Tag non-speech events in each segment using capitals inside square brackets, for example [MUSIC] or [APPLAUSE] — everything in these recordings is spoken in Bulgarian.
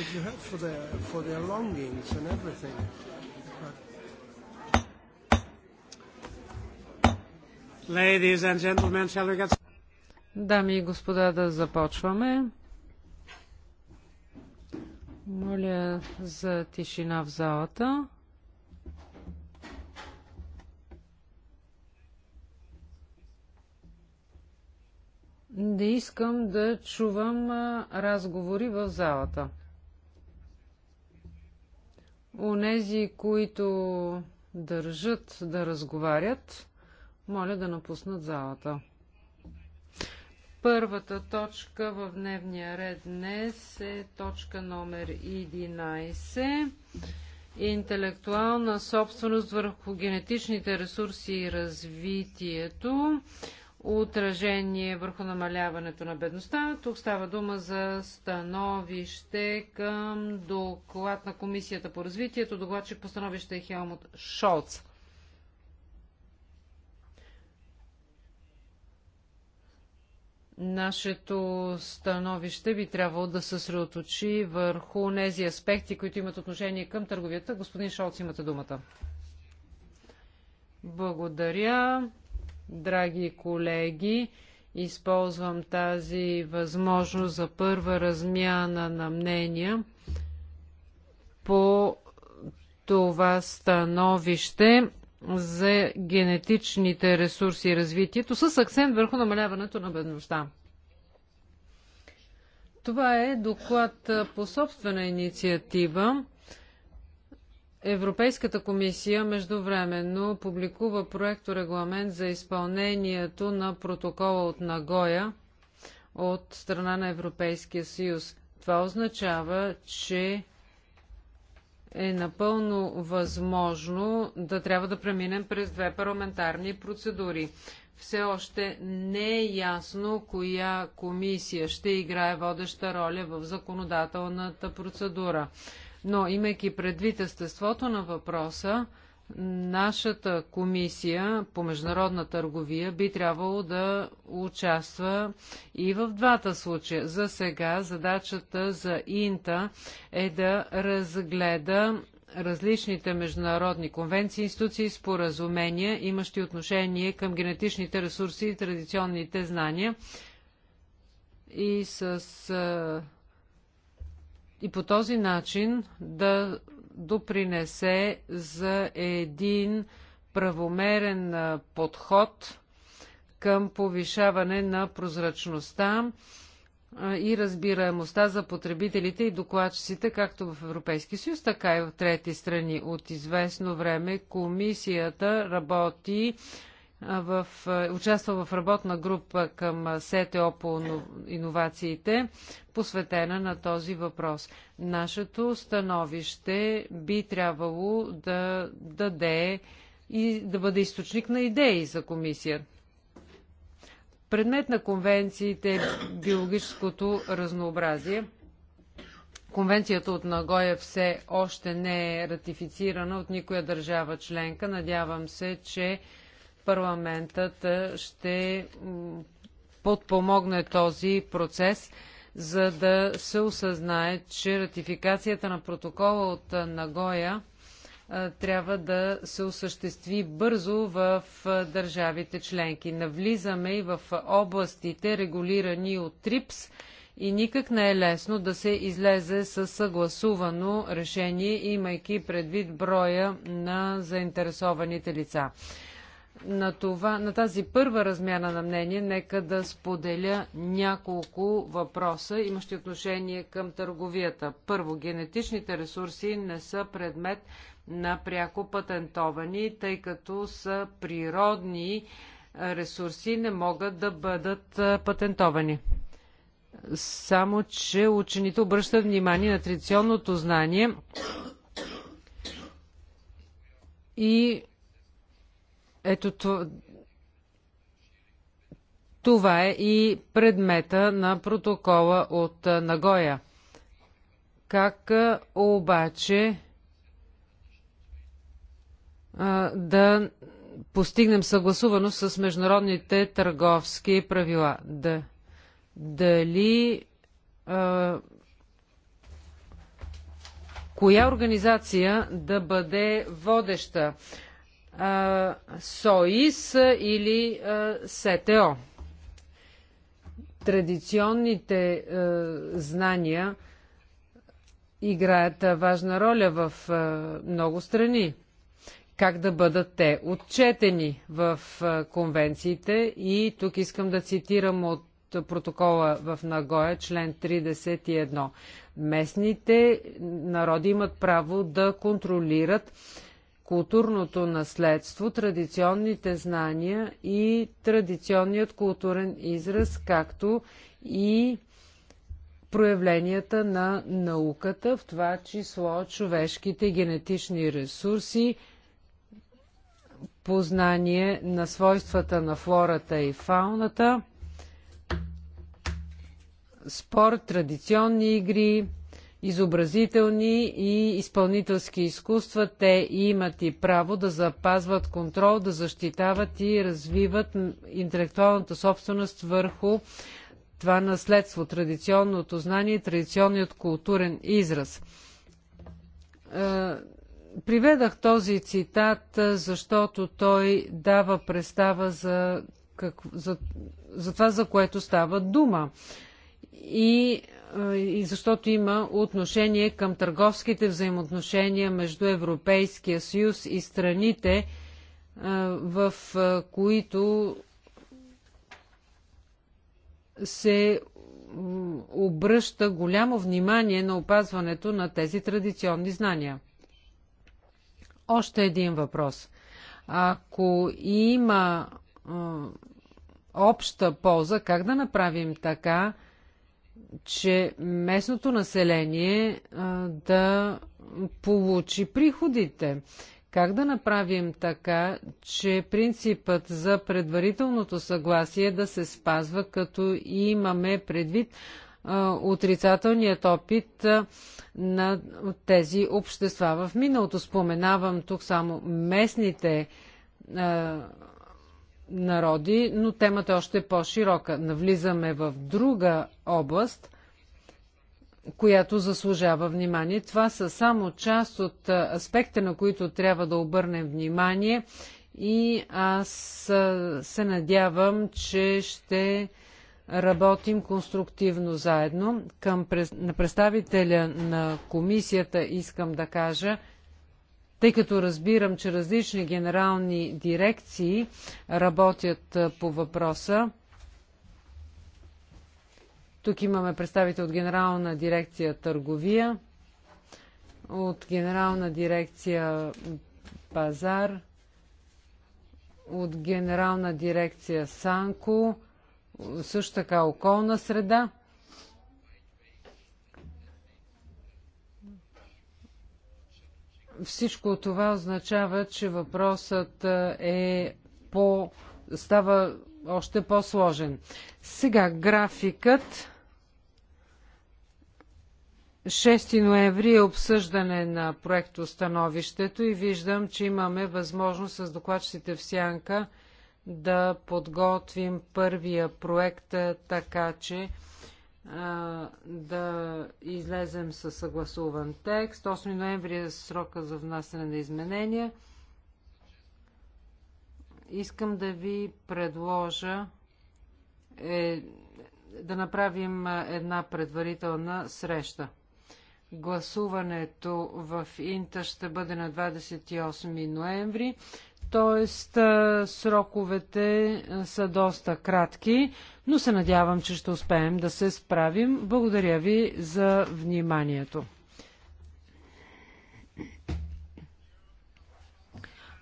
that you have for their, for their longings and everything. Ladies and gentlemen, shall we get... Дами и господа, да започваме. Моля за тишина в залата. Не искам да чувам разговори в залата. Онези, които държат да разговарят, моля да напуснат залата. Първата точка в дневния ред днес е точка номер 11. Интелектуална собственост върху генетичните ресурси и развитието отражение върху намаляването на бедността. Тук става дума за становище към доклад на Комисията по развитието. Докладчик по становище е Хелмут Шолц. Нашето становище би трябвало да се съсредоточи върху тези аспекти, които имат отношение към търговията. Господин Шолц, имате думата. Благодаря. Драги колеги, използвам тази възможност за първа размяна на мнения по това становище за генетичните ресурси и развитието с акцент върху намаляването на бедността. Това е доклад по собствена инициатива Европейската комисия междувременно публикува проекто регламент за изпълнението на протокола от Нагоя от страна на Европейския съюз. Това означава, че е напълно възможно да трябва да преминем през две парламентарни процедури. Все още не е ясно коя комисия ще играе водеща роля в законодателната процедура. Но имайки предвид естеството на въпроса, нашата комисия по международна търговия би трябвало да участва и в двата случая. За сега задачата за Инта е да разгледа различните международни конвенции, институции споразумения, имащи отношение към генетичните ресурси и традиционните знания. И с и по този начин да допринесе за един правомерен подход към повишаване на прозрачността и разбираемостта за потребителите и докладчиците, както в Европейски съюз, така и в трети страни. От известно време комисията работи в, участвал в работна група към СТО по иновациите, посветена на този въпрос. Нашето становище би трябвало да даде и да бъде източник на идеи за комисия. Предмет на конвенциите е биологическото разнообразие. Конвенцията от Нагоя все още не е ратифицирана от никоя държава членка. Надявам се, че парламентът е, ще подпомогне този процес, за да се осъзнае, че ратификацията на протокола от е, Нагоя е, трябва да се осъществи бързо в държавите членки. Навлизаме и в областите, регулирани от ТРИПС, и никак не е лесно да се излезе с съгласувано решение, имайки предвид броя на заинтересованите лица на, това, на тази първа размяна на мнение, нека да споделя няколко въпроса, имащи отношение към търговията. Първо, генетичните ресурси не са предмет на пряко патентовани, тъй като са природни ресурси, не могат да бъдат патентовани. Само, че учените обръщат внимание на традиционното знание и ето това, това е и предмета на протокола от Нагоя. Как обаче да постигнем съгласуваност с международните търговски правила? Да. Дали а, коя организация да бъде водеща? СОИС или СТО. Традиционните знания играят важна роля в много страни. Как да бъдат те отчетени в конвенциите? И тук искам да цитирам от протокола в Нагоя, член 31. Местните народи имат право да контролират културното наследство, традиционните знания и традиционният културен израз, както и проявленията на науката, в това число човешките генетични ресурси, познание на свойствата на флората и фауната, спорт, традиционни игри, изобразителни и изпълнителски изкуства. Те имат и право да запазват контрол, да защитават и развиват интелектуалната собственост върху това наследство, традиционното знание, традиционният културен израз. Е, приведах този цитат, е, защото той дава представа за, как, за, за това, за което става дума. И и защото има отношение към търговските взаимоотношения между Европейския съюз и страните, в които се обръща голямо внимание на опазването на тези традиционни знания. Още един въпрос. Ако има обща полза, как да направим така, че местното население да получи приходите. Как да направим така, че принципът за предварителното съгласие да се спазва, като имаме предвид отрицателният опит на тези общества. В миналото споменавам тук само местните народи, но темата е още по-широка. Навлизаме в друга област, която заслужава внимание. Това са само част от аспекта, на които трябва да обърнем внимание и аз се надявам, че ще работим конструктивно заедно. Към на представителя на комисията искам да кажа, тъй като разбирам, че различни генерални дирекции работят по въпроса, тук имаме представител от Генерална дирекция Търговия, от Генерална дирекция Пазар, от Генерална дирекция Санко, също така околна среда. всичко това означава, че въпросът е, е по... става още по-сложен. Сега графикът. 6 ноември е обсъждане на проекто становището и виждам, че имаме възможност с докладчиците в Сянка да подготвим първия проект е, така, че да излезем със съгласуван текст. 8 ноември е срока за внасяне на изменения. Искам да ви предложа е, да направим една предварителна среща. Гласуването в Инта ще бъде на 28 ноември. Т.е. сроковете са доста кратки, но се надявам, че ще успеем да се справим. Благодаря ви за вниманието.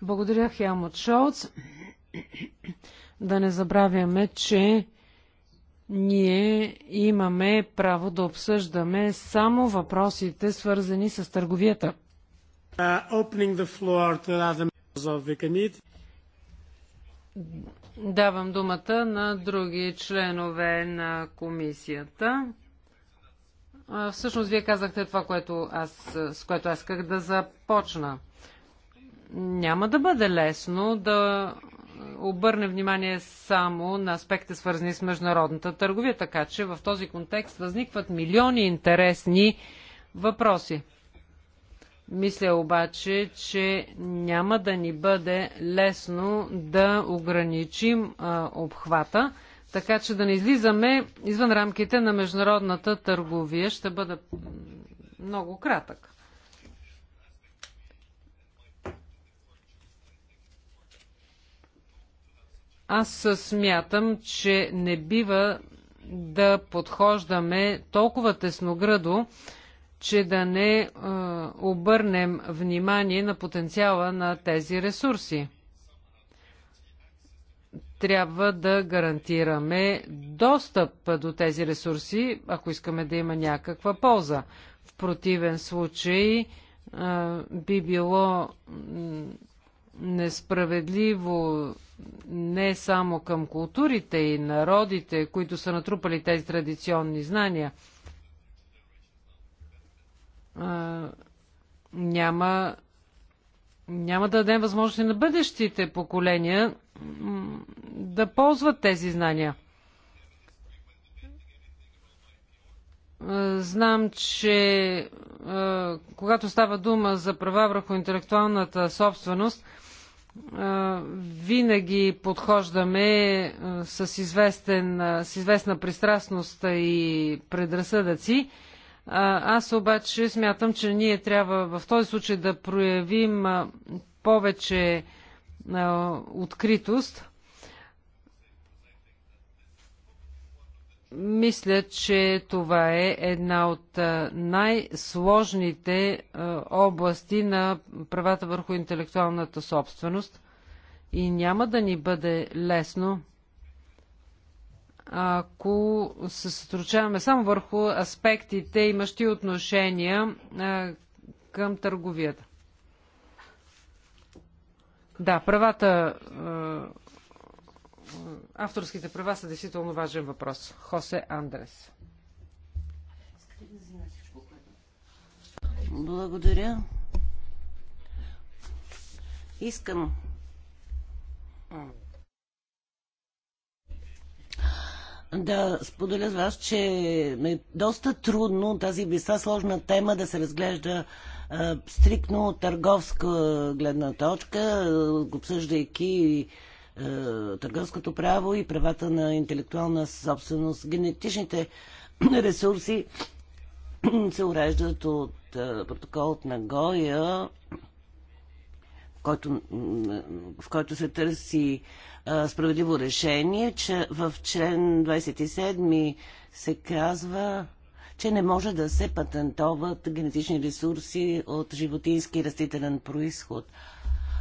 Благодаря, Хелмут Шолц. Да не забравяме, че ние имаме право да обсъждаме само въпросите, свързани с търговията. Uh, Давам думата на други членове на комисията. Всъщност, вие казахте това, което аз, с което аз исках да започна. Няма да бъде лесно да обърне внимание само на аспекти, свързани с международната търговия, така че в този контекст възникват милиони интересни въпроси. Мисля обаче, че няма да ни бъде лесно да ограничим а, обхвата, така че да не излизаме извън рамките на международната търговия. Ще бъда много кратък. Аз смятам, че не бива да подхождаме толкова тесногръдо че да не е, обърнем внимание на потенциала на тези ресурси. Трябва да гарантираме достъп до тези ресурси, ако искаме да има някаква полза. В противен случай е, би било несправедливо не само към културите и народите, които са натрупали тези традиционни знания – няма, няма да дадем възможности на бъдещите поколения да ползват тези знания. Знам, че когато става дума за права върху интелектуалната собственост, винаги подхождаме с, известен, с известна пристрастност и предразсъдъци. Аз обаче смятам, че ние трябва в този случай да проявим повече откритост. Мисля, че това е една от най-сложните области на правата върху интелектуалната собственост и няма да ни бъде лесно ако се съсредоточаваме само върху аспектите, имащи отношения а, към търговията. Да, правата. А, авторските права са действително важен въпрос. Хосе Андрес. Благодаря. Искам да споделя с вас, че е доста трудно тази биса сложна тема да се разглежда а, стрикно от търговска гледна точка, обсъждайки а, търговското право и правата на интелектуална собственост. Генетичните [CLEARS THROAT] ресурси [CLEARS THROAT] се уреждат от протокол от Нагоя който, в който се търси а, справедливо решение, че в член 27 се казва, че не може да се патентоват генетични ресурси от животински и растителен происход.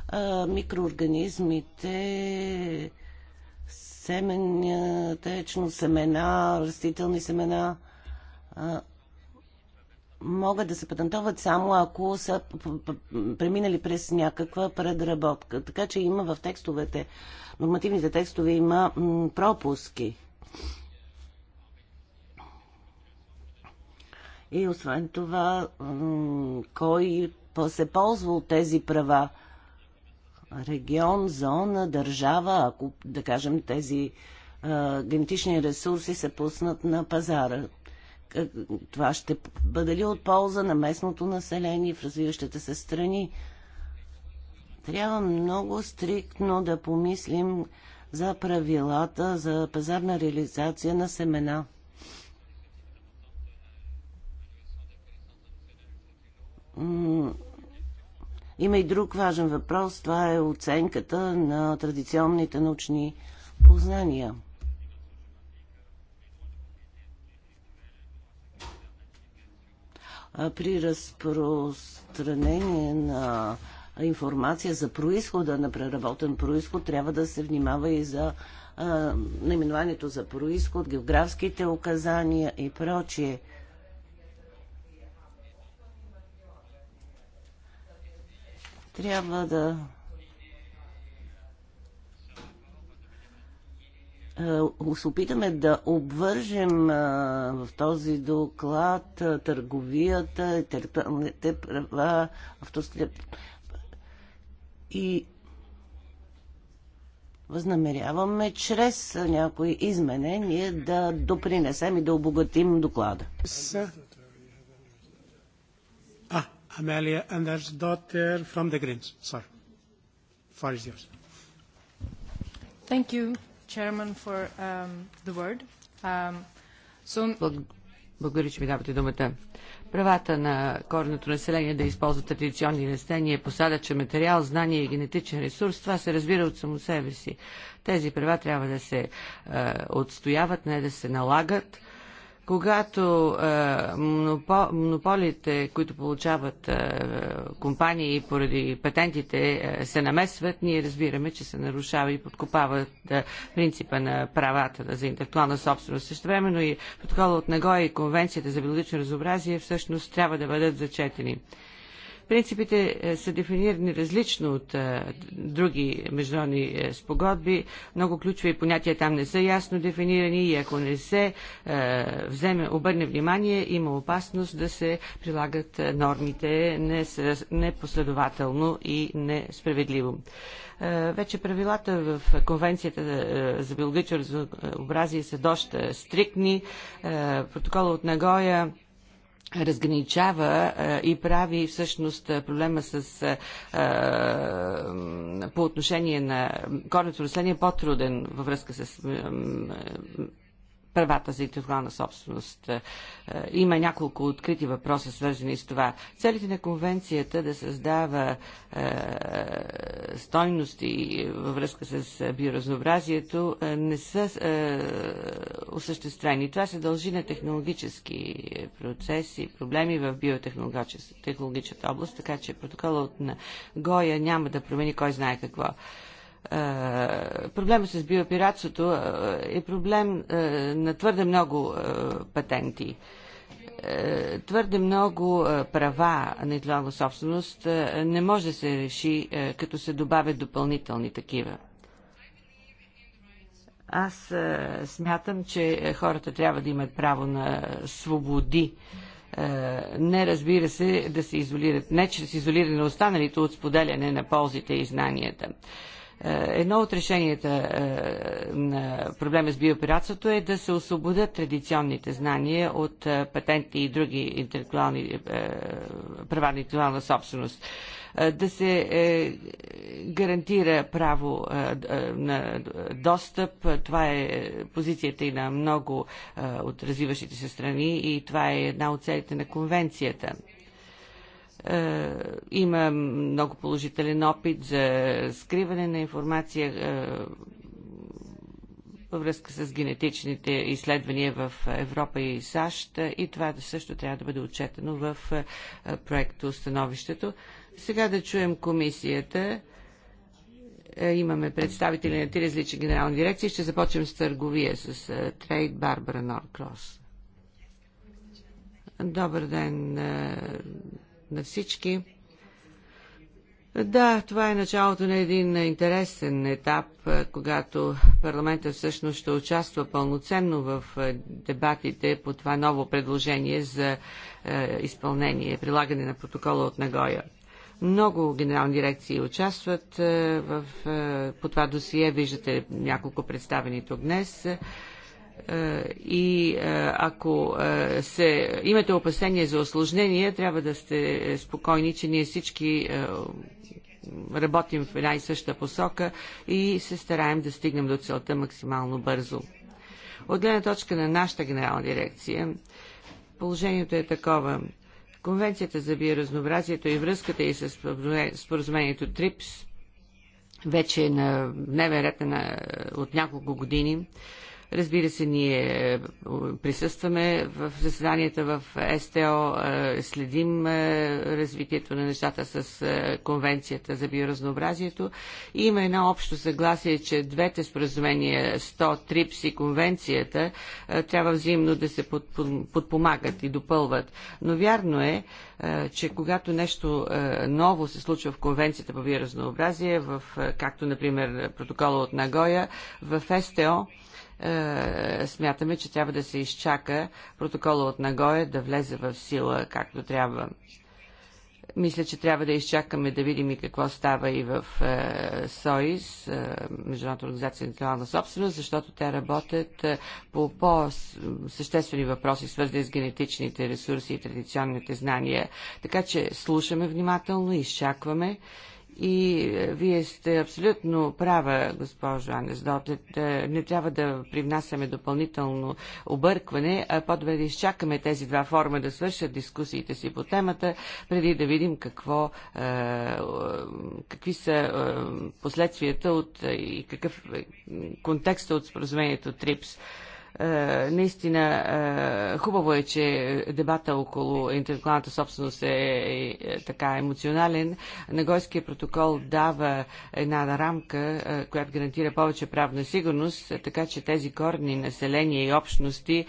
А, микроорганизмите, семеня, течно семена, растителни семена, а, могат да се патентоват само ако са преминали през някаква предработка. Така че има в текстовете, нормативните текстове има пропуски. И освен това, кой се ползва от тези права? Регион, зона, държава, ако да кажем тези генетични ресурси се пуснат на пазара това ще бъде ли от полза на местното население в развиващите се страни? Трябва много стриктно да помислим за правилата за пазарна реализация на семена. Има и друг важен въпрос. Това е оценката на традиционните научни познания – при разпространение на информация за происхода на преработен происход трябва да се внимава и за а, наименованието за происход, географските указания и прочие. Трябва да Е, се опитаме да обвържем е, в този доклад е, търговията, интелектуалните права, авторските и възнамеряваме чрез някои изменения да допринесем и да обогатим доклада. А, Амелия Андерс, Дотер from the Greens. Sorry. Far is yours. Thank you. Chairman, for um, the word. Um, so... Благодаря, че ми давате думата. Правата на корното население да използва традиционни растения, посадъчен материал, знания и генетичен ресурс, това се разбира от само себе си. Тези права трябва да се е, отстояват, не да се налагат когато а, е, монопол, монополите, които получават а, е, компании поради патентите, а, е, се намесват, ние разбираме, че се нарушава и подкопава е, принципа на правата за интелектуална собственост. Също но и протокола от Нагоя и Конвенцията за биологично разобразие всъщност трябва да бъдат зачетени. Принципите е, са дефинирани различно от е, други международни е, спогодби. Много ключови понятия там не са ясно дефинирани и ако не се вземе, обърне внимание, има опасност да се прилагат нормите непоследователно и несправедливо. Вече правилата в Конвенцията за биологично разнообразие са доста стрикни. Протокола от Нагоя разграничава и прави всъщност проблема с по отношение на корното растение по-труден във връзка с правата за интелектуална собственост. Е, е, има няколко открити въпроса, свързани с това. Целите на конвенцията да създава е, стойности във връзка с биоразнообразието не са осъществени. Това се дължи на технологически процеси, проблеми в биотехнологичната област, така че протокола от Гоя няма да промени кой знае какво. Е, проблема с биопиратството е, е проблем е, на твърде много патенти. Твърде много права на интелектуална собственост не може да се реши, като се добавят допълнителни такива. Аз смятам, че хората трябва да имат право на свободи. Не разбира се да се изолират, не че да се изолират на останалите от споделяне на ползите и знанията. Е, едно от решенията е, на проблема с биопиратството е да се освободят традиционните знания от е, патенти и други интелектуални права на интелектуална собственост да се гарантира право на достъп. Това е позицията и на много от развиващите се страни и това е една от целите на конвенцията е, има много положителен опит за скриване на информация е, във връзка с генетичните изследвания в Европа и САЩ и това също трябва да бъде отчетено в е, проекта установището. Сега да чуем комисията. Имаме представители на три различни генерални дирекции. Ще започнем с търговия с Трейд Барбара Норкрос. Добър ден, на всички. Да, това е началото на един интересен етап, когато парламента всъщност ще участва пълноценно в дебатите по това ново предложение за изпълнение, прилагане на протокола от Нагоя. Много генерални дирекции участват в, по това досие. Виждате няколко представени тук днес. Е, и е, ако е, се, имате опасение за осложнение, трябва да сте спокойни, че ние всички работим в една и съща посока и се стараем да стигнем до целта максимално бързо. От гледна точка на нашата генерална дирекция, положението е такова. Конвенцията за биоразнообразието и връзката и с споразумението ТРИПС вече е на дневен ред на, от няколко години. Разбира се, ние е, присъстваме в заседанията в СТО, е, следим е, развитието на нещата с Конвенцията за биоразнообразието. И има едно общо съгласие, че двете споразумения 100 ТРИПС и Конвенцията трябва взаимно да се подпомагат и допълват. Но вярно е, че когато нещо ново се случва в Конвенцията по биоразнообразие, в, както, например, протокола от Нагоя, в СТО, е, смятаме, че трябва да се изчака протокола от Нагоя да влезе в сила както трябва. Мисля, че трябва да изчакаме да видим и какво става и в е, СОИС, е, Международната организация на национална собственост, защото те работят по по-съществени въпроси, свързани с генетичните ресурси и традиционните знания. Така че слушаме внимателно, изчакваме и е, вие сте абсолютно права, госпожо Анесдоте, е, Не трябва да привнасяме допълнително объркване, а по-добре да изчакаме тези два форма да свършат дискусиите си по темата, преди да видим какво, е, какви са последствията от, и какъв контекста от споразумението ТРИПС. Е, наистина е, хубаво е, че дебата около интелектуалната собственост е, е така емоционален. Нагойският протокол дава една рамка, която гарантира повече правна сигурност, така че тези корни населения и общности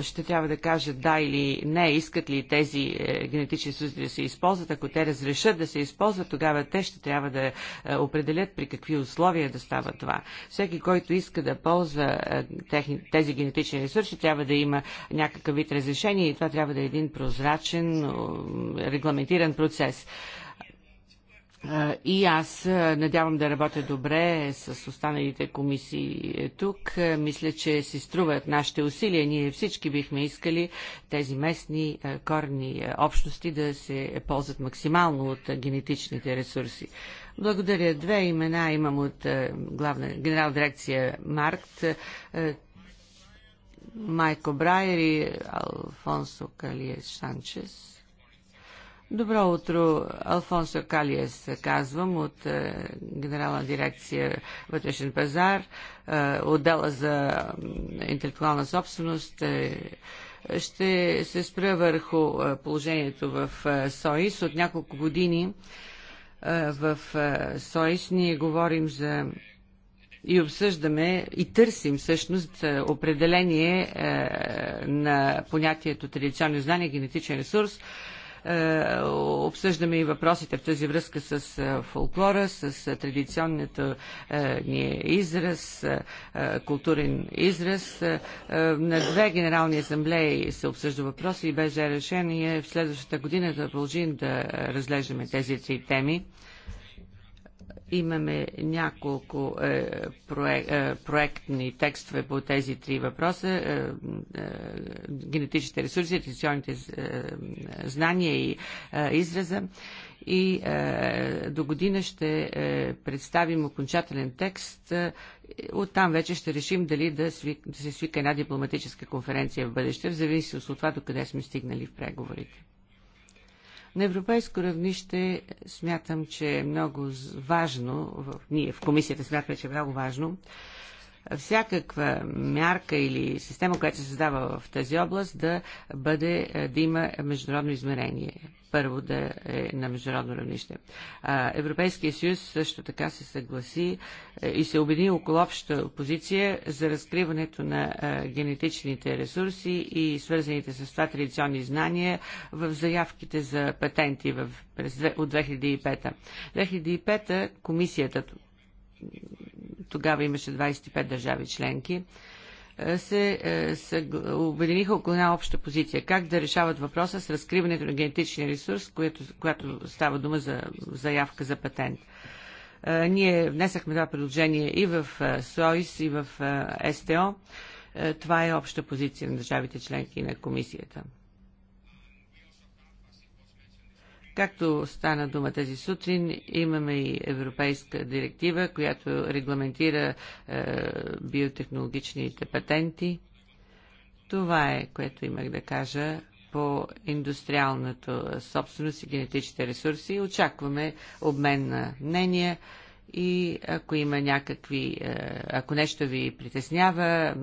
ще трябва да кажат да или не, искат ли тези генетични съюзи да се използват. Ако те разрешат да се използват, тогава те ще трябва да определят при какви условия да става това. Всеки, който иска да ползва техните тези генетични ресурси, трябва да има някакъв вид разрешение и това трябва да е един прозрачен, регламентиран процес. И аз надявам да работя добре с останалите комисии е, тук. Мисля, че си струват нашите усилия. Ние всички бихме искали тези местни корни общности да се ползват максимално от генетичните ресурси. Благодаря. Две имена имам от главна генерал дирекция Маркт. Майко Брайер и Алфонсо Калиес Санчес. Добро утро, Алфонсо Калиес казвам от е, Генерална дирекция Вътрешен пазар, е, отдела за интелектуална собственост. Е, ще се спра върху положението в СОИС. От няколко години в СОИС ние говорим за и обсъждаме и търсим всъщност е, определение е, на понятието традиционно знание, генетичен ресурс. Е, обсъждаме и въпросите в тази връзка с е, фолклора, с е, традиционното ни израз, културен израз. На две генерални асамблеи се обсъжда въпроси и беше решение в следващата година да продължим да разглеждаме тези три теми. Имаме няколко е, проек, е, проектни текстове по тези три въпроса. Е, е, генетичните ресурси, традиционните е, знания и е, израза. И е, до година ще е, представим окончателен текст. Е, оттам вече ще решим дали да, свик, да се свика една дипломатическа конференция в бъдеще, в зависимост от това до къде сме стигнали в преговорите. На европейско равнище смятам, че е много важно, ние в комисията смятаме, че е много важно всякаква мярка или система, която се създава в тази област, да бъде, е, да има международно измерение. Първо да е на международно равнище. Европейския съюз също така се съгласи е, и се обедини около обща позиция за разкриването на е, генетичните ресурси и свързаните с това традиционни знания в заявките за патенти в, през, от 2005. 2005 комисията тогава имаше 25 държави членки, е, се, е, се обединиха около една обща позиция. Как да решават въпроса с разкриването на генетичния ресурс, което, която става дума за заявка за патент. Е, ние внесахме това предложение и в СОИС, и в СТО. Това е обща позиция на държавите членки и на комисията. Както стана дума тази сутрин, имаме и европейска директива, която регламентира е, биотехнологичните патенти. Това е, което имах да кажа по индустриалната собственост и генетичните ресурси. Очакваме обмен на мнения и ако има някакви, е, ако нещо ви притеснява,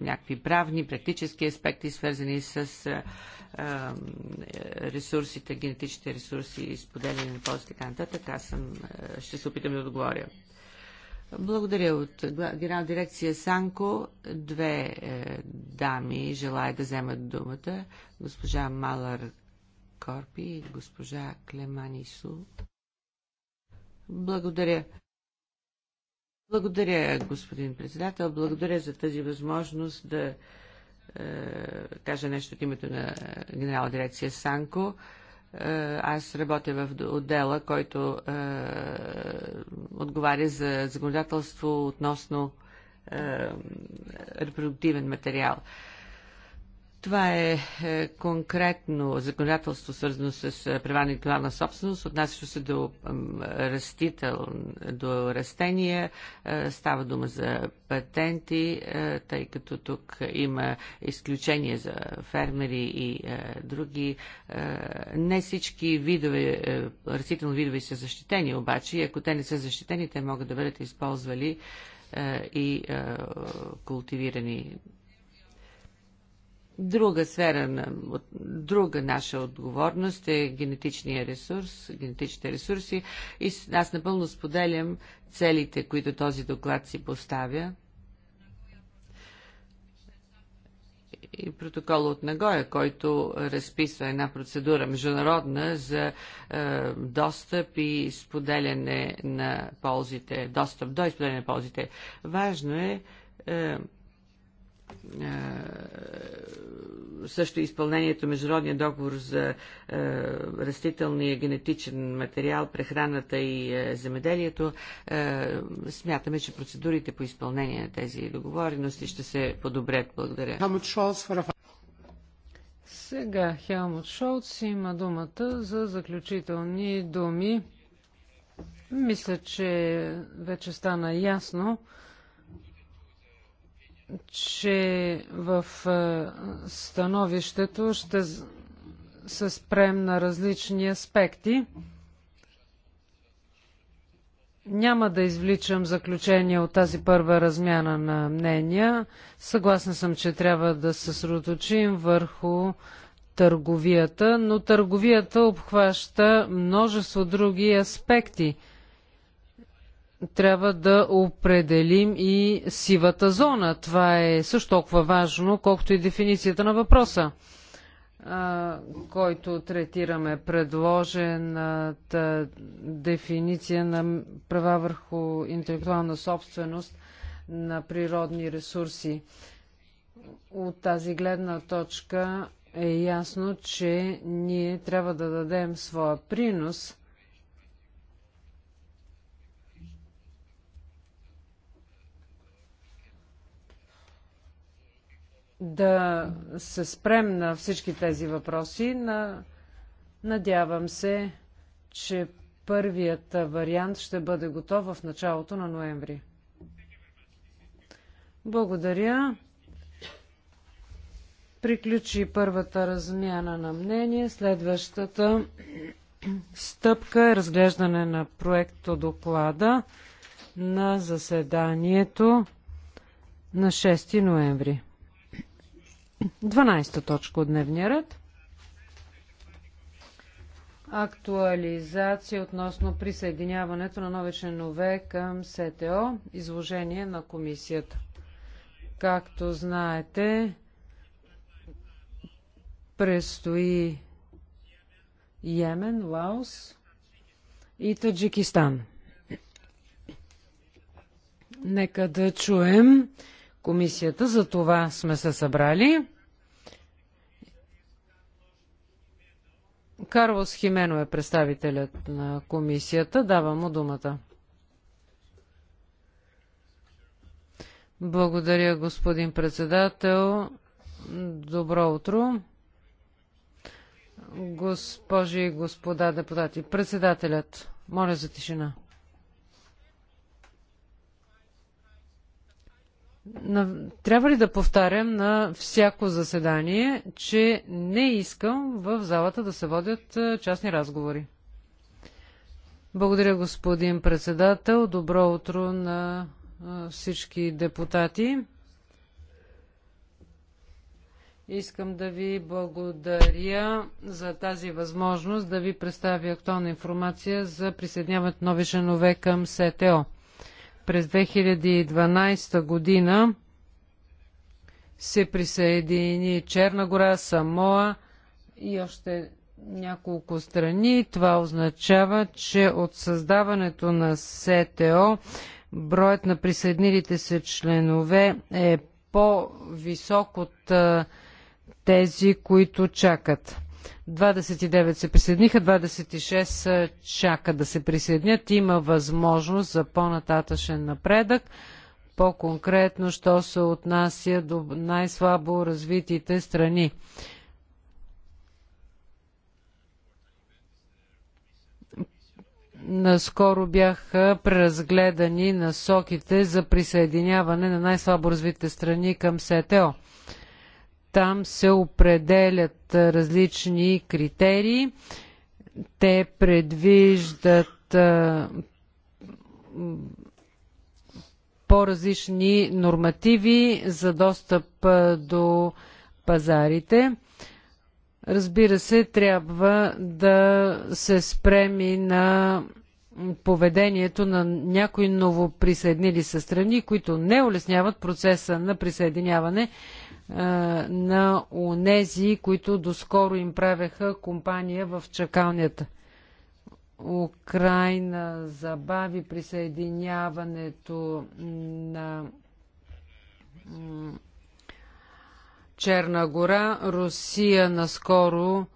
някакви правни, практически аспекти, свързани с е, ресурсите, генетичните ресурси, споделяне на полза и така нататък. Аз съм, ще се опитам да отговоря. Благодаря от генерал дирекция Санко. Две е, дами желая да вземат думата. Госпожа Малар Корпи и госпожа Клеманису. Благодаря. Благодаря, господин председател. Благодаря за тази възможност да е, кажа нещо от името на е, генерална дирекция Санко. Е, аз работя в отдела, който отговаря за законодателство относно репродуктивен материал. Това е, е конкретно законодателство, свързано с е, права на интелектуална собственост, отнасящо се до, растител, до растения. Е, става дума за патенти, тъй като тук има изключения за фермери и други. Не всички видове, растителни видове са защитени, обаче ако те не са защитени, те могат да бъдат използвали и култивирани Друга сфера, на, друга наша отговорност е генетичния ресурс, генетичните ресурси. И аз напълно споделям целите, които този доклад си поставя. и протокола от Нагоя, който разписва една процедура международна за е, достъп и споделяне на ползите, достъп до изподеляне на ползите. Важно е, е е, също изпълнението Международния договор за е, растителния генетичен материал, прехраната и е, земеделието. смятаме, че процедурите по изпълнение на тези договорености ще се подобрят. Благодаря. Сега Хелмут Шолц има думата за заключителни думи. Мисля, че вече стана ясно че в становището ще се спрем на различни аспекти. Няма да извличам заключение от тази първа размяна на мнения. Съгласна съм, че трябва да се съсредоточим върху търговията, но търговията обхваща множество други аспекти – трябва да определим и сивата зона. Това е също толкова важно, колкото и дефиницията на въпроса, който третираме. Предложената дефиниция на права върху интелектуална собственост на природни ресурси. От тази гледна точка е ясно, че ние трябва да дадем своя принос – да се спрем на всички тези въпроси. На... Надявам се, че първият вариант ще бъде готов в началото на ноември. Благодаря. Приключи първата размяна на мнение. Следващата стъпка е разглеждане на проекто доклада на заседанието на 6 ноември. 12-та точка от дневния ред. Актуализация относно присъединяването на нови членове към СТО. Изложение на комисията. Както знаете, предстои Йемен, Лаос и Таджикистан. Нека да чуем комисията, за това сме се събрали. Карлос Химено е представителят на комисията. Давам му думата. Благодаря, господин председател. Добро утро. Госпожи и господа депутати, председателят, моля за тишина. Трябва ли да повтарям на всяко заседание, че не искам в залата да се водят е, частни разговори? Благодаря, господин председател. Добро утро на е, всички депутати. Искам да ви благодаря за тази възможност да ви представя актуална информация за присъединяването нови членове към СТО. През 2012 година се присъедини Черна гора, Самоа и още няколко страни. Това означава, че от създаването на СТО броят на присъединилите се членове е по-висок от тези, които чакат. 29 се присъединиха, 26 е, чака да се присъединят. Има възможност за по-нататъчен напредък. По-конкретно, що се отнася до най-слабо развитите страни. наскоро бяха преразгледани насоките за присъединяване на най-слабо развитите страни към СТО. Там се определят различни критерии. Те предвиждат по-различни нормативи за достъп до пазарите. Разбира се, трябва да се спреми на поведението на някои новоприсъединили се страни, които не улесняват процеса на присъединяване на онези, които доскоро им правеха компания в чакалнята. Украина забави присъединяването на Черна гора. Русия наскоро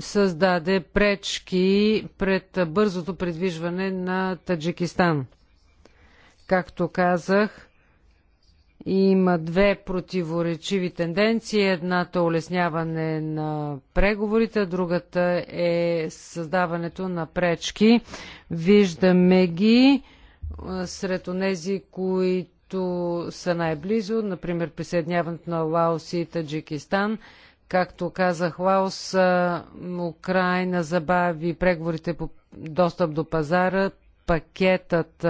създаде пречки пред бързото придвижване на Таджикистан. Както казах, има две противоречиви тенденции. Едната е улесняване на преговорите, другата е създаването на пречки. Виждаме ги сред онези, които са най-близо, например присъединяването на Лаос и Таджикистан. Както казах, Лаос, Украина забави преговорите по достъп до пазара, пакетът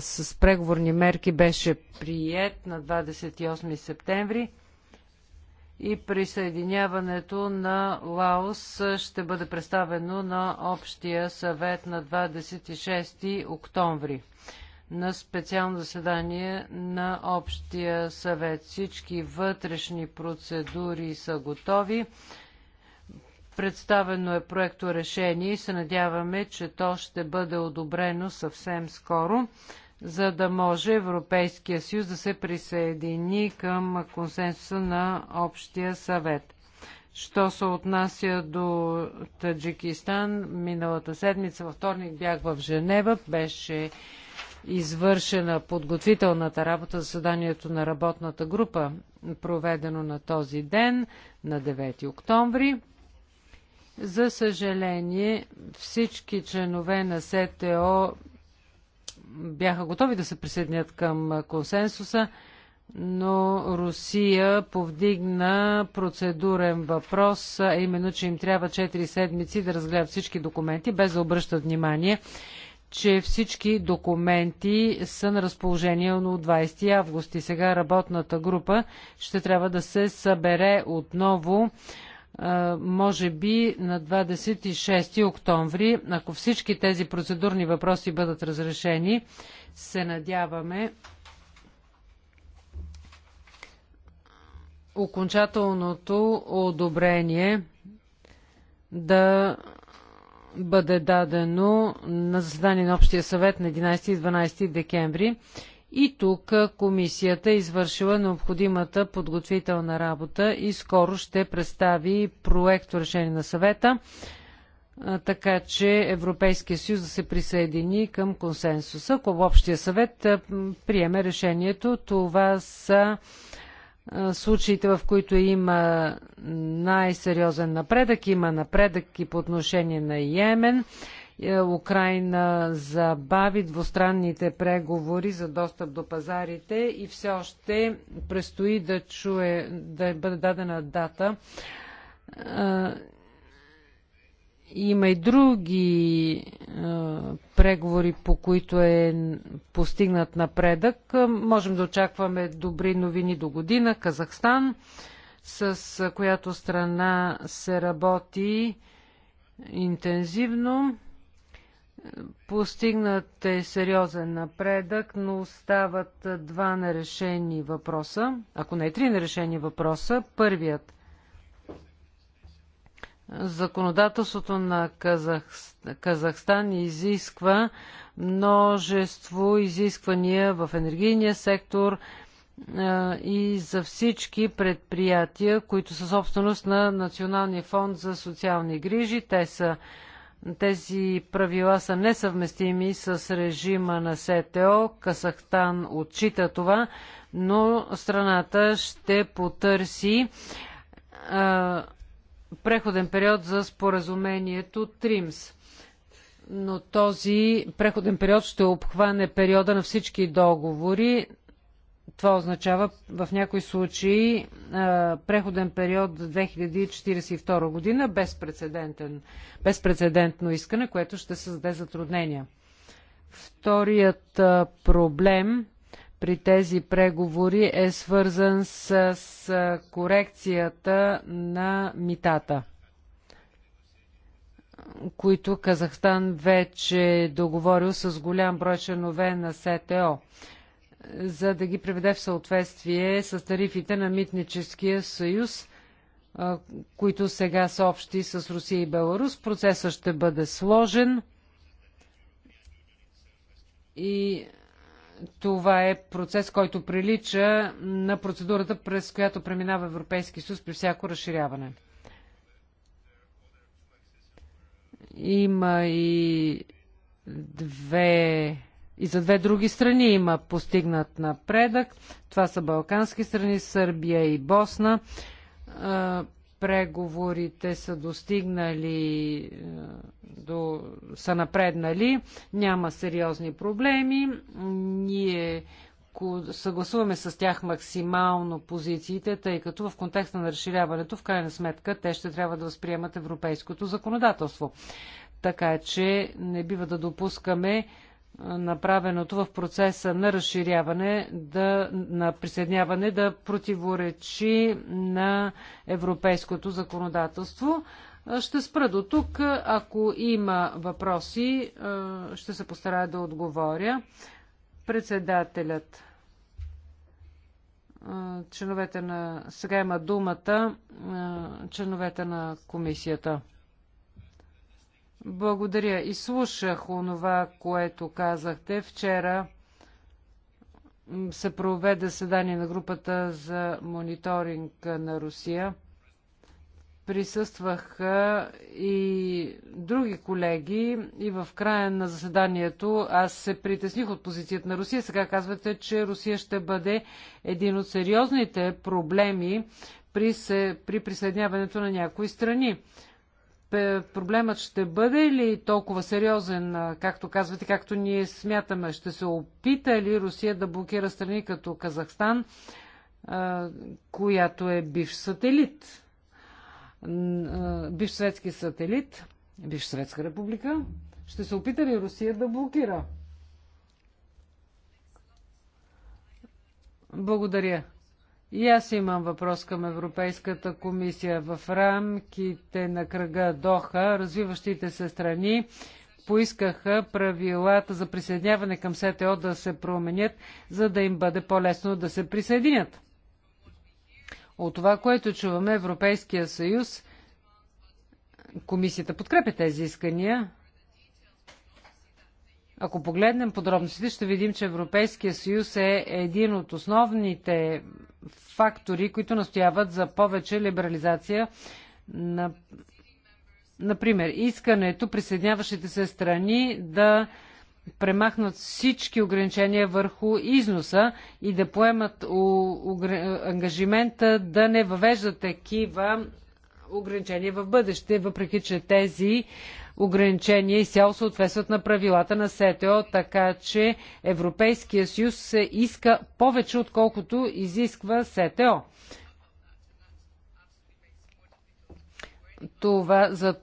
с преговорни мерки беше прият на 28 септември и присъединяването на Лаос ще бъде представено на Общия съвет на 26 октомври на специално заседание на Общия съвет. Всички вътрешни процедури са готови. Представено е проекто решение и се надяваме, че то ще бъде одобрено съвсем скоро, за да може Европейския съюз да се присъедини към консенсуса на Общия съвет. Що се отнася до Таджикистан, миналата седмица във вторник бях в Женева, беше извършена подготвителната работа за съданието на работната група, проведено на този ден, на 9 октомври. За съжаление, всички членове на СТО бяха готови да се присъединят към консенсуса, но Русия повдигна процедурен въпрос, а именно, че им трябва 4 седмици да разгледат всички документи, без да обръщат внимание, че всички документи са на разположение на 20 август и сега работната група ще трябва да се събере отново може би на 26 октомври, ако всички тези процедурни въпроси бъдат разрешени, се надяваме окончателното одобрение да бъде дадено на заседание на Общия съвет на 11 и 12 декември и тук комисията е извършила необходимата подготвителна работа и скоро ще представи проект решение на съвета, така че Европейския съюз да се присъедини към консенсуса. Ако общия съвет приеме решението, това са случаите, в които има най-сериозен напредък. Има напредък и по отношение на Йемен. Е, Украина забави двустранните преговори за достъп до пазарите и все още предстои да чуе, да бъде дадена дата. Е, има и други е, преговори, по които е постигнат напредък. Можем да очакваме добри новини до година. Казахстан, с която страна се работи интензивно. Постигнат е сериозен напредък, но остават два нерешени въпроса, ако не е три нерешени въпроса. Първият законодателството на Казахстан изисква множество изисквания в енергийния сектор и за всички предприятия, които са собственост на Националния фонд за социални грижи. Те са тези правила са несъвместими с режима на СТО. Казахстан отчита това, но страната ще потърси а, преходен период за споразумението ТРИМС. Но този преходен период ще обхване периода на всички договори това означава в някои случаи преходен период до 2042 година безпредседентно искане, което ще създаде затруднения. Вторият проблем при тези преговори е свързан с, с корекцията на митата, които Казахстан вече договорил с голям брой членове на СТО за да ги приведе в съответствие с тарифите на Митническия съюз, които сега са общи с Русия и Беларус. Процесът ще бъде сложен и това е процес, който прилича на процедурата, през която преминава Европейски съюз при всяко разширяване. Има и две и за две други страни има постигнат напредък. Това са балкански страни, Сърбия и Босна. Преговорите са достигнали, до, са напреднали, няма сериозни проблеми. Ние съгласуваме с тях максимално позициите, тъй като в контекста на разширяването, в крайна сметка, те ще трябва да възприемат европейското законодателство. Така че не бива да допускаме направеното в процеса на разширяване, да, на присъединяване да противоречи на европейското законодателство. Ще спра до тук. Ако има въпроси, ще се постарая да отговоря. Председателят. Членовете на... Сега има думата членовете на комисията. Благодаря. И слушах онова, което казахте. Вчера се проведе седание на групата за мониторинг на Русия. Присъстваха и други колеги и в края на заседанието аз се притесних от позицията на Русия. Сега казвате, че Русия ще бъде един от сериозните проблеми при, се, при присъединяването на някои страни проблемът ще бъде ли толкова сериозен, както казвате, както ние смятаме? Ще се опита ли Русия да блокира страни като Казахстан, която е бивш сателит? Бивш светски сателит, бивш Светска република. Ще се опита ли Русия да блокира? Благодаря. И аз имам въпрос към Европейската комисия. В рамките на кръга Доха, развиващите се страни поискаха правилата за присъединяване към СТО да се променят, за да им бъде по-лесно да се присъединят. От това, което чуваме, Европейския съюз, комисията подкрепя тези искания, ако погледнем подробностите, ще видим, че Европейския съюз е един от основните фактори, които настояват за повече либерализация на Например, искането присъединяващите се страни да премахнат всички ограничения върху износа и да поемат у, у, ангажимента да не въвеждат такива ограничения в бъдеще, въпреки че тези ограничения изцяло съответстват на правилата на СТО, така че Европейския съюз се иска повече, отколкото изисква СТО. Това за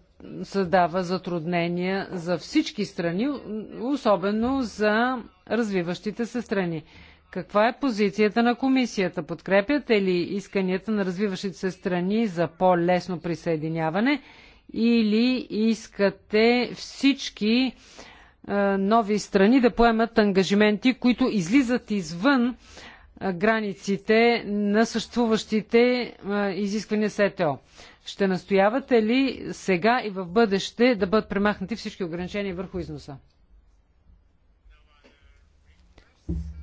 създава затруднения за всички страни, особено за развиващите се страни. Каква е позицията на комисията? Подкрепяте ли исканията на развиващите се страни за по-лесно присъединяване или искате всички е, нови страни да поемат ангажименти, които излизат извън е, границите на съществуващите е, изисквания ЕТО? Ще настоявате ли сега и в бъдеще да бъдат премахнати всички ограничения върху износа?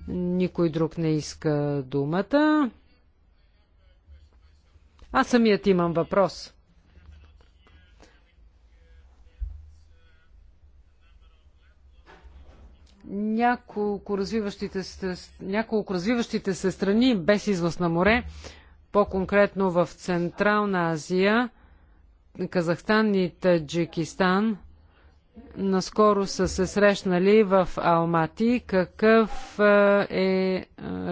Никой друг не иска думата. Аз самият имам въпрос. Няколко развиващите се, няколко развиващите се страни без извъз на море, по-конкретно в Централна Азия, Казахстан и Таджикистан – наскоро са се срещнали в Алмати. Какъв е, е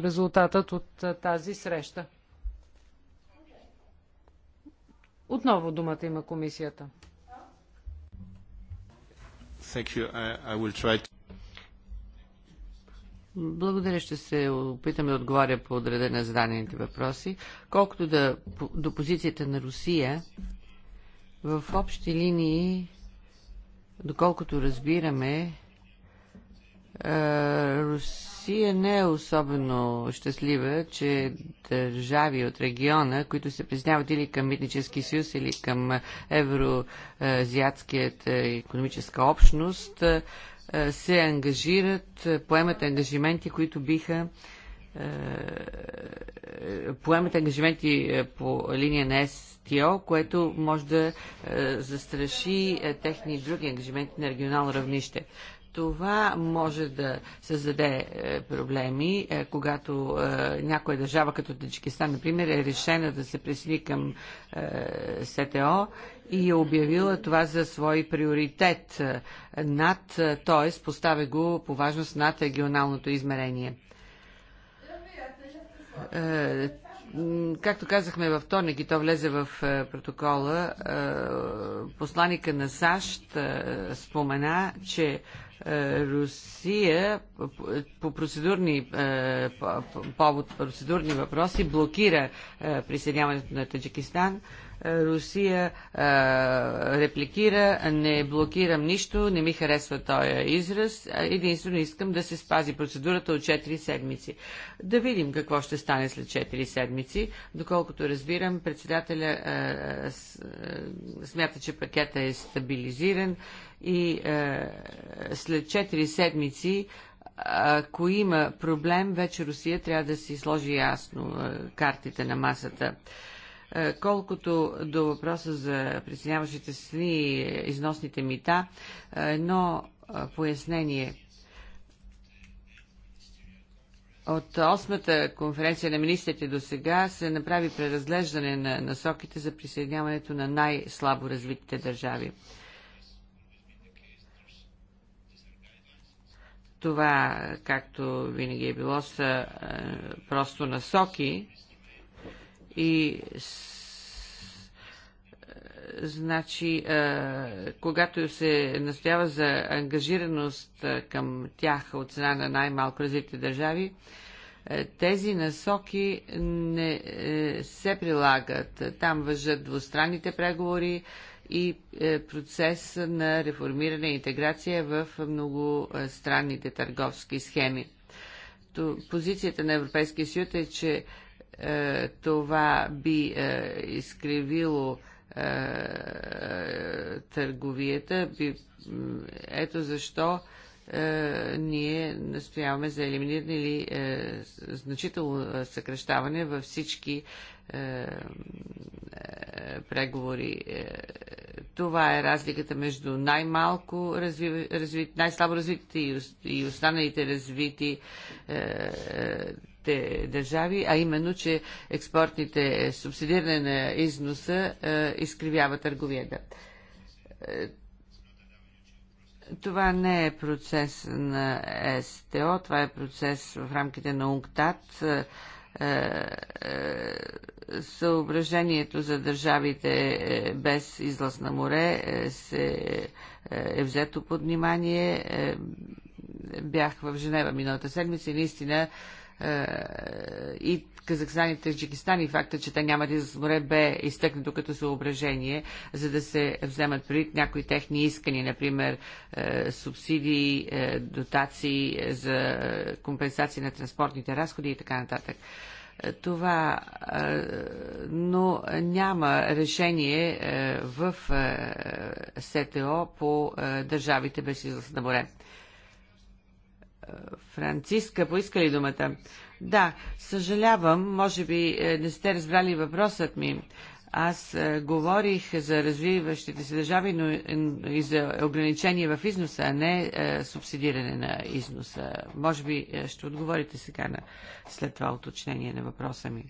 резултатът от е, тази среща? Отново думата има комисията. Благодаря, ще се опитам да отговаря по отреда на зададените въпроси. Колкото да, до позицията на Русия, в общи линии Доколкото разбираме, Русия не е особено щастлива, че държави от региона, които се признават или към Митнически съюз, или към Евроазиатският економическа общност, се ангажират, поемат ангажименти, които биха е, поемат ангажименти е, по линия на СТО, което може да е, застраши техни други ангажименти на регионално равнище. Това може да създаде проблеми, когато някоя държава, като Таджикистан, например, е решена да се присъедини към СТО и е обявила това за свой приоритет над, т.е. поставя го по важност над регионалното измерение. Е, както казахме във вторник и то влезе в е, протокола, е, посланика на САЩ спомена, че Русия по процедурни повод, процедурни въпроси блокира присъединяването на Таджикистан Русия а, репликира, не блокирам нищо, не ми харесва този израз. Единствено искам да се спази процедурата от 4 седмици. Да видим какво ще стане след 4 седмици. Доколкото разбирам, председателя а, а, смята, че пакета е стабилизиран и а, след 4 седмици ако има проблем, вече Русия трябва да си сложи ясно картите на масата. Е, колкото до въпроса за присъединяващите страни и износните мита, е, едно е, пояснение. От осмата конференция на министрите до сега се направи преразглеждане на насоките за присъединяването на най-слабо развитите държави. Това, както винаги е било, са просто насоки, и е, значи, е, когато се настоява за ангажираност е, към тях от страна на най-малко развитите държави, тези насоки не се прилагат. Там въжат двустранните преговори и процес на реформиране и интеграция в многостранните търговски схеми. Позицията на Европейския съюз е, че е, това би е, изкривило е, търговията. Би, ето защо е, ние настояваме за елиминиране или е, значително съкрещаване във всички преговори. Това е разликата между най-малко разви, разви, най-слабо развитите и останалите развити другите държави, а именно, че експортните е, субсидиране на износа е, изкривява търговията. Е, това не е процес на СТО, това е процес в рамките на УНКТАТ. съображението за държавите без излъз на море се е взето под внимание бях в Женева миналата седмица и наистина е, и Казахстан и Таджикистан и факта, че те нямат излез море, бе изтъкнато като съображение, за да се вземат преди някои техни искани, например е, субсидии, е, дотации за компенсации на транспортните разходи и така нататък това, но няма решение в СТО по държавите без излъз на море. Франциска, поиска ли думата? Да, съжалявам, може би е, не сте разбрали въпросът ми. Аз е, говорих за развиващите се държави, но и за ограничение в износа, а не е, субсидиране на износа. Може би ще отговорите сега на, след това уточнение на въпроса ми.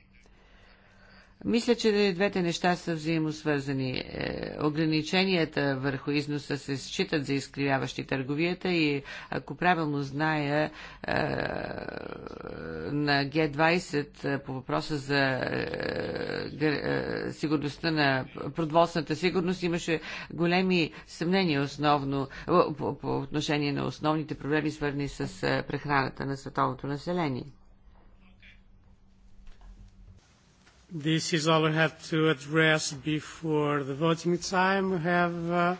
Мисля, че двете неща са взаимосвързани. Е, ограниченията върху износа се считат за изкривяващи търговията и ако правилно зная е, на Г-20 е, по въпроса за сигурността на продволствената сигурност имаше големи съмнения основно по отношение на основните проблеми, свързани с прехраната на световното население. This is all we have to address before the voting time. We have, uh,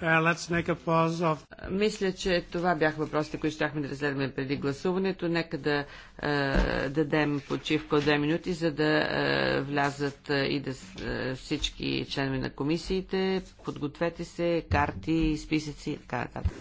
uh let's make a pause of... Мисля, че това бяха въпросите, които щяхме да разгледаме преди гласуването. Нека да uh, дадем почивка от две минути, за да uh, влязат е, и да uh, всички членове на комисиите. Подгответе се, карти, списъци и така нататък.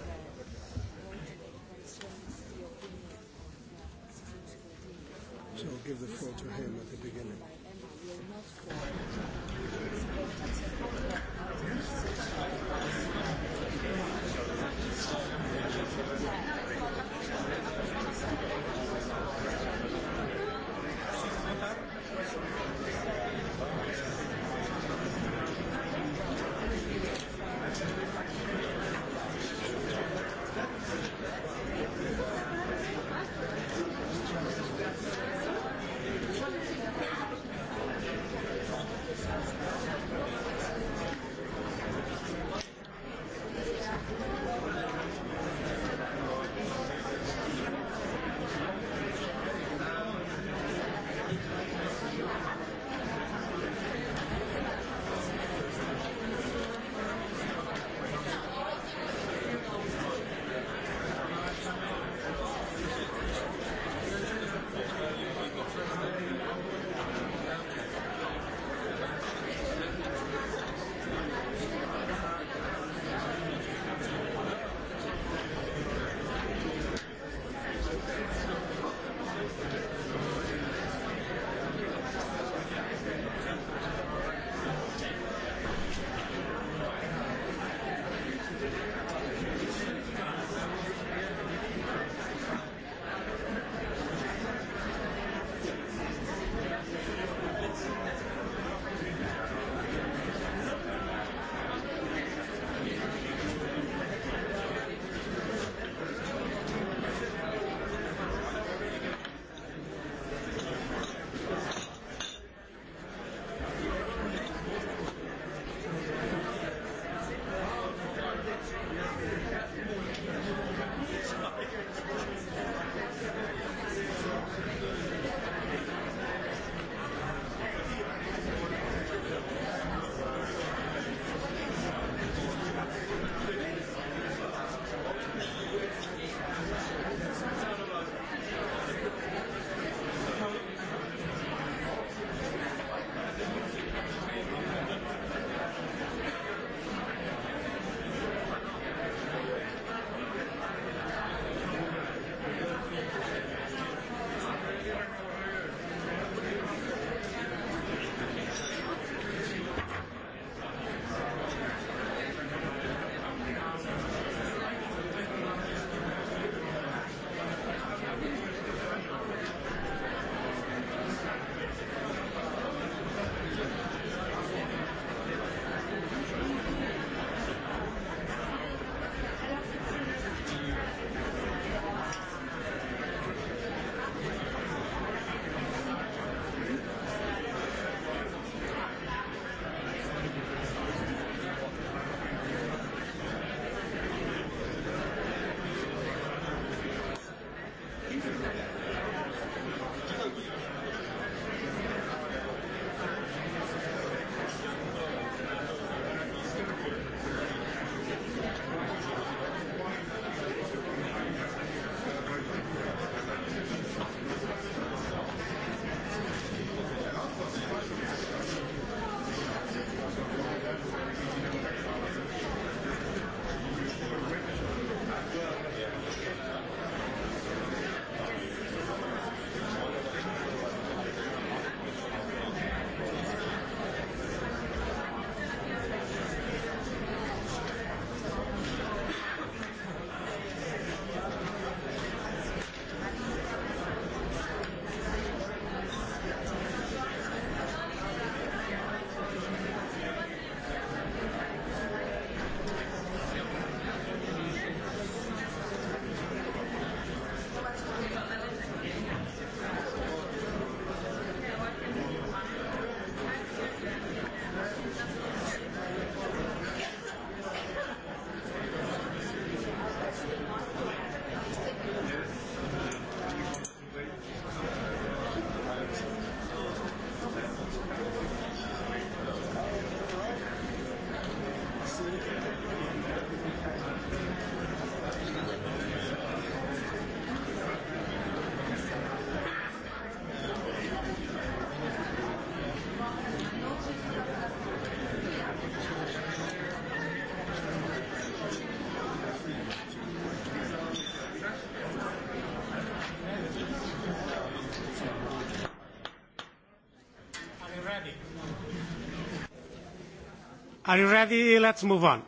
Are you ready? Let's move on.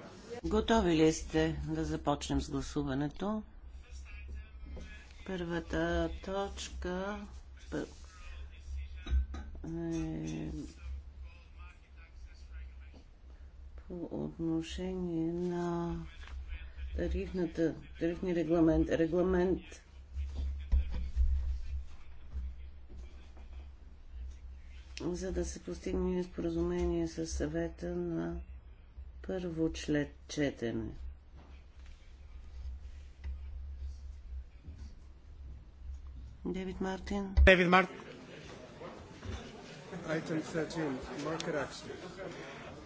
Готови ли сте да започнем с гласуването? Първата точка е по отношение на тарифната, тарифни регламент, регламент за да се постигне споразумение с съвета на първо члет четене. Девид Мартин. Девид Мартин. Тринайста 13.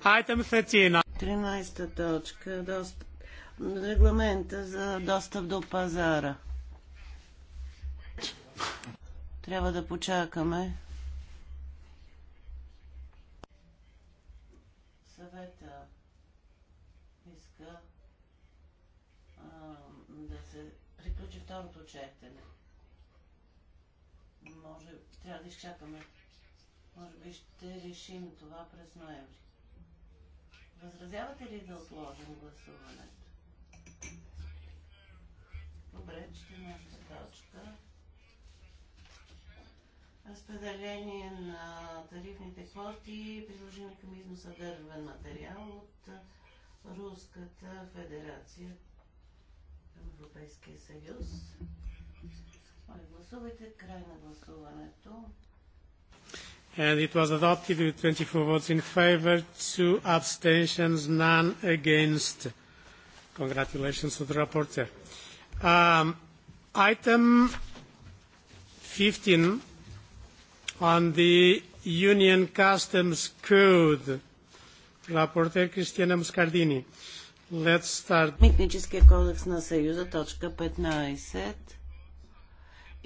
13. 13 точка. Дост... Регламента за достъп до пазара. Трябва да почакаме. второто четене. Може, трябва да изчакаме. Може би ще решим това през ноември. Възразявате ли да отложим гласуването? Добре, 14 точка. Разпределение на тарифните квоти, приложими към износа дървен материал от Руската федерация Европейския съюз. Моля, гласувайте край на гласуването. And it was adopted with 24 votes in favor, two abstentions, none against. Congratulations to the rapporteur. Um, item 15 on the Union Customs Code. Rapporteur Cristiana Muscardini. Let's start. Митническия кодекс на Съюза, точка 15.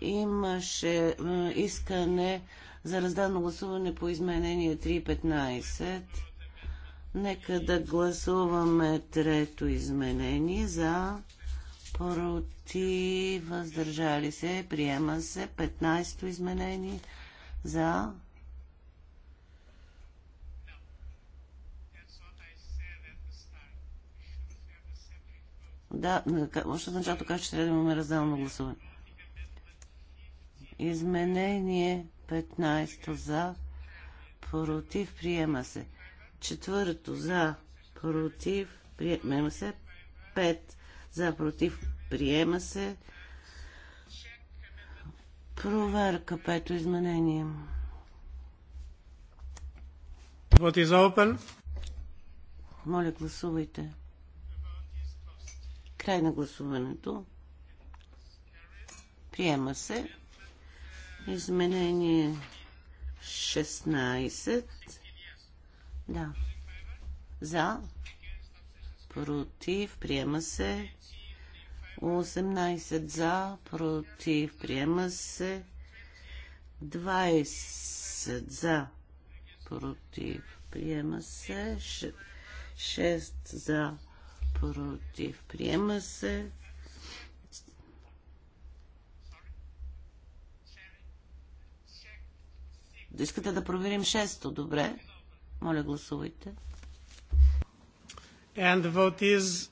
Имаше е, искане за разделно гласуване по изменение 3.15. Нека да гласуваме трето изменение за против, въздържали се, приема се 15-то изменение за Да, още началото казах, че трябва да имаме разделно гласуване. Изменение 15 за, против, приема се. Четвърто за, против, приема се. Пет за, против, приема се. Проверка, пето изменение. Вот is open. Моля, гласувайте. Край на гласуването. Приема се. Изменение 16. Да. За. Против. Приема се. 18 за. Против. Приема се. 20 за. Против. Приема се. 6 за против, приема се. Да искате да проверим шесто, добре. Моля, гласувайте. And the vote is...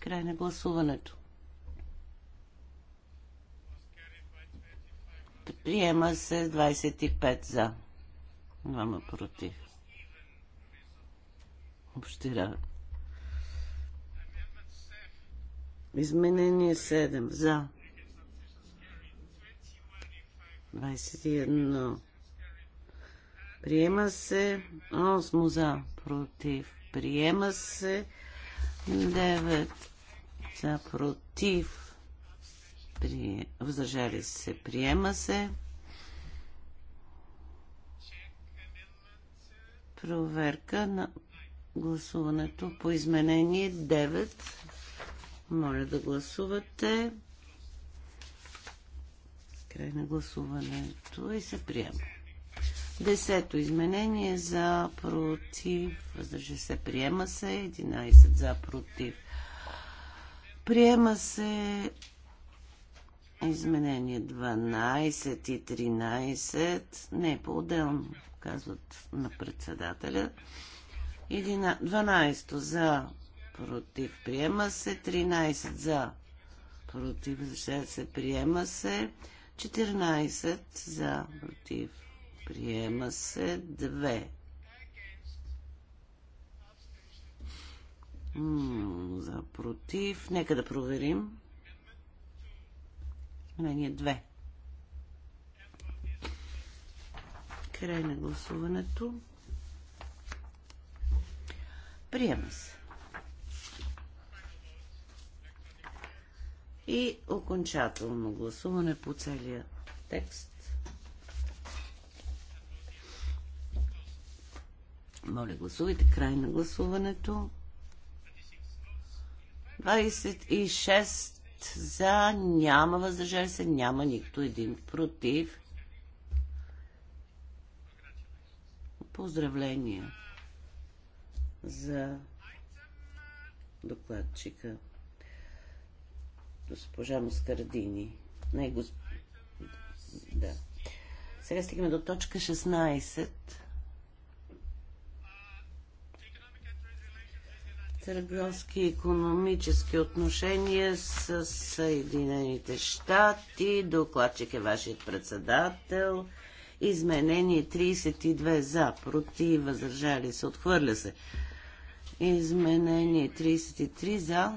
Край на гласуването. Приема се 25 за. Двама против. Общира Изменение 7. За. 21. Приема се. 8 за. Против. Приема се. 9 за. Против. При... Въздържали се. Приема се. Проверка на гласуването по изменение 9. Моля да гласувате. Край на гласуването и се приема. Десето изменение за против. Въздържа се. Приема се. 11 за против. Приема се изменение 12 и 13. Не, по-отделно, казват на председателя. 12 за против, приема се. 13 за, против, се, приема се. 14 за, против, приема се. 2. за против. Нека да проверим. Мнение 2. Край на гласуването. Приема се. и окончателно гласуване по целия текст. Моля, гласувайте край на гласуването. 26 за, няма въздържали се, няма никто един против. Поздравления за докладчика госпожа Москардини. Не, госп... Да. Сега стигаме до точка 16. търговски и економически отношения с Съединените щати. Докладчик е вашият председател. Изменение 32 за, против, възражали се, отхвърля се. Изменение 33 за,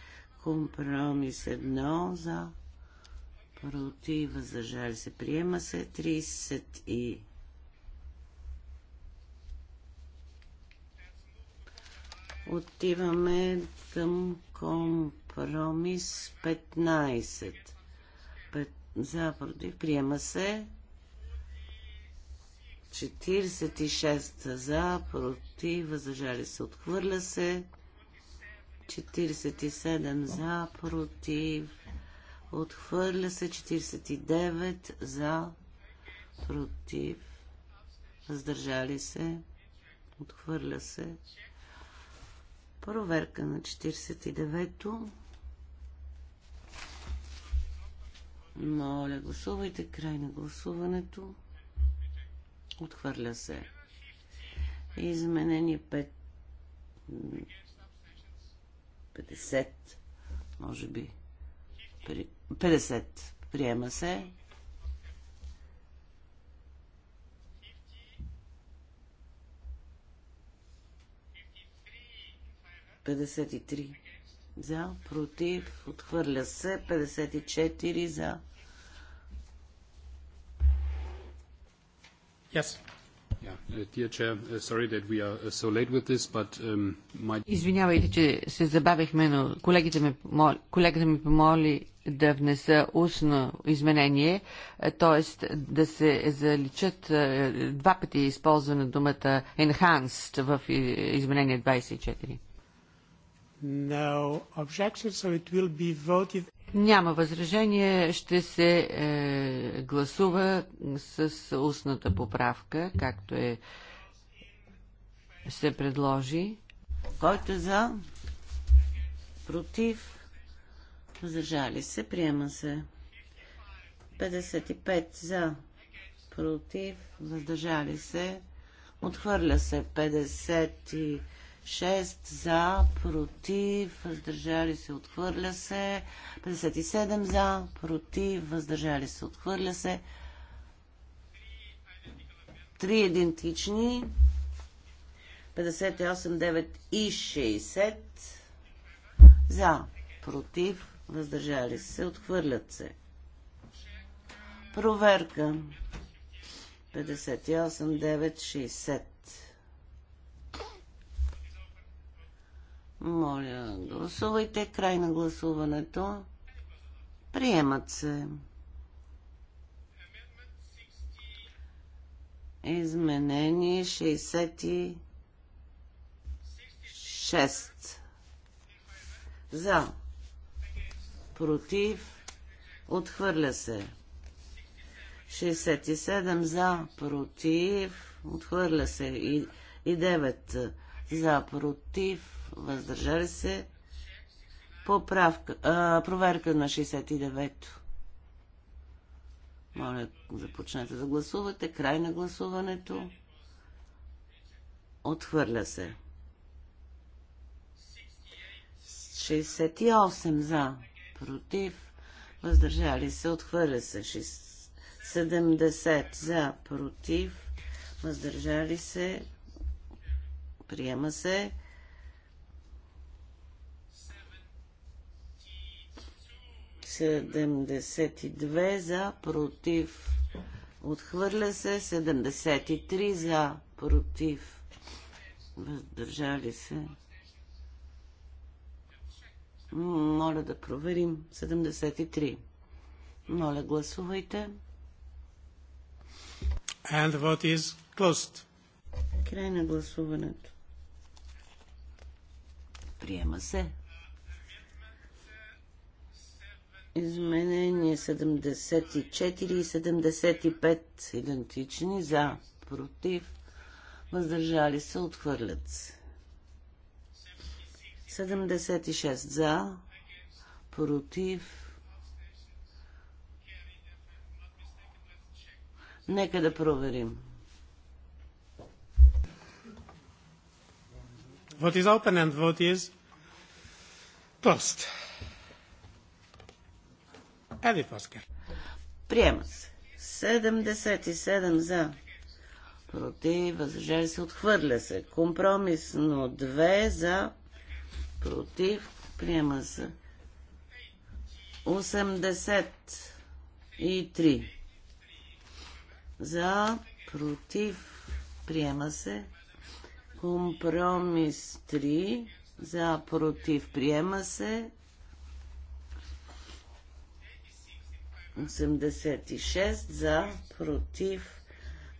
Компромис 1 за. Против. Въздържали се. Приема се. 30 и... Отиваме към компромис 15. За, против, приема се. 46 за, против, въздържали се, отхвърля се. 47 за, против, отхвърля се 49 за, против, въздържали се, отхвърля се. Проверка на 49-то. Моля, гласувайте край на гласуването. Отхвърля се. Изменение 5 50, може би. 50. Приема се. Петдесет и три за, против, отхвърля се, 54 за. Yes. Извинявайте, че се забавихме, но колегите ме колегата ми помоли да внеса устно изменение, т.е. да се заличат е, два пъти е използвана думата enhanced в е, изменение 24. No objection, so it will be voted няма възражение, ще се е, гласува с устната поправка, както е се предложи. Който е за? Против? Въздържали се? Приема се. 55 за. Против? Въздържали се? Отхвърля се. и... 6 за, против, въздържали се, отхвърля се. 57 за, против, въздържали се, отхвърля се. Три идентични. 58, 9 и 60. За, против, въздържали се, отхвърлят се. Проверка. 58, 9, 60. Моля, гласувайте. Край на гласуването. Приемат се. Изменение 66. За. Против. Отхвърля се. 67 за, против, отхвърля се и, и 9 за, против, въздържали се. Поправка, а, проверка на 69-то. Моля, започнете да гласувате. Край на гласуването. Отхвърля се. 68 за, против, въздържали се, отхвърля се. 70 за, против, въздържали се, приема се. 72 за, против, отхвърля се. 73 за, против, въздържали се. Моля да проверим. 73. Моля, гласувайте. And the vote is closed. Край на гласуването. Приема се. Изменение 74 и 75 идентични за, против, въздържали се, отхвърлят се. 76 за, против. Нека да проверим. What is open and what is closed. Еви Паскер. Приема се. 77 за. Против, въздържали се, отхвърля се. Компромисно 2 за. Против, приема се. 83 за. Против, приема се. Компромис 3 за. Против, приема се. 86 за, против,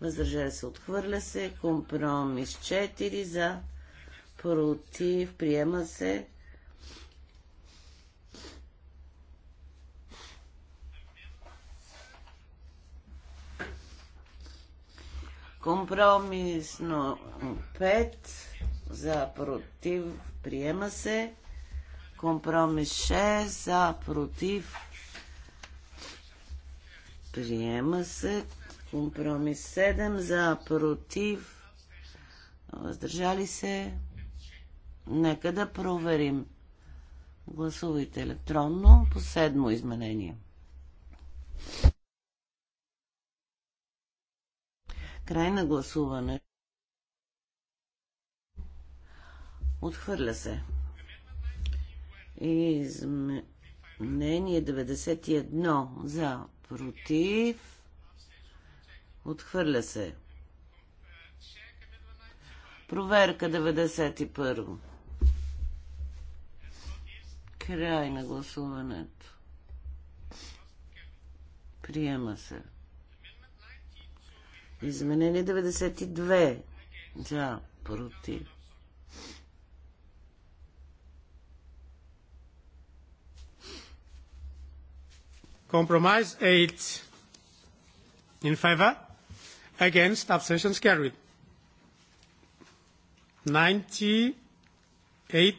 въздържали се, отхвърля се. Компромис 4 за, против, приема се. Компромисно 5 за против приема се. Компромис 6 за против Приема се. Компромис 7 за против. Въздържали се. Нека да проверим. Гласувайте електронно по седмо изменение. Край на гласуване. Отхвърля се. Изменение 91 за против, отхвърля се. Проверка 91. Край на гласуването. Приема се. Изменени 92. За, против. Compromise eight in favor, against, abstentions carried. 98,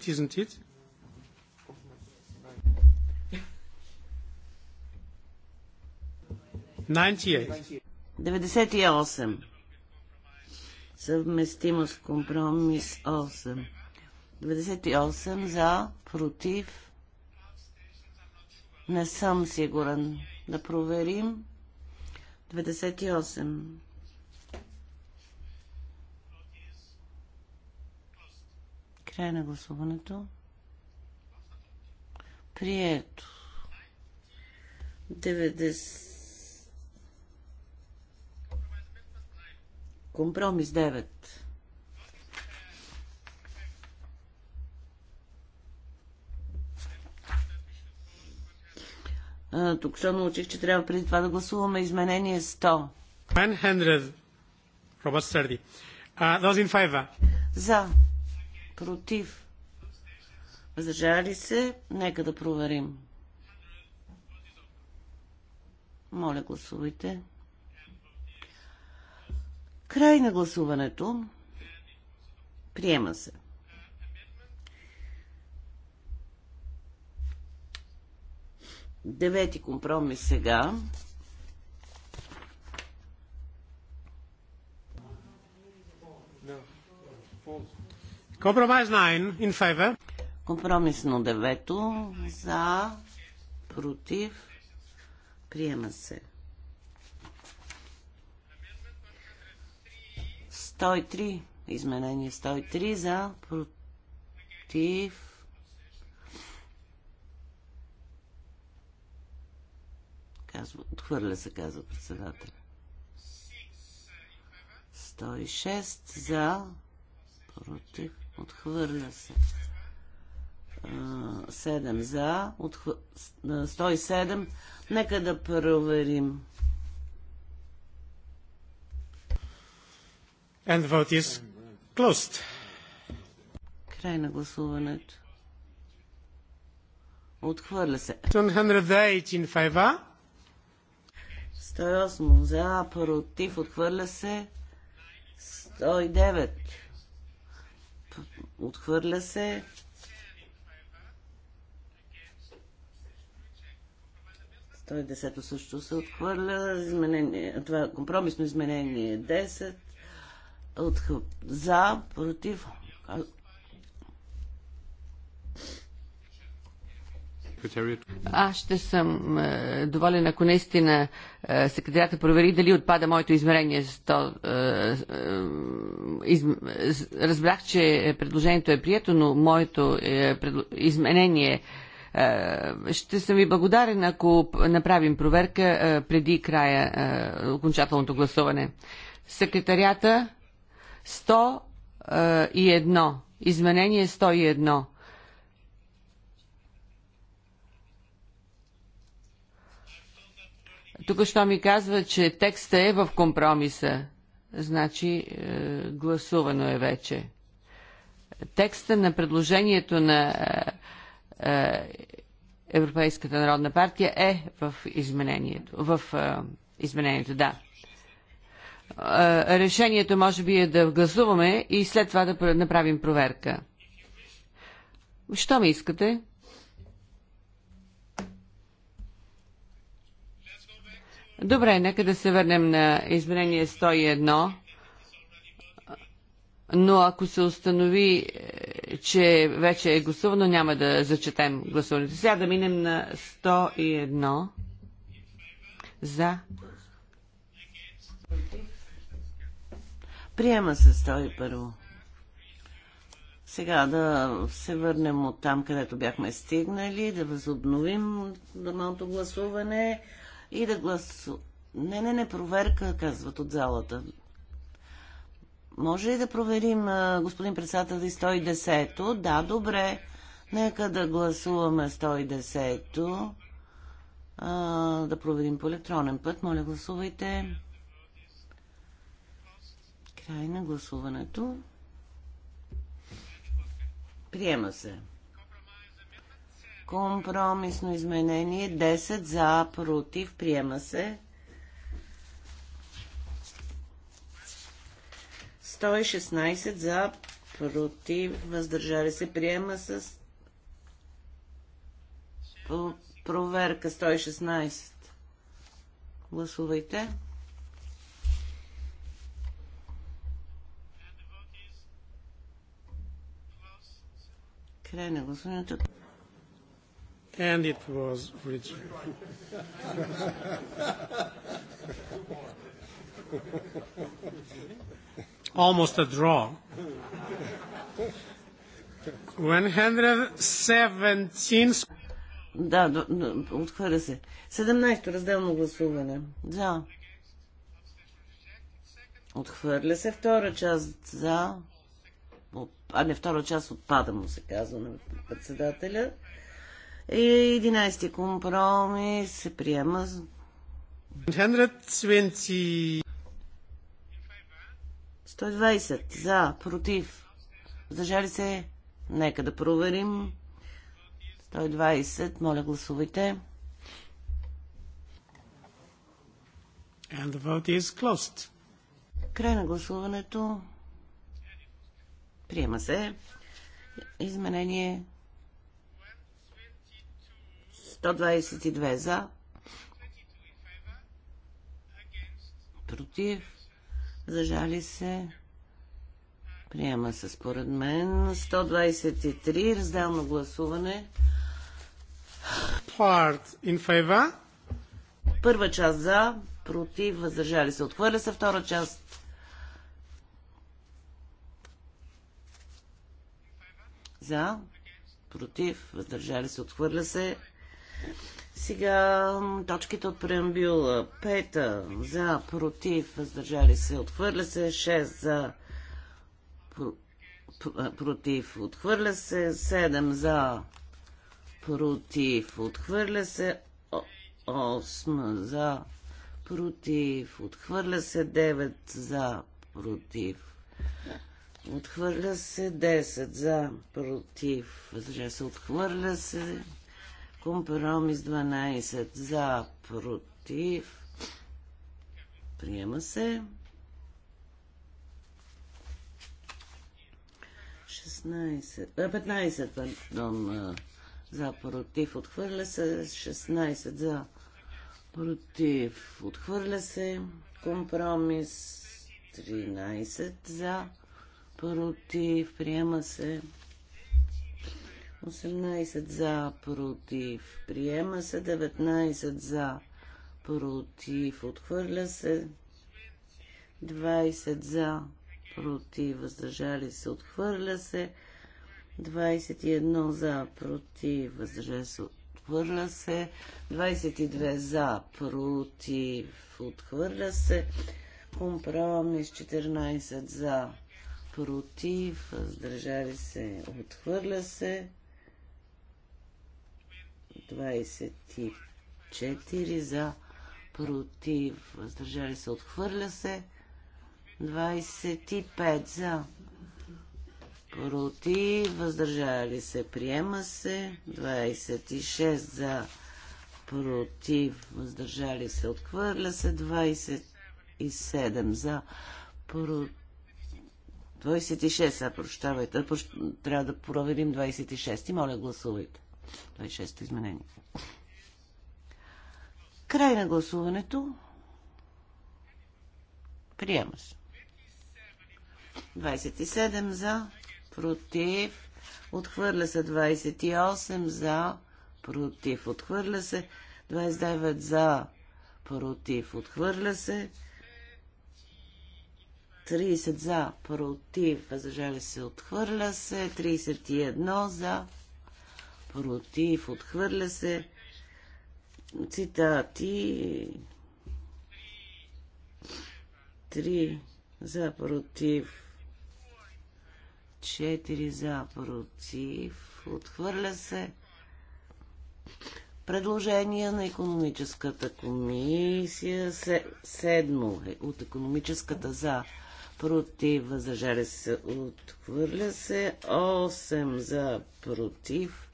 isn't it? Ninety-eight. Ninety-eight. Съвместимост компромис 8. 98 за, против, не съм сигурен. Да проверим. 98. Край на гласуването. Прието. 90. Компромис 9. Тук се научих, че трябва преди това да гласуваме изменение 100. 100. Сърди. За. Против. Въздържали се? Нека да проверим. Моля, гласувайте. Край на гласуването. Приема се. Девети компромис сега. Компромис 9 in favor. девето за против приема се. 103 изменение 103 за против казва, отхвърля се, казва председателя. 106 за, против, отхвърля се. 7 за, отхвърля, 107. Нека да проверим. And the vote is closed. Край на гласуването. Отхвърля се. 108 in favor. 108 за, против, отхвърля се. 109 отхвърля се. Той десето също се отхвърля. Изменение, това е компромисно изменение 10. Отх... За, против, Аз ще съм е, доволен, ако наистина е, секретарята провери дали отпада моето измерение. То, е, из, разбрах, че предложението е прието, но моето е, изменение ще съм ви благодарен, ако направим проверка преди края окончателното гласуване. Секретарята 101. Изменение 101. тук що ми казва, че текста е в компромиса. Значи е, гласувано е вече. Текста на предложението на е, е, Европейската народна партия е в изменението. В е, изменението, да. Е, решението може би е да гласуваме и след това да направим проверка. Що ми искате? Добре, нека да се върнем на изменение 101. Но ако се установи, е, че вече е гласувано, няма да зачетем гласуването. Сега да минем на 101. За. Приема се 101. Сега да се върнем от там, където бяхме стигнали, да възобновим домалното гласуване и да гласу... Не, не, не, проверка, казват от залата. Може ли да проверим, господин председател, и 110-то? Да, добре. Нека да гласуваме 110-то. да проверим по електронен път. Моля, гласувайте. Край на гласуването. Приема се. Компромисно изменение 10 за, против, приема се. 116 за, против, въздържали се, приема с проверка 116. Гласувайте. Край на гласуването and it was rejected. Almost a draw. 117. Да, отхвърля се. 17-то разделно гласуване. За. Отхвърля се втора част за. А не, втора част отпада му се казва на председателя. 11 компромис се приема. 120. за, против. Задържали се? Нека да проверим. 120. Моля, гласувайте. And the vote is closed. Край на гласуването. Приема се. Изменение 122 за. Против. Зажали се. Приема се според мен. 123. Разделно гласуване. Part in favor. Първа част за, против, въздържали се. Отхвърля се втора част. За, против, въздържали се. Отхвърля се. Сега точките от преамбюла. Пета за, против, въздържали се, отхвърля се. 6 за, против, отхвърля се. 7 за, против, отхвърля се. 8 за, против, отхвърля се. 9 за, против. Отхвърля се 10 за, против, въздържа се, отхвърля се Компромис 12 за, против. Приема се. 16, 15, пардон, за, против, отхвърля се. 16 за, против, отхвърля се. Компромис 13 за, против, приема се. 18 за, против, приема се, 19 за, против, отхвърля се, 20 за, против, въздържали се, отхвърля се, 21 за, против, въздържали се, отхвърля се, 22 за, против, отхвърля се, компромис 14 за, против, въздържали се, отхвърля се, 24 за, против, въздържали се, отхвърля се. 25 за, против, въздържали се, приема се. 26 за, против, въздържали се, отхвърля се. 27 за, против. 26, а прощавайте, трябва да проверим 26. И моля, гласувайте. 26-то изменение. Край на гласуването. Приема се. 27 за, против, отхвърля се 28 за, против, отхвърля се 29 за, против, отхвърля се 30 за, против, въздържали се, отхвърля се 31 за, против, отхвърля се. Цитати. Три за против. Четири за против. Отхвърля се. Предложение на економическата комисия. Седмо е от економическата за против. Възражали се. Отхвърля се. Осем за против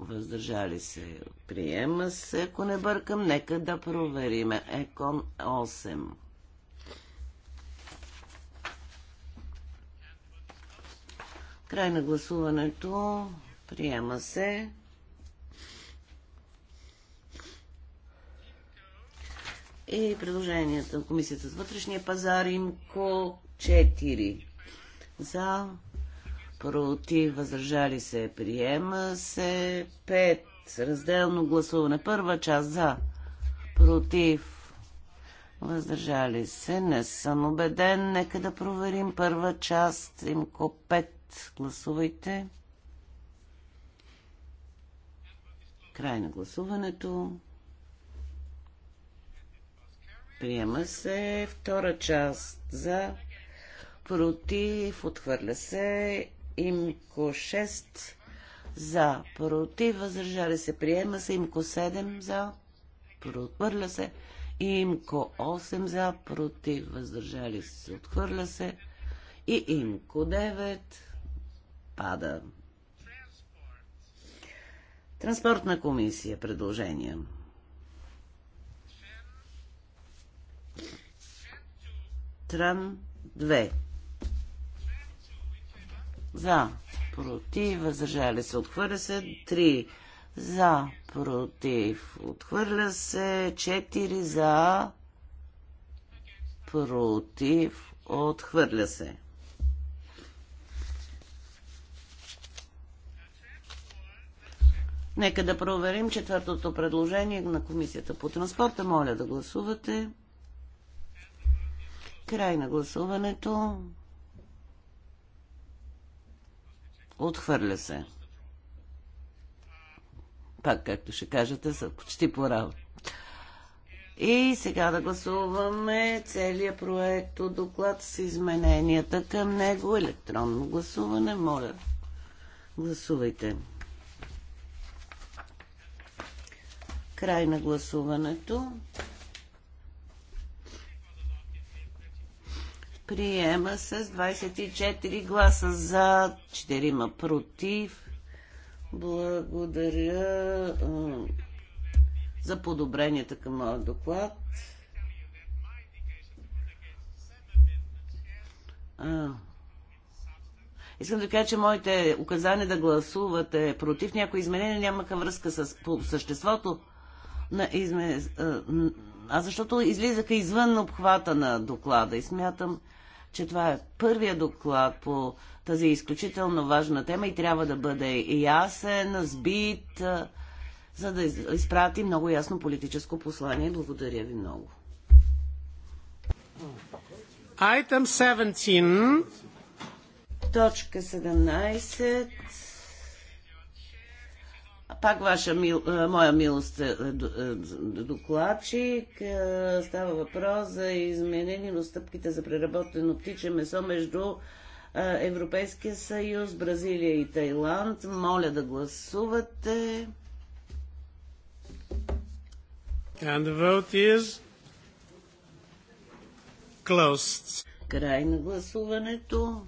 въздържали се, приема се, ако не бъркам, нека да провериме. Екон 8. Край на гласуването, приема се. И предложението на Комисията за вътрешния пазар имко 4. За против, въздържали се, приема се. 5. Разделно гласуване. Първа част за, против, въздържали се. Не съм убеден. Нека да проверим първа част. Имко 5. Гласувайте. Край на гласуването. Приема се втора част за против, отхвърля се Имко 6 за, против, въздържали се, приема се. Имко 7 за, отхвърля се. Имко 8 за, против, въздържали се, отхвърля се. И Имко 9 пада. Транспортна комисия, предложения. Тран 2. За, против, въздържали се, отхвърля се. 3 за, против, отхвърля се. 4 за, против, отхвърля се. Нека да проверим четвъртото предложение на Комисията по транспорта. Моля да гласувате. Край на гласуването. Отхвърля се. Пак, както ще кажете, са почти по равно. И сега да гласуваме целият проект от доклад с измененията към него. Електронно гласуване, моля. Гласувайте. Край на гласуването. Приема с 24 гласа за, 4 против. Благодаря за подобренията към моят доклад. А. Искам да кажа, че моите указания да гласувате против някои изменения нямаха връзка с по съществото на изме... а защото излизаха извън обхвата на доклада и смятам, че това е първия доклад по тази изключително важна тема и трябва да бъде ясен, сбит, за да изпрати много ясно политическо послание. Благодаря ви много. Item 17. Точка 17 пак ваша мил, е, моя милост е, е, докладчик. Става въпрос за изменение на стъпките за преработено птиче месо между Европейския съюз, Бразилия и Тайланд. Моля да гласувате. And the vote is closed. Край на гласуването.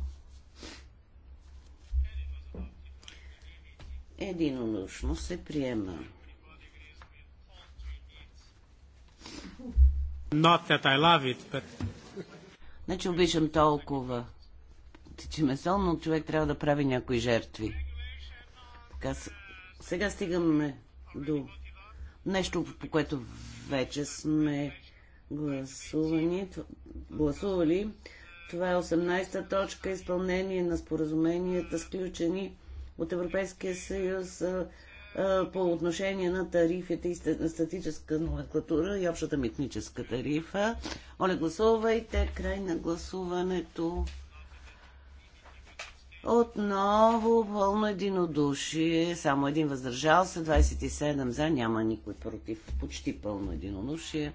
единодушно се приема. Not that I love it, but... Значи обичам толкова че месо, но човек трябва да прави някои жертви. Така, сега стигаме до нещо, по което вече сме гласувани, гласували. Това е 18-та точка изпълнение на споразуменията, сключени от Европейския съюз по отношение на тарифите и статическа номенклатура и общата митническа тарифа. Оле, гласувайте. Край на гласуването. Отново пълно единодушие, само един въздържал се, 27 за, няма никой против, почти пълно единодушие.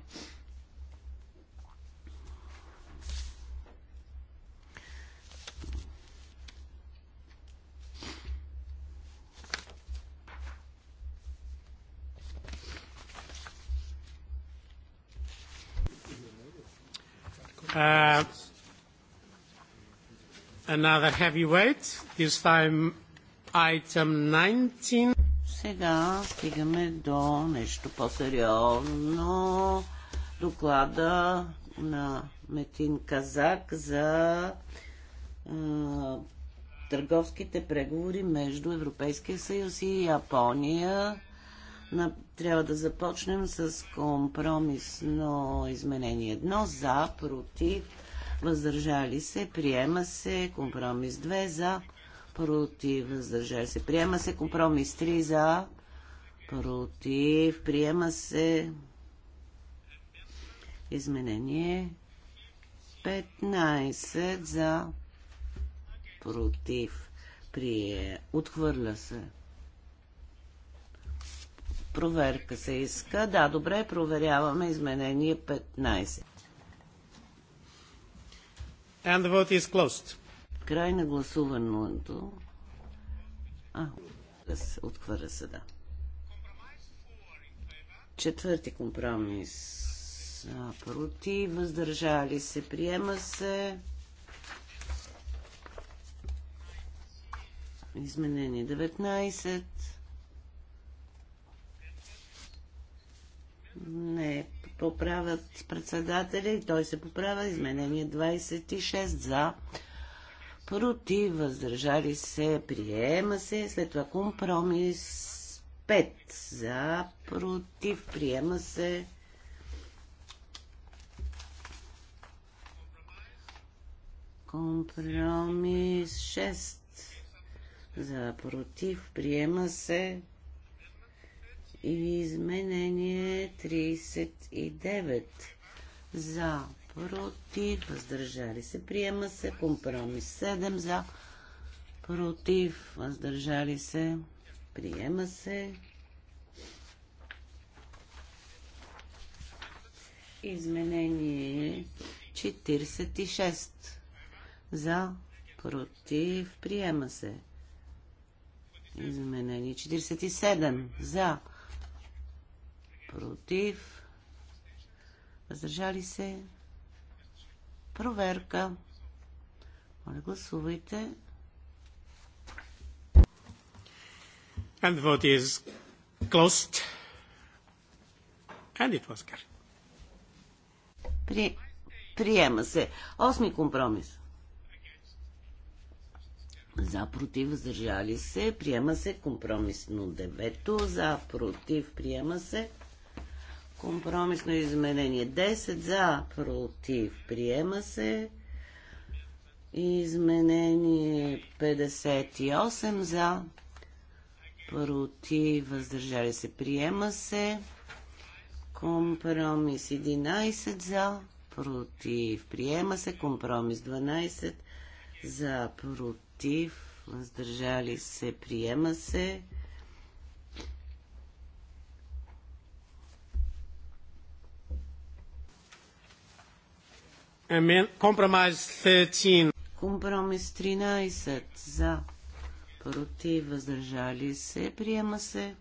Uh, another heavyweight, this time item 19. Сега стигаме до нещо по-сериозно. Доклада на Метин Казак за а, търговските преговори между Европейския съюз и Япония трябва да започнем с компромисно изменение. Едно за, против, въздържали се, приема се, компромис 2 за, против, въздържали се, приема се, компромис 3 за, против, приема се, изменение 15 за, против, прие, отхвърля се. Проверка се иска. Да, добре, проверяваме изменение 15. And the vote is closed. Край на гласуването. А, отхвърля се, да. Четвърти компромис. А, против, въздържали се, приема се. Изменение 19. не поправят председателя и той се поправя. Изменение 26 за, против, въздържали се, приема се. След това компромис 5 за, против, приема се. Компромис 6 за, против, приема се. Изменение 39. За, против, въздържали се, приема се. Компромис 7 за, против, въздържали се, приема се. Изменение 46. За, против, приема се. Изменение 47. За, против, против, въздържали се. Проверка. Моля, гласувайте. And the vote is closed. And it was carried. При... Приема се. Осми компромис. За против, въздържали се. Приема се. Компромисно девето. За против, приема се. Компромисно изменение 10 за, против, приема се. Изменение 58 за, против, въздържали се, приема се. Компромис 11 за, против, приема се. Компромис 12 за, против, въздържали се, приема се. Компромис 13. Компромис 13 за против, въздържали се, приема се.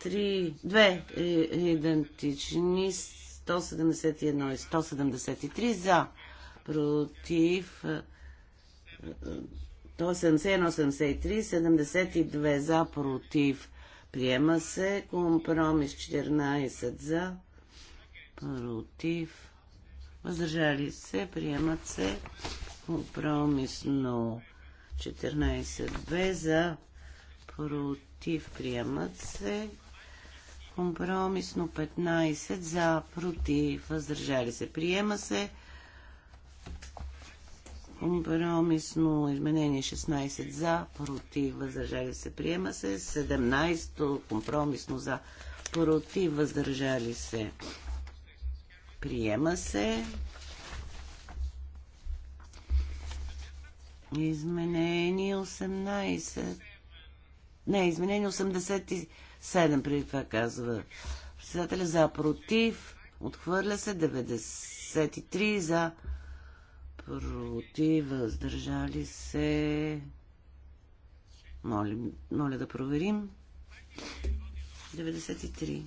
Три, две е, идентични, 171 и 173 за, против, 171-83, е, 72 е, за, против, приема се, компромис 14 за, против, въздържали се, приемат се. Компромисно 14b за против, приемат се. Компромисно 15 за против, въздържали се, приема се. Компромисно изменение 16 за, против, въздържали се, приема се. 17 компромисно за, против, въздържали се, Приема се. Изменение 18. Не, изменение 87 преди това казва. Председателя за против. Отхвърля се 93 за против. Въздържали се. Моля, моля да проверим. 93.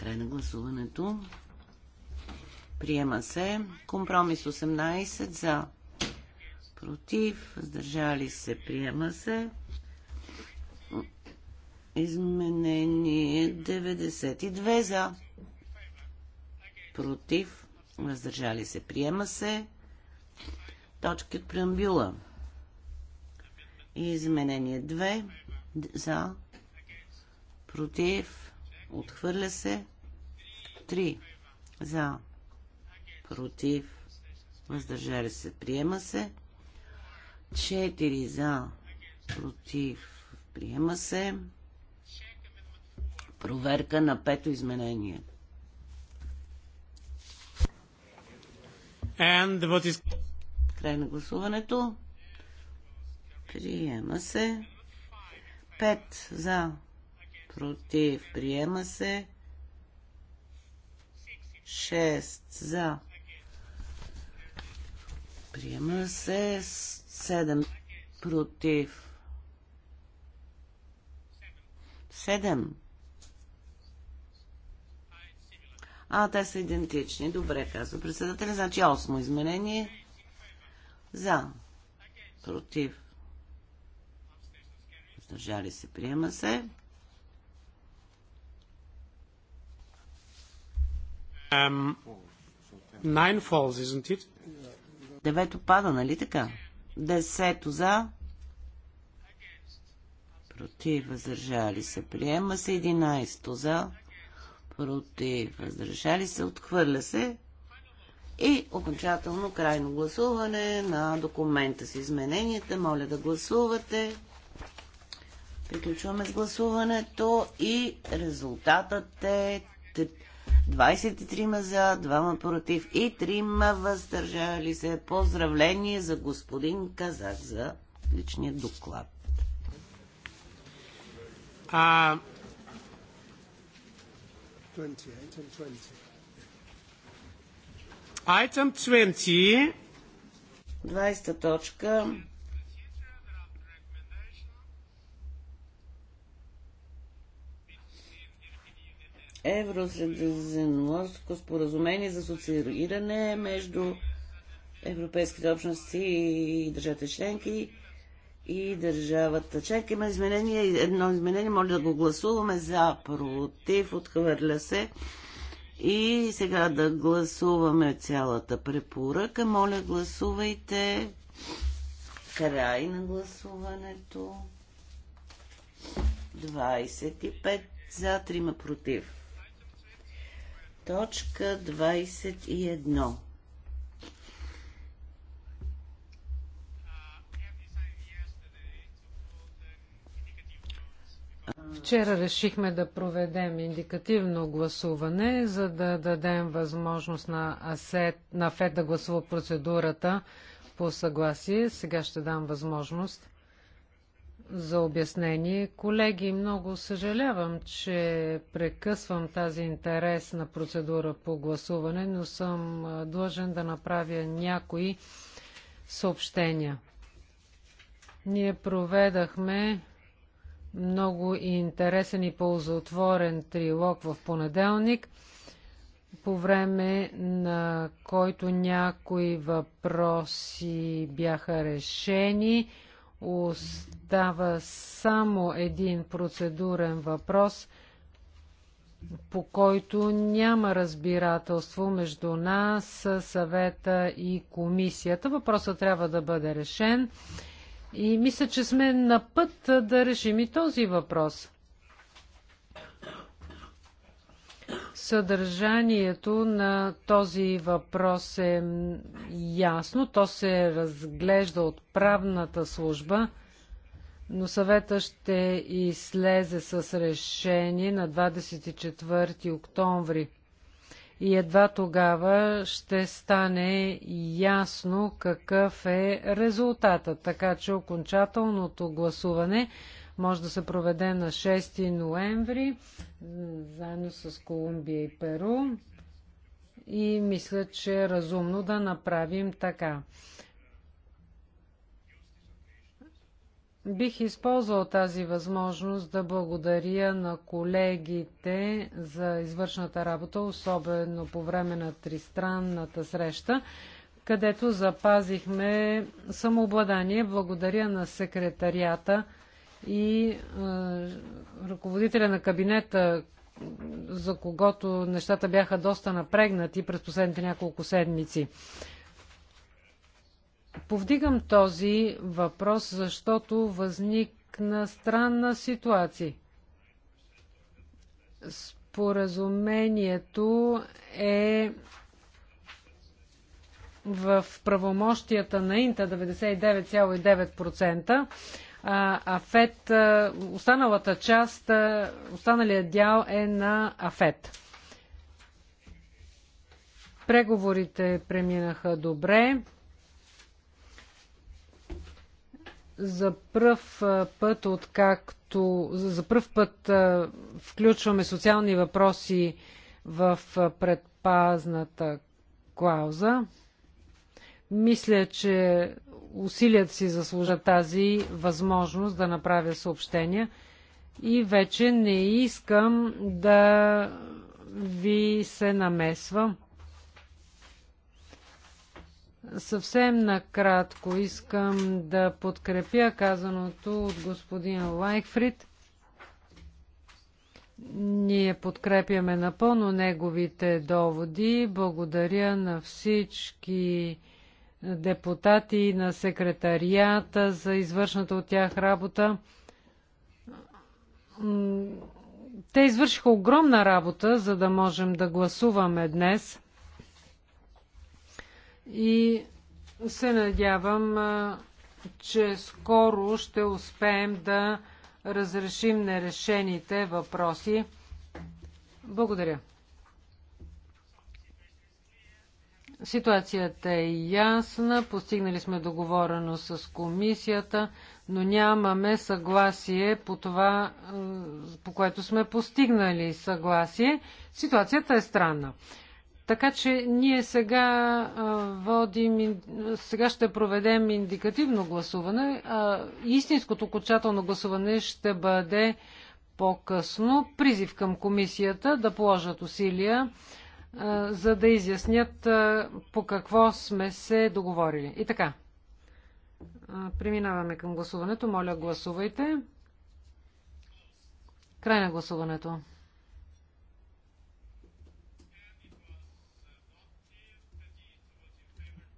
Край на гласуването. Приема се. Компромис 18 за. Против. Сдържали се. Приема се. Изменение 92 за. Против. Въздържали се. Приема се. Точки от преамбюла. Изменение 2 за. Против Отхвърля се. 3. За. Против. Въздържали се. Приема се. 4. За. Против. Приема се. Проверка на пето изменение. is... Край на гласуването. Приема се. 5 за против, приема се. 6 за. Приема се 7 против. 7. А, те са идентични. Добре, казва председателя. Значи 8 изменение. За. Против. Държали се. Приема се. Um, nine falls, isn't it? Девето пада, нали така? Десето за. Против, въздържали се. Приема се. Единайсто за. Против, въздържали се. Отхвърля се. И окончателно крайно гласуване на документа с измененията. Моля да гласувате. Приключваме с гласуването и резултатът е 23 за, 2 против и 3 въздържали се. Поздравление за господин Казак за личния доклад. А... 20, item 20. 20. 20 точка Евросредиземноморско споразумение за социалиране между Европейските общности и държавите членки и държавата членки. Има изменение, едно изменение, може да го гласуваме за, против, отхвърля се. И сега да гласуваме цялата препоръка. Моля, гласувайте. Край на гласуването. 25 за, 3 против. Точка 21. Вчера решихме да проведем индикативно гласуване, за да дадем възможност на, АСЕТ, на ФЕД да гласува процедурата по съгласие. Сега ще дам възможност за обяснение. Колеги, много съжалявам, че прекъсвам тази интересна процедура по гласуване, но съм длъжен да направя някои съобщения. Ние проведахме много интересен и ползотворен трилог в понеделник, по време на който някои въпроси бяха решени Остава само един процедурен въпрос, по който няма разбирателство между нас, съвета и комисията. Въпросът трябва да бъде решен и мисля, че сме на път да решим и този въпрос. Съдържанието на този въпрос е ясно. То се разглежда от правната служба, но съвета ще излезе с решение на 24 октомври. И едва тогава ще стане ясно какъв е резултатът. Така че окончателното гласуване може да се проведе на 6 ноември, заедно с Колумбия и Перу. И мисля, че е разумно да направим така. Бих използвал тази възможност да благодаря на колегите за извършната работа, особено по време на тристранната среща, където запазихме самообладание. Благодаря на секретарията и е, ръководителя на кабинета, за когото нещата бяха доста напрегнати през последните няколко седмици. Повдигам този въпрос, защото възникна странна ситуация. Споразумението е в правомощията на Инта 99,9%, АФЕТ, останалата част, останалият дял е на АФЕТ. Преговорите преминаха добре. За пръв път, откакто за пръв път включваме социални въпроси в предпазната клауза, мисля, че усилията си заслужа тази възможност да направя съобщения и вече не искам да ви се намесвам. Съвсем накратко искам да подкрепя казаното от господин Лайкфрид. Ние подкрепяме напълно неговите доводи. Благодаря на всички депутати, на секретарията за извършната от тях работа. Те извършиха огромна работа, за да можем да гласуваме днес. И се надявам, че скоро ще успеем да разрешим нерешените въпроси. Благодаря. Ситуацията е ясна, постигнали сме договорено с комисията, но нямаме съгласие по това, е, по което сме постигнали съгласие. Ситуацията е странна. Така че ние сега е, водим, сега ще проведем индикативно гласуване. Истинското окончателно гласуване ще бъде по-късно. Призив към комисията да положат усилия за да изяснят по какво сме се договорили. И така. Преминаваме към гласуването. Моля, гласувайте. Край на гласуването.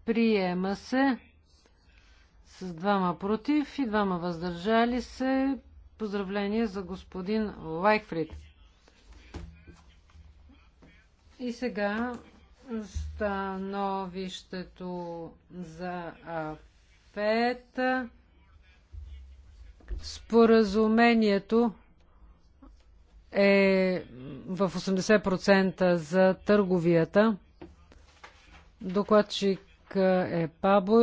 Приема се с двама против и двама въздържали се. Поздравление за господин Лайкфрид. И сега становището за АФЕТ. Споразумението е в 80% за търговията. Докладчик е Пабо.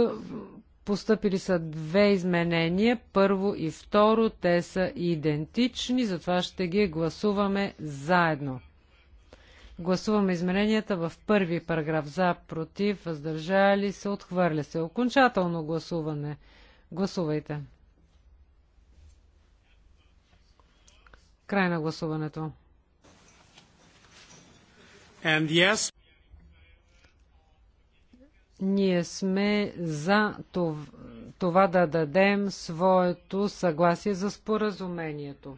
Постъпили са две изменения. Първо и второ. Те са идентични, затова ще ги гласуваме заедно. Гласуваме измененията в първи параграф за, против, въздържали се, отхвърля се. Окончателно гласуване. Гласувайте. Край на гласуването. And yes. Ние сме за това, това да дадем своето съгласие за споразумението.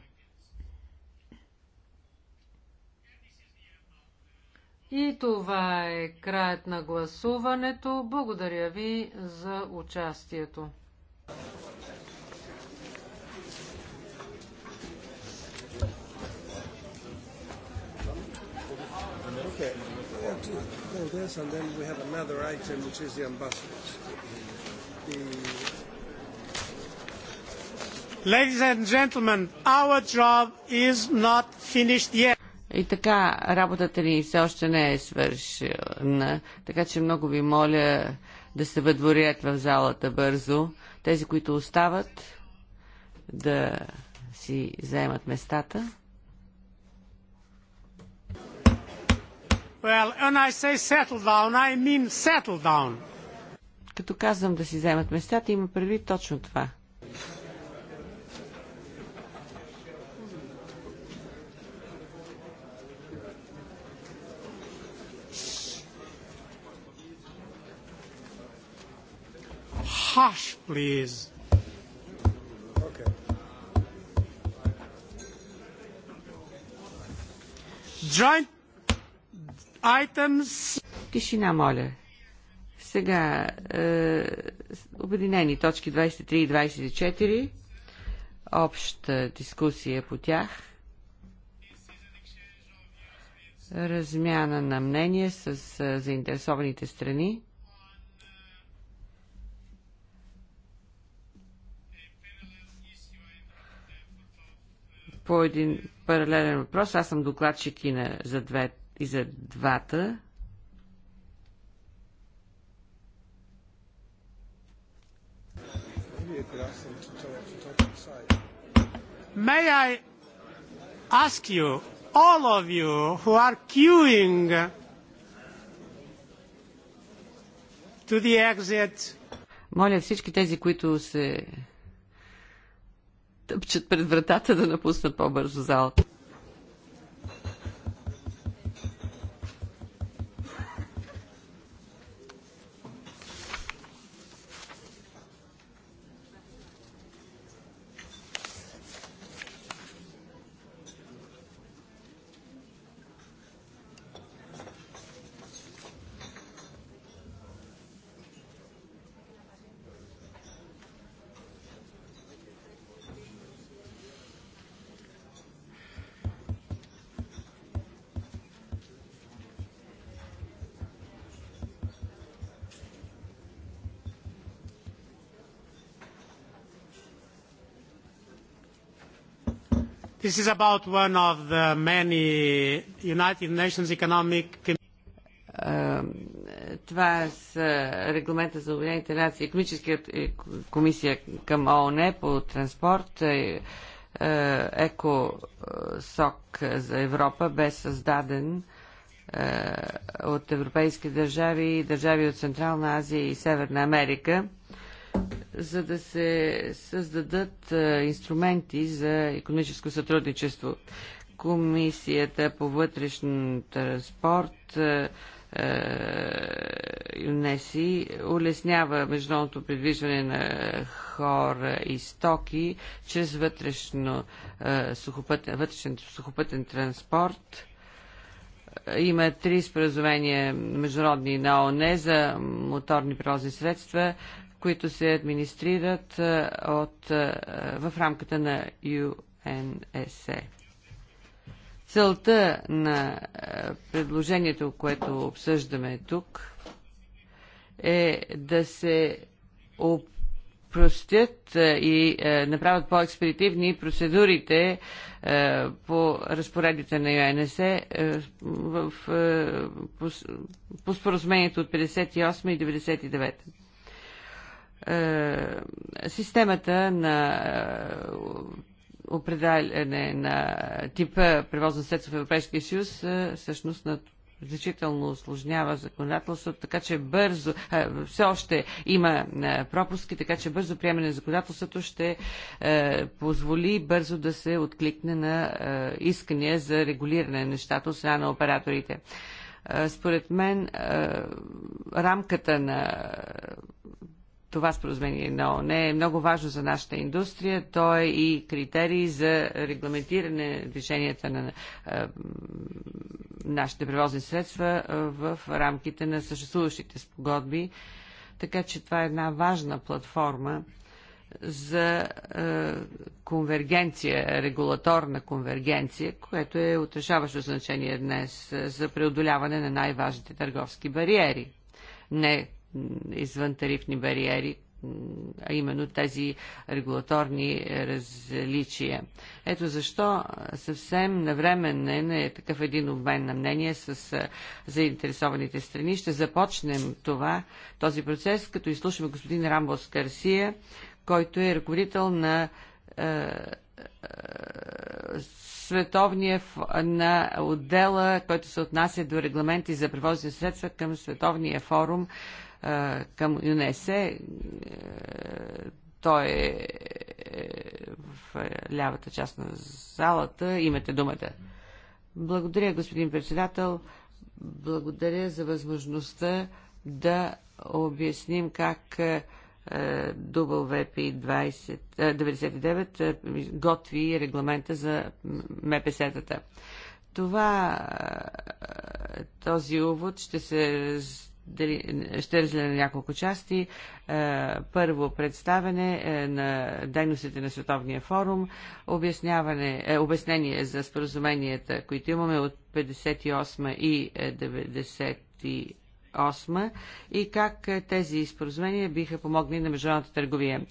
И това е краят на гласуването. Благодаря ви за участието. Ladies and gentlemen, our job is not finished yet. И така, работата ни все още не е свършена, така че много ви моля да се въдворят в залата бързо. Тези, които остават, да си заемат местата. Well, when I say settle down, I mean settle down. Като казвам да си вземат местата, има предвид точно това. hush, please. Joint items. Тишина, моля. Сега, е, обединени точки 23 и 24, обща дискусия по тях, размяна на мнение с е, заинтересованите страни. по един паралелен въпрос. Аз съм докладчик и, на, за, две, и за двата. May I ask you, all of you who are queuing to the exit, моля всички тези, които се тъпчат пред вратата да напуснат по-бързо залата. This is about one of the many United Nations economic е, това с регламента за Обединените нации, економическия е, комисия към ООН по транспорт, е, ЕКОСОК за Европа бе създаден от европейски държави, държави от Централна Азия и Северна Америка за да се създадат инструменти за економическо сътрудничество. Комисията по вътрешен транспорт ЮНЕСИ улеснява международното придвижване на хора и стоки чрез вътрешно, сухопътен, вътрешен сухопътен транспорт. Има три споразумения международни на ОНЕ за моторни превозни средства, които се администрират от, в рамката на UNSE. Е Целта на предложението, което обсъждаме тук, е да се простят и направят по-експедитивни процедурите по разпоредите на ЮНС е по, по споразумението от 58 и 99. Е, системата на е, определяне на типа превозно средство в Европейския съюз е, всъщност на значително осложнява законодателството, така че бързо, все още има пропуски, така че бързо приемане на законодателството ще позволи бързо да се откликне на искания за регулиране на нещата от страна на операторите. Според мен рамката на това споразумение на ООН е много важно за нашата индустрия. То е и критерий за регламентиране движенията на а, е, нашите превозни средства е, в рамките на съществуващите спогодби. Така че това е една важна платформа за а, е, конвергенция, регулаторна конвергенция, което е отрешаващо значение днес за преодоляване на най-важните търговски бариери. Не Извън тарифни бариери, а именно тези регулаторни различия. Ето защо съвсем навременен е такъв един обмен на мнение с заинтересованите страни. Ще започнем това, този процес, като изслушаме господин Рамбос Карсия, който е ръководител на световния на отдела, който се отнася до регламенти за превозни средства към Световния форум към ЮНЕСЕ. Той е в лявата част на залата. Имате думата. Благодаря, господин председател. Благодаря за възможността да обясним как WP99 готви регламента за МПС-тата. Това, този увод ще се ще на няколко части. Е, първо представене е, на дейностите на Световния форум, обясняване, е, обяснение за споразуменията, които имаме от 58 и 90 и как тези споразумения биха помогнали на международната търговия.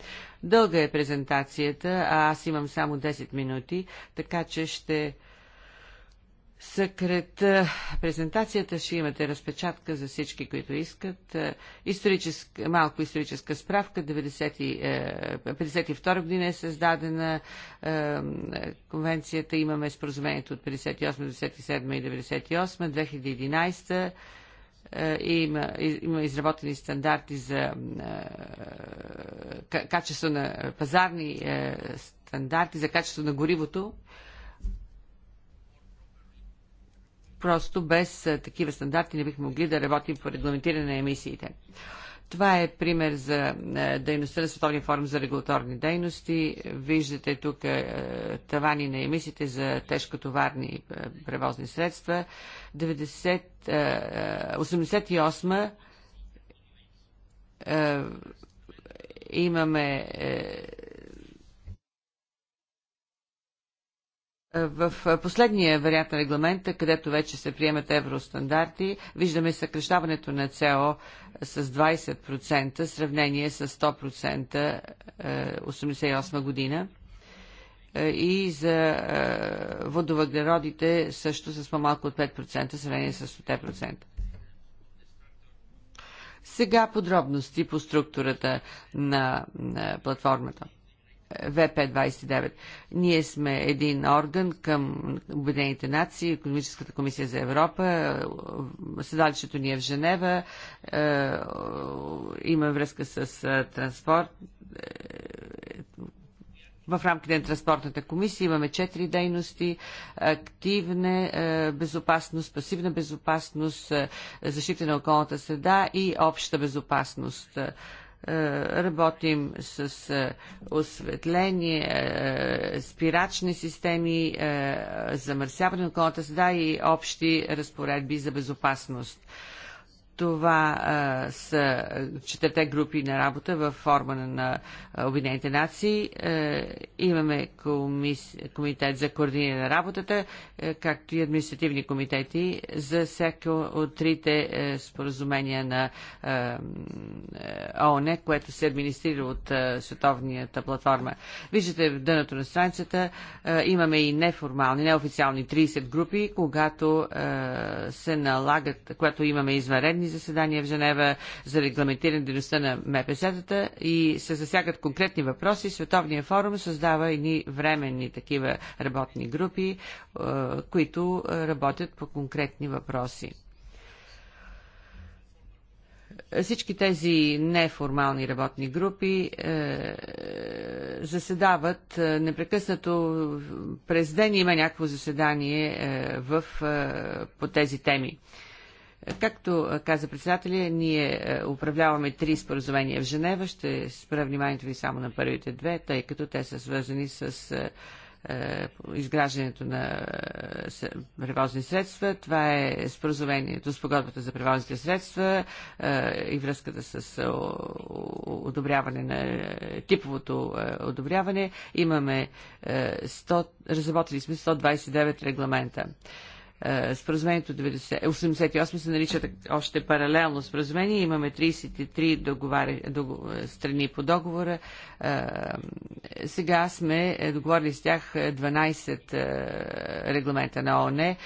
Дълга е презентацията, а аз имам само 10 минути, така че ще съкрата е, презентацията, ще имате разпечатка за всички, които искат. Е, историческа, малко историческа справка. 1952 е, година е създадена конвенцията. Имаме споразумението от 58, 97 и 98. 2011 има, има изработени стандарти за качество на пазарни стандарти за качество на горивото Просто без такива стандарти не бихме могли да работим по регламентиране на емисиите. Това е пример за дейността на Световния форум за регулаторни дейности. Виждате тук тавани на емисиите за тежкотоварни превозни средства. 90, 88 имаме Е, в е, последния вариант на регламента, където вече се приемат евростандарти, виждаме съкрещаването на ЦО с 20% в сравнение с 100% 88 е, година и за водовъглеродите също с по-малко от 5% в сравнение с 100%. Сега подробности по структурата на платформата – ВП-29. Ние сме един орган към Обединените нации, Економическата комисия за Европа. Седалището ни е в Женева. Е, има връзка с е, транспорт. Е, в рамките на транспортната комисия имаме четири дейности. Активна безопасност, пасивна безопасност, защита на околната среда и обща безопасност. Е, работим с е, осветление, е, спирачни системи, замърсяване на околната среда и общи разпоредби за безопасност. Това а, са четирите групи на работа в форма на Обединените нации. А, е, имаме комис... комитет за координиране на работата, а, е, както и административни комитети за всяко от трите а, е, споразумения на ООН, което се администрира от а, световната платформа. Виждате в дъното на страницата а, имаме и неформални, неофициални 30 групи, когато а, се налагат, когато имаме извънредни заседания в Женева за регламентиране дейността на МПС-тата и се засягат конкретни въпроси. Световния форум създава и ни временни такива работни групи, е, които работят по конкретни въпроси. Всички тези неформални работни групи е, заседават е, непрекъснато. През ден има някакво заседание е, в, е, по тези теми. Е, Както каза председателя, ние управляваме три споразумения в Женева. Ще спра вниманието ви само на първите две, тъй като те са свързани с изграждането на превозни средства. Това е споразумението с погодбата за превозните средства и връзката с одобряване на типовото одобряване. Имаме 100, разработили сме 129 регламента. Е, споразумението 88 е, се нарича още паралелно споразумение. Имаме 33 договари, догов... Е, страни по договора. Сега сме договорили с тях 12 регламента на ОНЕ.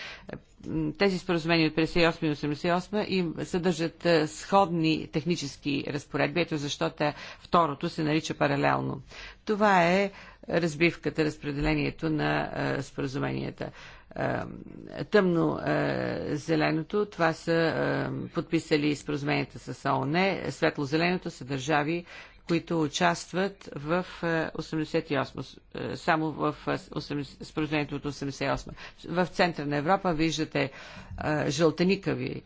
Тези споразумения от 58 и 88 им съдържат сходни технически разпоредби, ето защото второто се нарича паралелно. Това е разбивката, разпределението на споразуменията тъмно е, зеленото, това са е, подписали споразуменията с ООН, светло-зеленото са държави които участват в 88, е, е, само в е, споразумението от 88. В центъра на Европа виждате жълтеникави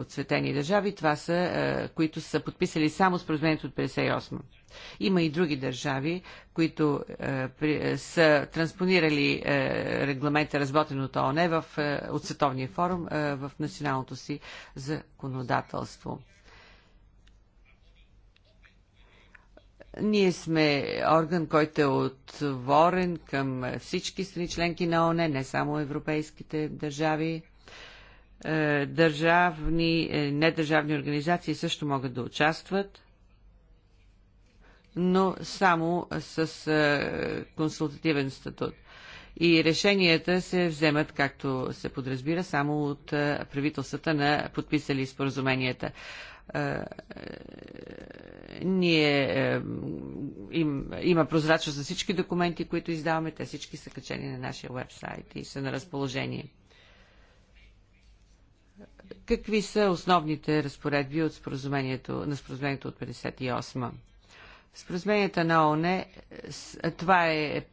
оцветени държави, това са, които са подписали само споразумението от 58. Има и други държави, които са транспонирали регламента, разботен от ООН, в, от Световния форум, в националното си законодателство. Ние сме орган, който е отворен към всички страни членки на ОНЕ, не само европейските държави. Е, държавни, е, недържавни организации също могат да участват, но само с е, консултативен статут. И решенията се вземат, както се подразбира, само от правителствата на подписали споразуменията. Е, ние е, им, има прозрачност за всички документи, които издаваме. Те всички са качени на нашия вебсайт и са на разположение. Какви са основните разпоредби от споразумението, на споразумението от 58? Споразуменията на ООН, е, това е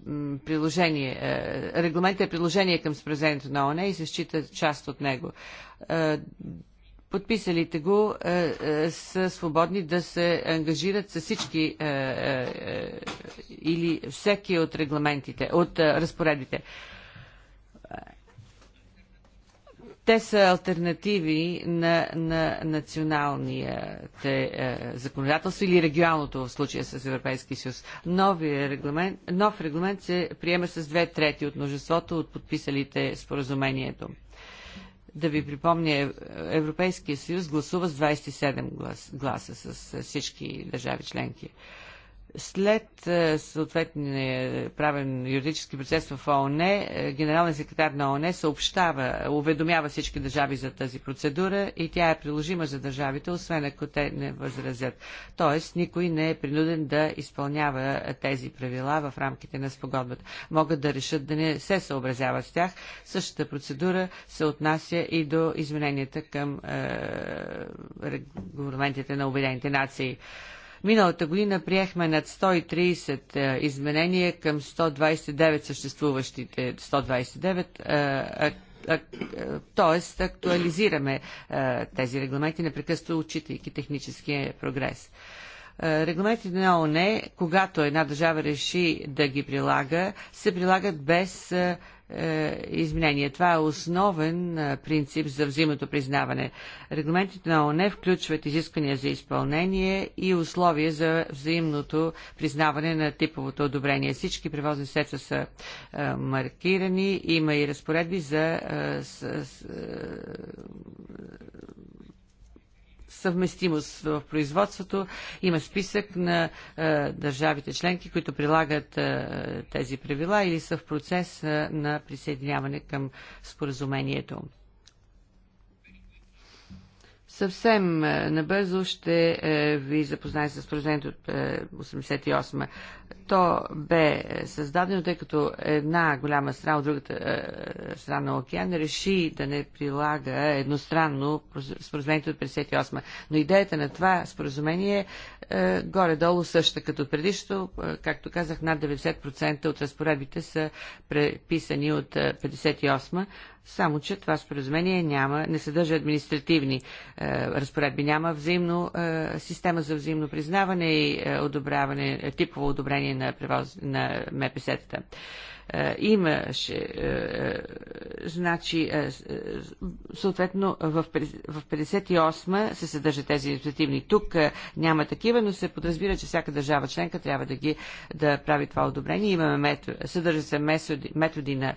приложение, регламентът е приложение към споразумението на ООН и се счита част от него подписалите го е, е, са свободни да се ангажират с всички е, или всеки от регламентите, от разпоредите. Те са альтернативи на, на националния е, законодателство или регионалното в случая с Европейския съюз. Новия регламент, нов регламент се приема с две трети от множеството от подписалите споразумението да ви припомня, Европейския съюз гласува с 27 глас, гласа с всички държави членки. След е, съответния правен юридически процес в ООН, е, генералният секретар на ООН съобщава, уведомява всички държави за тази процедура и тя е приложима за държавите, освен ако те не възразят. Тоест, никой не е принуден да изпълнява тези правила в рамките на спогодбата. Могат да решат да не се съобразяват с тях. Същата процедура се отнася и до измененията към е, регламентите на Обединените нации. Миналата година приехме над 130 е, изменения към 129 съществуващите 129 е, т.е. актуализираме е, тези регламенти, непрекъсто отчитайки техническия прогрес. Регламентите на ООН, когато една държава реши да ги прилага, се прилагат без е, изменения. Това е основен е, принцип за взимато признаване. Регламентите на ОНЕ включват изисквания за изпълнение и условия за взаимното признаване на типовото одобрение. Всички превозни средства са е, маркирани. Има и разпоредби за съвместимост в производството. Има списък на е, държавите членки, които прилагат е, тези правила или са в процес е, на присъединяване към споразумението. Съвсем е, набързо ще е, ви запозная с споразумението от 88 е, то бе създадено, тъй като една голяма страна от другата е, страна на океан реши да не прилага едностранно споразумението от 58. Но идеята на това споразумение е горе-долу съща като предишното. Е, както казах, над 90% от разпоредбите са преписани от 58, е, само, че това споразумение няма, не съдържа административни е, разпоредби, няма взаимно, е, система за взаимно признаване и е, одобряване, е, типово одобрение на, превоз, на МПС-тата. Е, е, имаше, е, е, значи, съответно в 58 се съдържат тези инициативни. Тук няма такива, но се подразбира, че всяка държава членка трябва да ги да прави това одобрение. Имаме метод, съдържа се методи, методи на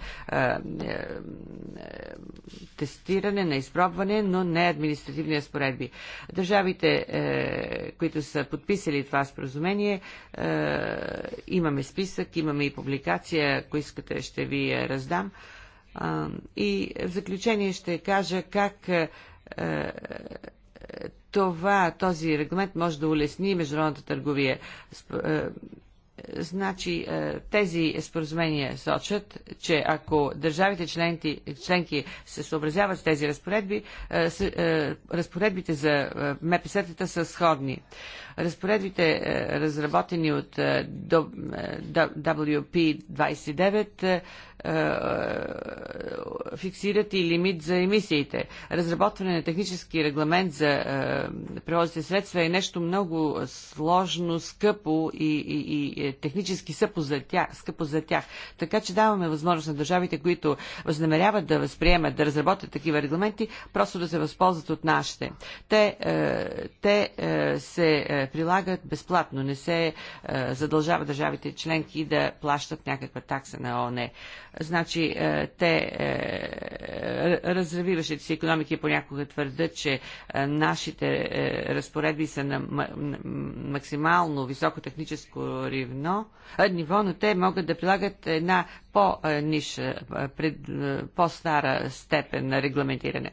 тестиране, на изпробване, но не административни разпоредби. Държавите, е, които са подписали това споразумение, е, имаме списък, имаме и публикация, искате, ще ви я раздам. И в заключение ще кажа как това, този регламент може да улесни международната търговия. Значи е, тези споразумения сочат, че ако държавите членки, членки се съобразяват с тези разпоредби, е, е, разпоредбите за МПС-тата са сходни. Разпоредбите, разработени от WP29, е, фиксират и лимит за емисиите. Разработване на технически регламент за е, превозните средства е нещо много сложно, скъпо и, и, и е, технически скъпо за, тях, скъпо за тях. Така че даваме възможност на държавите, които възнамеряват да възприемат, да разработят такива регламенти, просто да се възползват от нашите. Те, те се прилагат безплатно, не се задължава държавите членки да плащат някаква такса на ОНЕ. Значи, е, те, е, разравиващите си економики понякога твърдят, че е, нашите разпоредби са на максимално високо техническо ривно, ниво, но те могат да прилагат една по-ниша, по-стара степен на регламентиране.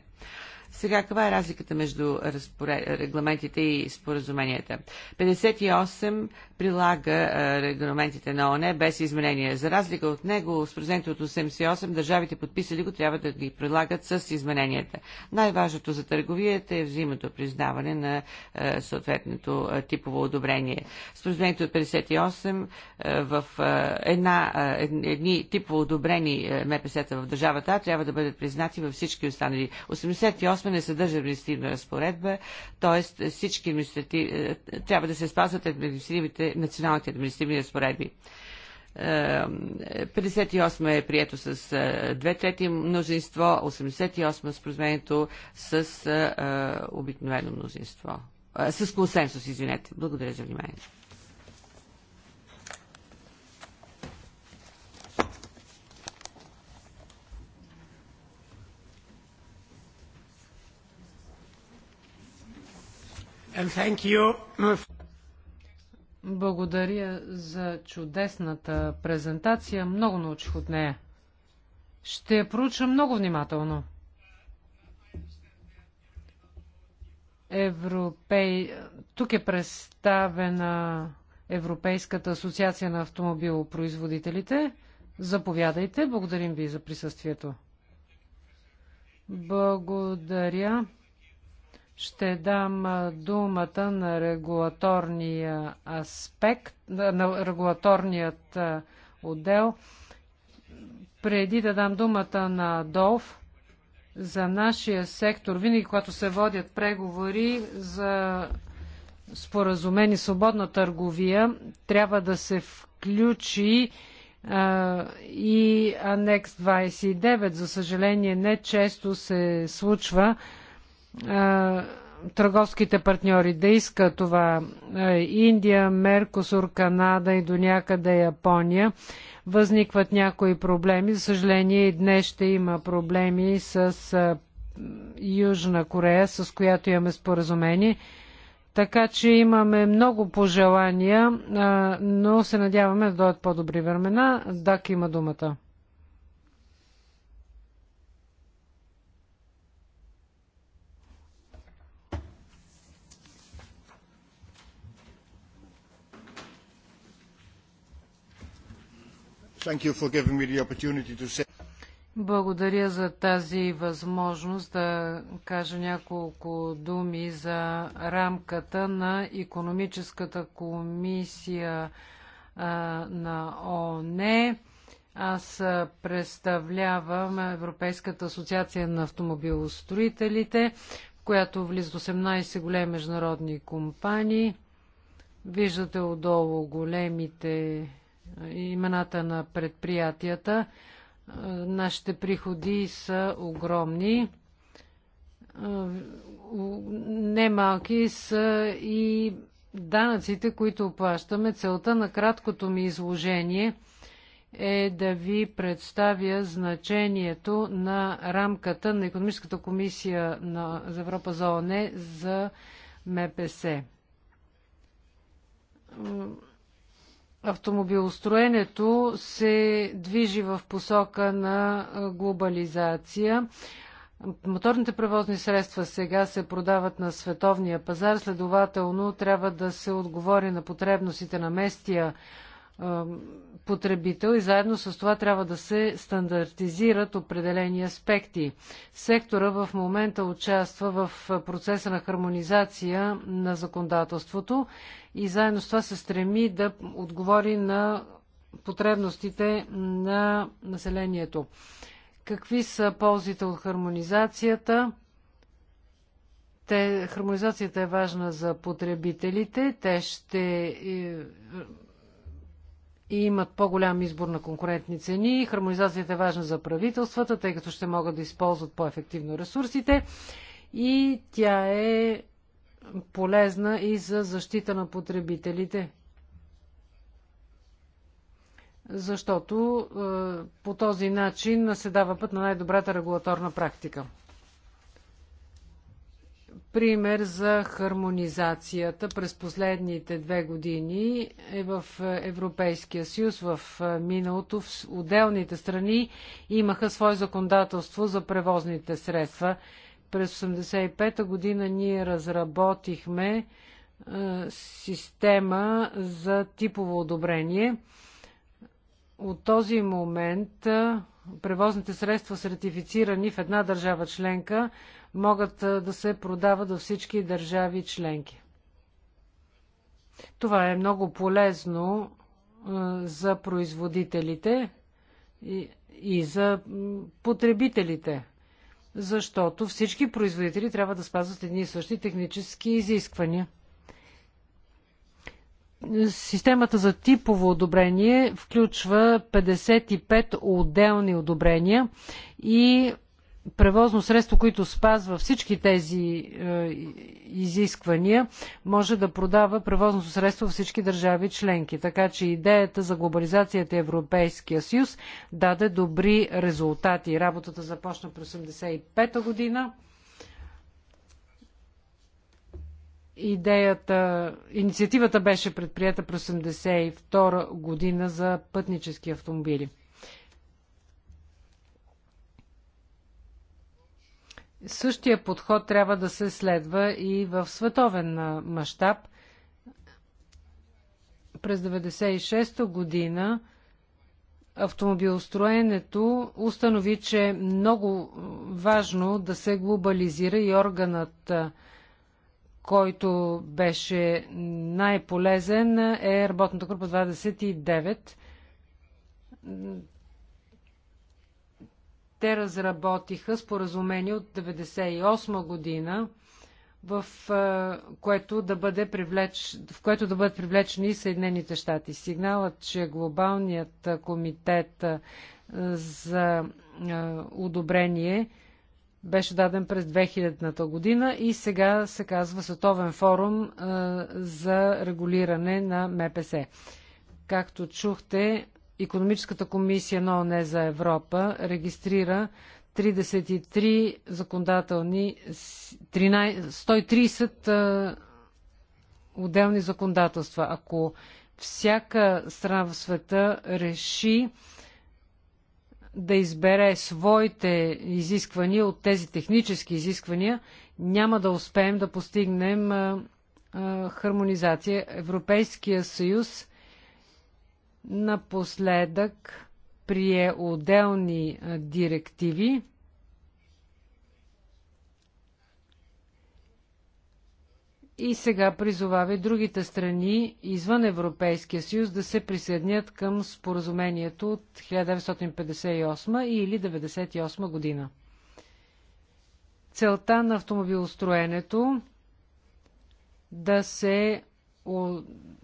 Сега, каква е разликата между разпоред... регламентите и споразуменията? 58 прилага регламентите на ОНЕ без изменения. За разлика от него, президента от 88, държавите подписали го трябва да ги прилагат с измененията. Най-важното за търговията е взимато признаване на съответното типово одобрение. президента от 58 в една, едни типово одобрени МПС-та в държавата трябва да бъдат признати във всички останали. 88 не съдържа административна разпоредба, т.е. всички трябва да се спазват административните административните, националните административни разпоредби. 58 е, е прието с е, две трети мнозинство, 88 споразумението с е, обикновено мнозинство. С консенсус, извинете. Благодаря за вниманието. And thank you. Благодаря за чудесната презентация. Много научих от нея. Ще я проуча много внимателно. Европей... Тук е представена Европейската асоциация на автомобилопроизводителите. Заповядайте. Благодарим ви за присъствието. Благодаря. Ще дам думата на регулаторния аспект, на регулаторният отдел. Преди да дам думата на Долф, за нашия сектор, винаги когато се водят преговори за споразумени свободна търговия, трябва да се включи а, и анекс 29. За съжаление, не често се случва търговските партньори да иска това. Индия, Меркосур, Канада и до някъде Япония възникват някои проблеми. За съжаление и днес ще има проблеми с Южна Корея, с която имаме споразумение. Така че имаме много пожелания, но се надяваме да дойдат по-добри времена. Дак има думата. Благодаря за тази възможност да кажа няколко думи за рамката на економическата комисия на ОНЕ. Аз представлявам Европейската асоциация на автомобилостроителите, в която влиза 18 големи международни компании. Виждате отдолу големите имената на предприятията. Е, нашите приходи са огромни. Е, немалки са и данъците, които оплащаме, Целта на краткото ми изложение е да ви представя значението на рамката на Економическата комисия на, за Европа за ОНЕ за МПС. Е, автомобилостроенето се движи в посока на глобализация. Моторните превозни средства сега се продават на световния пазар, следователно трябва да се отговори на потребностите на местия потребител и заедно с това трябва да се стандартизират определени аспекти. Сектора в момента участва в процеса на хармонизация на законодателството и заедно с това се стреми да отговори на потребностите на населението. Какви са ползите от хармонизацията? Те, хармонизацията е важна за потребителите. Те ще е, и имат по-голям избор на конкурентни цени. Хармонизацията е важна за правителствата, тъй като ще могат да използват по-ефективно ресурсите и тя е полезна и за защита на потребителите. Защото е, по този начин се дава път на най-добрата регулаторна практика пример за хармонизацията през последните две години е в Европейския съюз. В миналото в отделните страни имаха свое законодателство за превозните средства. През 1985 година ние разработихме система за типово одобрение. От този момент превозните средства, сертифицирани в една държава членка, могат да се продават във всички държави членки. Това е много полезно за производителите и, и за потребителите, защото всички производители трябва да спазват едни и същи технически изисквания. Системата за типово одобрение включва 55 отделни одобрения и превозно средство, което спазва всички тези е, изисквания, може да продава превозно средство във всички държави членки. Така че идеята за глобализацията Европейския съюз даде добри резултати. Работата започна през 1985 година. Идеята, инициативата беше предприята през 1982 година за пътнически автомобили. Същия подход трябва да се следва и в световен мащаб. През 1996 година автомобилостроенето установи, че е много важно да се глобализира и органът, който беше най-полезен, е работната група 29. Те разработиха споразумение от 1998 година, в което да бъде привлеч, в което да бъдат привлечени Съединените щати. Сигналът, че глобалният комитет за одобрение беше даден през 2000-та година и сега се казва Световен форум за регулиране на МПС. Както чухте, Економическата комисия на ОНЕ за Европа регистрира 33 законодателни, 13, 130 отделни законодателства. Ако всяка страна в света реши да избере своите изисквания от тези технически изисквания, няма да успеем да постигнем хармонизация. Европейския съюз Напоследък прие отделни директиви, и сега призовава и другите страни извън Европейския съюз да се присъединят към споразумението от 1958 или 1998 година. Целта на автомобилостроенето да се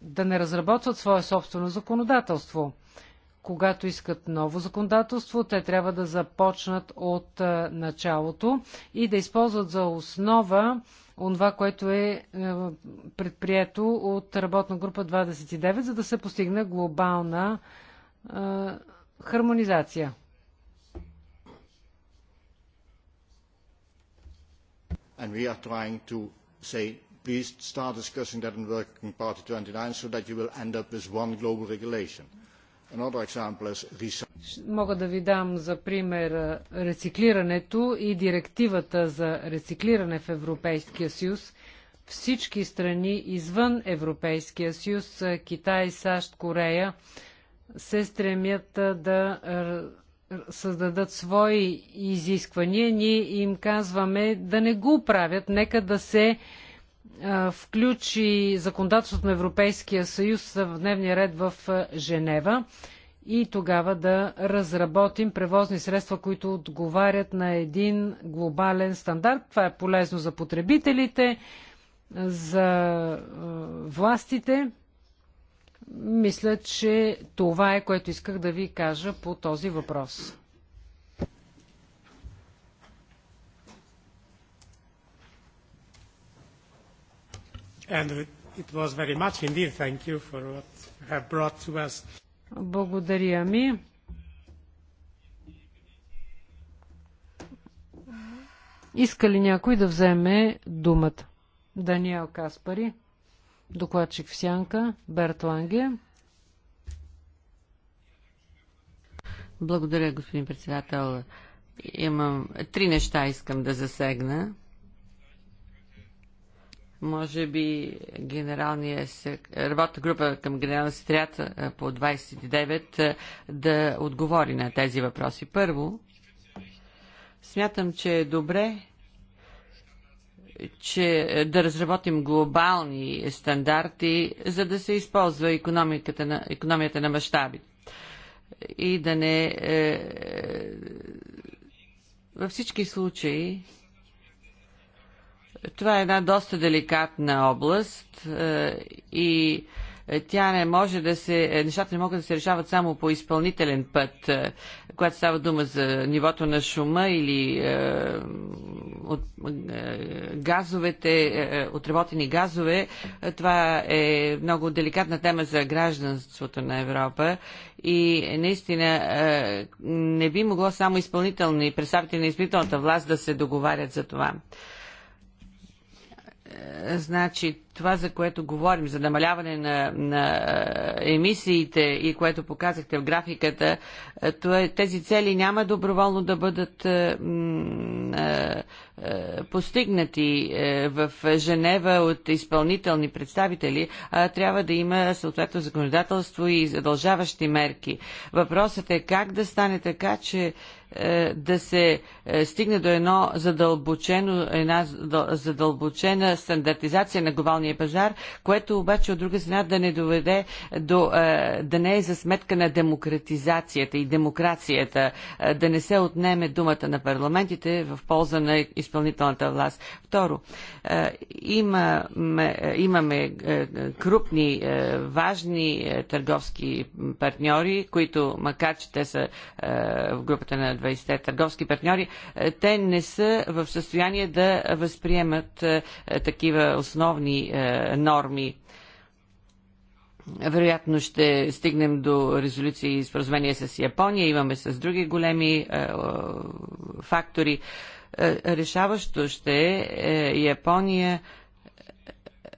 да не разработват свое собствено законодателство. Когато искат ново законодателство, те трябва да започнат от началото и да използват за основа това, което е, е предприето от работна група 29, за да се постигне глобална хармонизация. And we are trying to say please start discussing that in Working Party twenty nine so that you will end up with one global regulation. Another example is recycling. Мога да ви дам за пример рециклирането и директивата за рециклиране в Европейския съюз. Всички страни извън Европейския съюз, Китай, САЩ, Корея, се стремят да създадат свои изисквания. Ние им казваме да не го правят, нека да се включи законодателството на Европейския съюз в дневния ред в Женева и тогава да разработим превозни средства, които отговарят на един глобален стандарт. Това е полезно за потребителите, за властите. Мисля, че това е което исках да ви кажа по този въпрос. Благодаря ми. Иска ли някой да вземе думата? Даниел Каспари, докладчик в Сянка, Берт Ланге. Благодаря, господин председател. Имам три неща искам да засегна. Може би генералния работна група към генерална секретарят е, по 29 е, да отговори на тези въпроси. Първо, смятам, че е добре че е, да разработим глобални стандарти, за да се използва економиката на, економията на мащаби. И да не. Е, във всички случаи това е една доста деликатна област е, и тя не може да се, нещата не могат да се решават само по изпълнителен път, е, когато става дума за нивото на шума или е, от, е, газовете, е, отработени газове. Това е много деликатна тема за гражданството на Европа и наистина е, не би могло само изпълнителни представители на изпълнителната власт да се договарят за това. Е, значи, това, за което говорим, за намаляване на, на е, емисиите и което показахте в графиката, е, тези цели няма доброволно да бъдат е, постигнати е, в Женева от изпълнителни представители, трябва да има съответно законодателство и задължаващи мерки. Въпросът е как да стане така, че е, да се стигне до едно задълбочено, една задълбочена стандартизация на глобалния пазар, което обаче от друга страна да не доведе до, да не е за сметка на демократизацията и демокрацията, да не се отнеме думата на парламентите в полза на изпълнителите изпълнителната власт. Второ, е, имаме, е, имаме е, крупни, важни търговски партньори, които, макар че те са в групата на 20-те търговски партньори, те не са в състояние да възприемат такива основни норми вероятно ще стигнем до резолюции и споразумения с Япония. Имаме с други големи е, фактори. Е, решаващо ще е Япония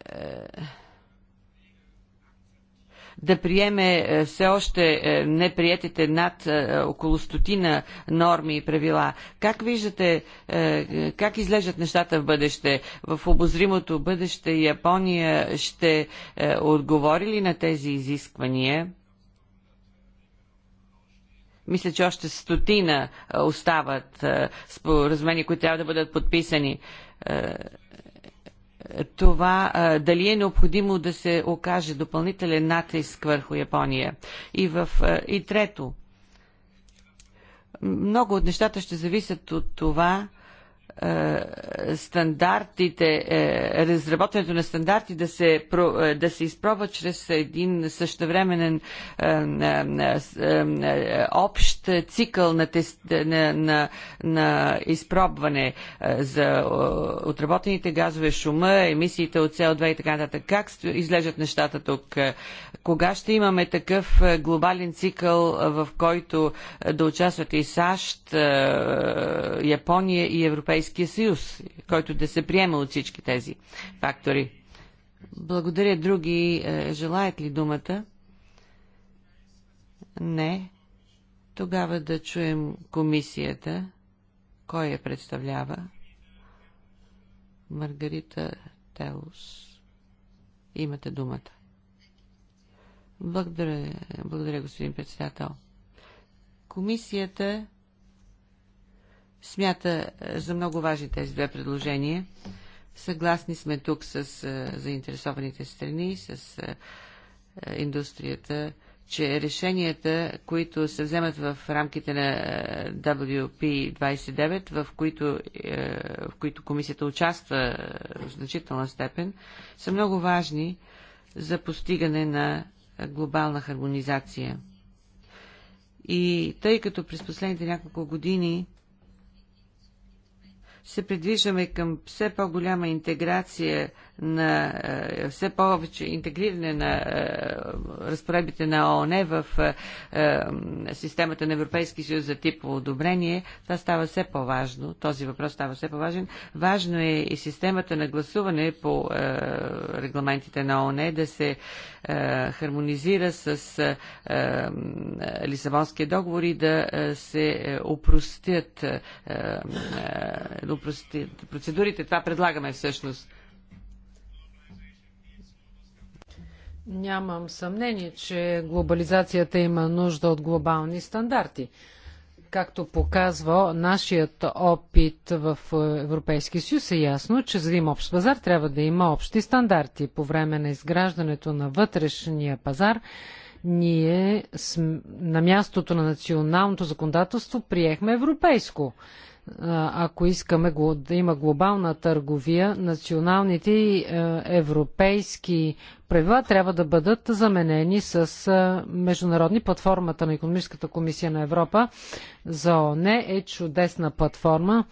е, да приеме е, все още неприятите над около стотина норми и правила. Как виждате, как излежат нещата в бъдеще? В обозримото бъдеще Япония ще отговори ли на тези изисквания? Мисля, че още стотина остават споразумения, които трябва да бъдат подписани това дали е необходимо да се окаже допълнителен натиск върху Япония. И, в, и трето, много от нещата ще зависят от това е, стандартите, е, разработването на стандарти да се, е, да се изпробва чрез един същевременен общ цикъл на, тест, на, на, на изпробване за отработените газове, шума, емисиите от CO2 и така нататък. Как излежат нещата тук? Кога ще имаме такъв глобален цикъл, в който да участват и САЩ, Япония и Европейския Европейския съюз, който да се приема от всички тези фактори. Благодаря. Други е, желаят ли думата? Не. Тогава да чуем комисията. Кой я представлява? Маргарита Теус. Имате думата. Благодаря, благодаря господин председател. Комисията смята е, за много важни тези две предложения. Съгласни сме тук с е, заинтересованите страни, с е, индустрията, че решенията, които се вземат в рамките на WP29, в които, в които комисията участва в значителна степен, са много важни за постигане на глобална хармонизация. И тъй като през последните няколко години се придвижваме към все по-голяма интеграция на е, все повече интегриране на е, разпоредбите на ООН в е, системата на Европейски съюз за типово одобрение, това става все по-важно. Този въпрос става все по-важен. Важно е и системата на гласуване по регламентите на ООН да се хармонизира с Лисабонския договор и да се опростят, опростят процедурите. Това предлагаме всъщност Нямам съмнение, че глобализацията има нужда от глобални стандарти. Както показва нашият опит в Европейски съюз, е ясно, че за да има общ пазар, трябва да има общи стандарти. По време на изграждането на вътрешния пазар, ние на мястото на националното законодателство приехме европейско ако искаме да има глобална търговия, националните и е, европейски правила трябва да бъдат заменени с е, международни. Платформата на Економическата комисия на Европа за ОНЕ е чудесна платформа.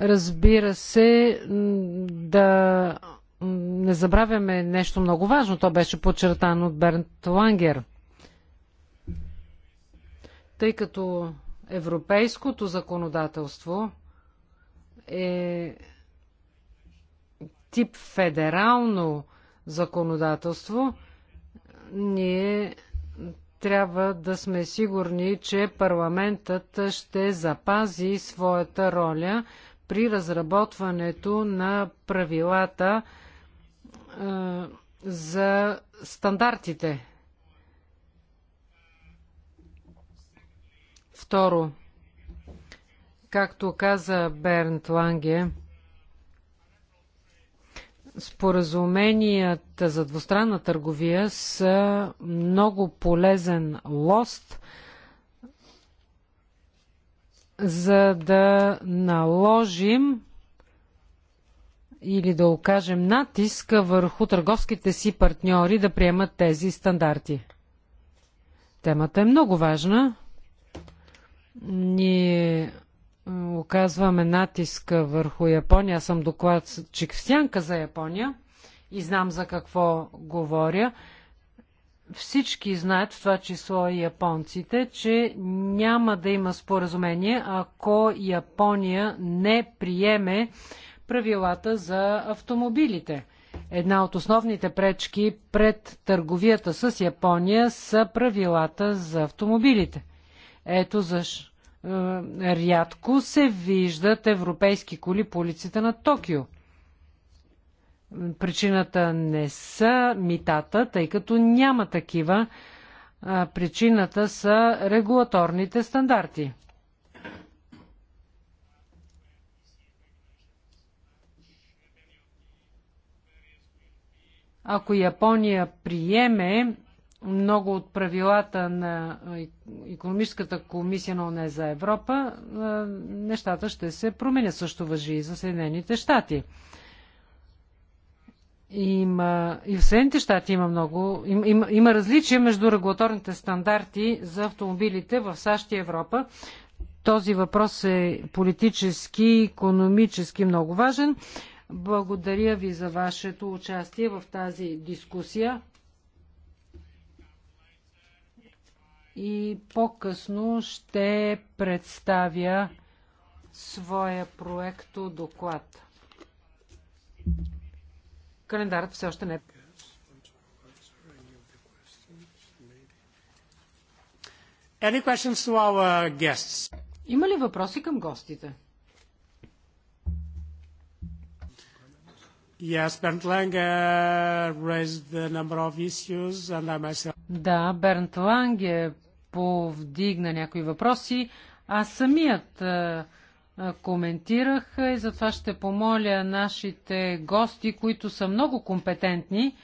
Разбира се, да не забравяме нещо много важно. То беше подчертано от Бернт Лангер. Тъй като европейското законодателство е тип федерално законодателство, ние трябва да сме сигурни, че парламентът ще запази своята роля при разработването на правилата е, за стандартите Второ, както каза Бернт Ланге, споразуменията за двустранна търговия са много полезен лост, за да наложим или да окажем натиска върху търговските си партньори да приемат тези стандарти. Темата е много важна. Ние е, оказваме натиска върху Япония. Аз съм докладчик в сянка за Япония и знам за какво говоря. Всички знаят, в това число и японците, че няма да има споразумение, ако Япония не приеме правилата за автомобилите. Една от основните пречки пред търговията с Япония са правилата за автомобилите. Ето защ. Е, рядко се виждат европейски коли по улиците на Токио. Причината не са митата, тъй като няма такива. Е, причината са регулаторните стандарти. Ако Япония приеме много от правилата на економическата комисия на ОНЕ за Европа, нещата ще се променят. Също въжи и за Съединените щати. Има, и в Съединените щати има много. Им, има, има различия между регулаторните стандарти за автомобилите в САЩ и Европа. Този въпрос е политически и економически много важен. Благодаря ви за вашето участие в тази дискусия. и по-късно ще представя своя проекто доклад. Календарът все още не е. Any questions to our guests? Има ли въпроси към гостите? Yes, Bernd Lange raised the number of issues, and I myself да, Бернт Ланге повдигна някои въпроси. Аз самият а, е, а, е, коментирах е, и затова ще помоля нашите гости, които са много компетентни,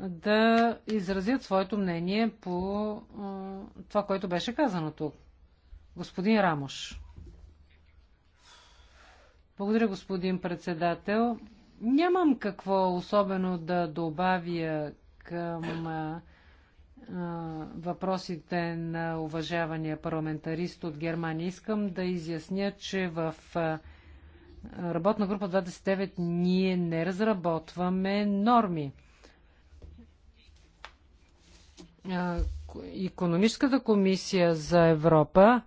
да изразят своето мнение по а, това, което беше казано тук. Господин Рамош. Благодаря, господин председател. Нямам какво особено да добавя към въпросите на уважавания парламентарист от Германия. Искам да изясня, че в работна група 29 ние не разработваме норми. Економическата комисия за Европа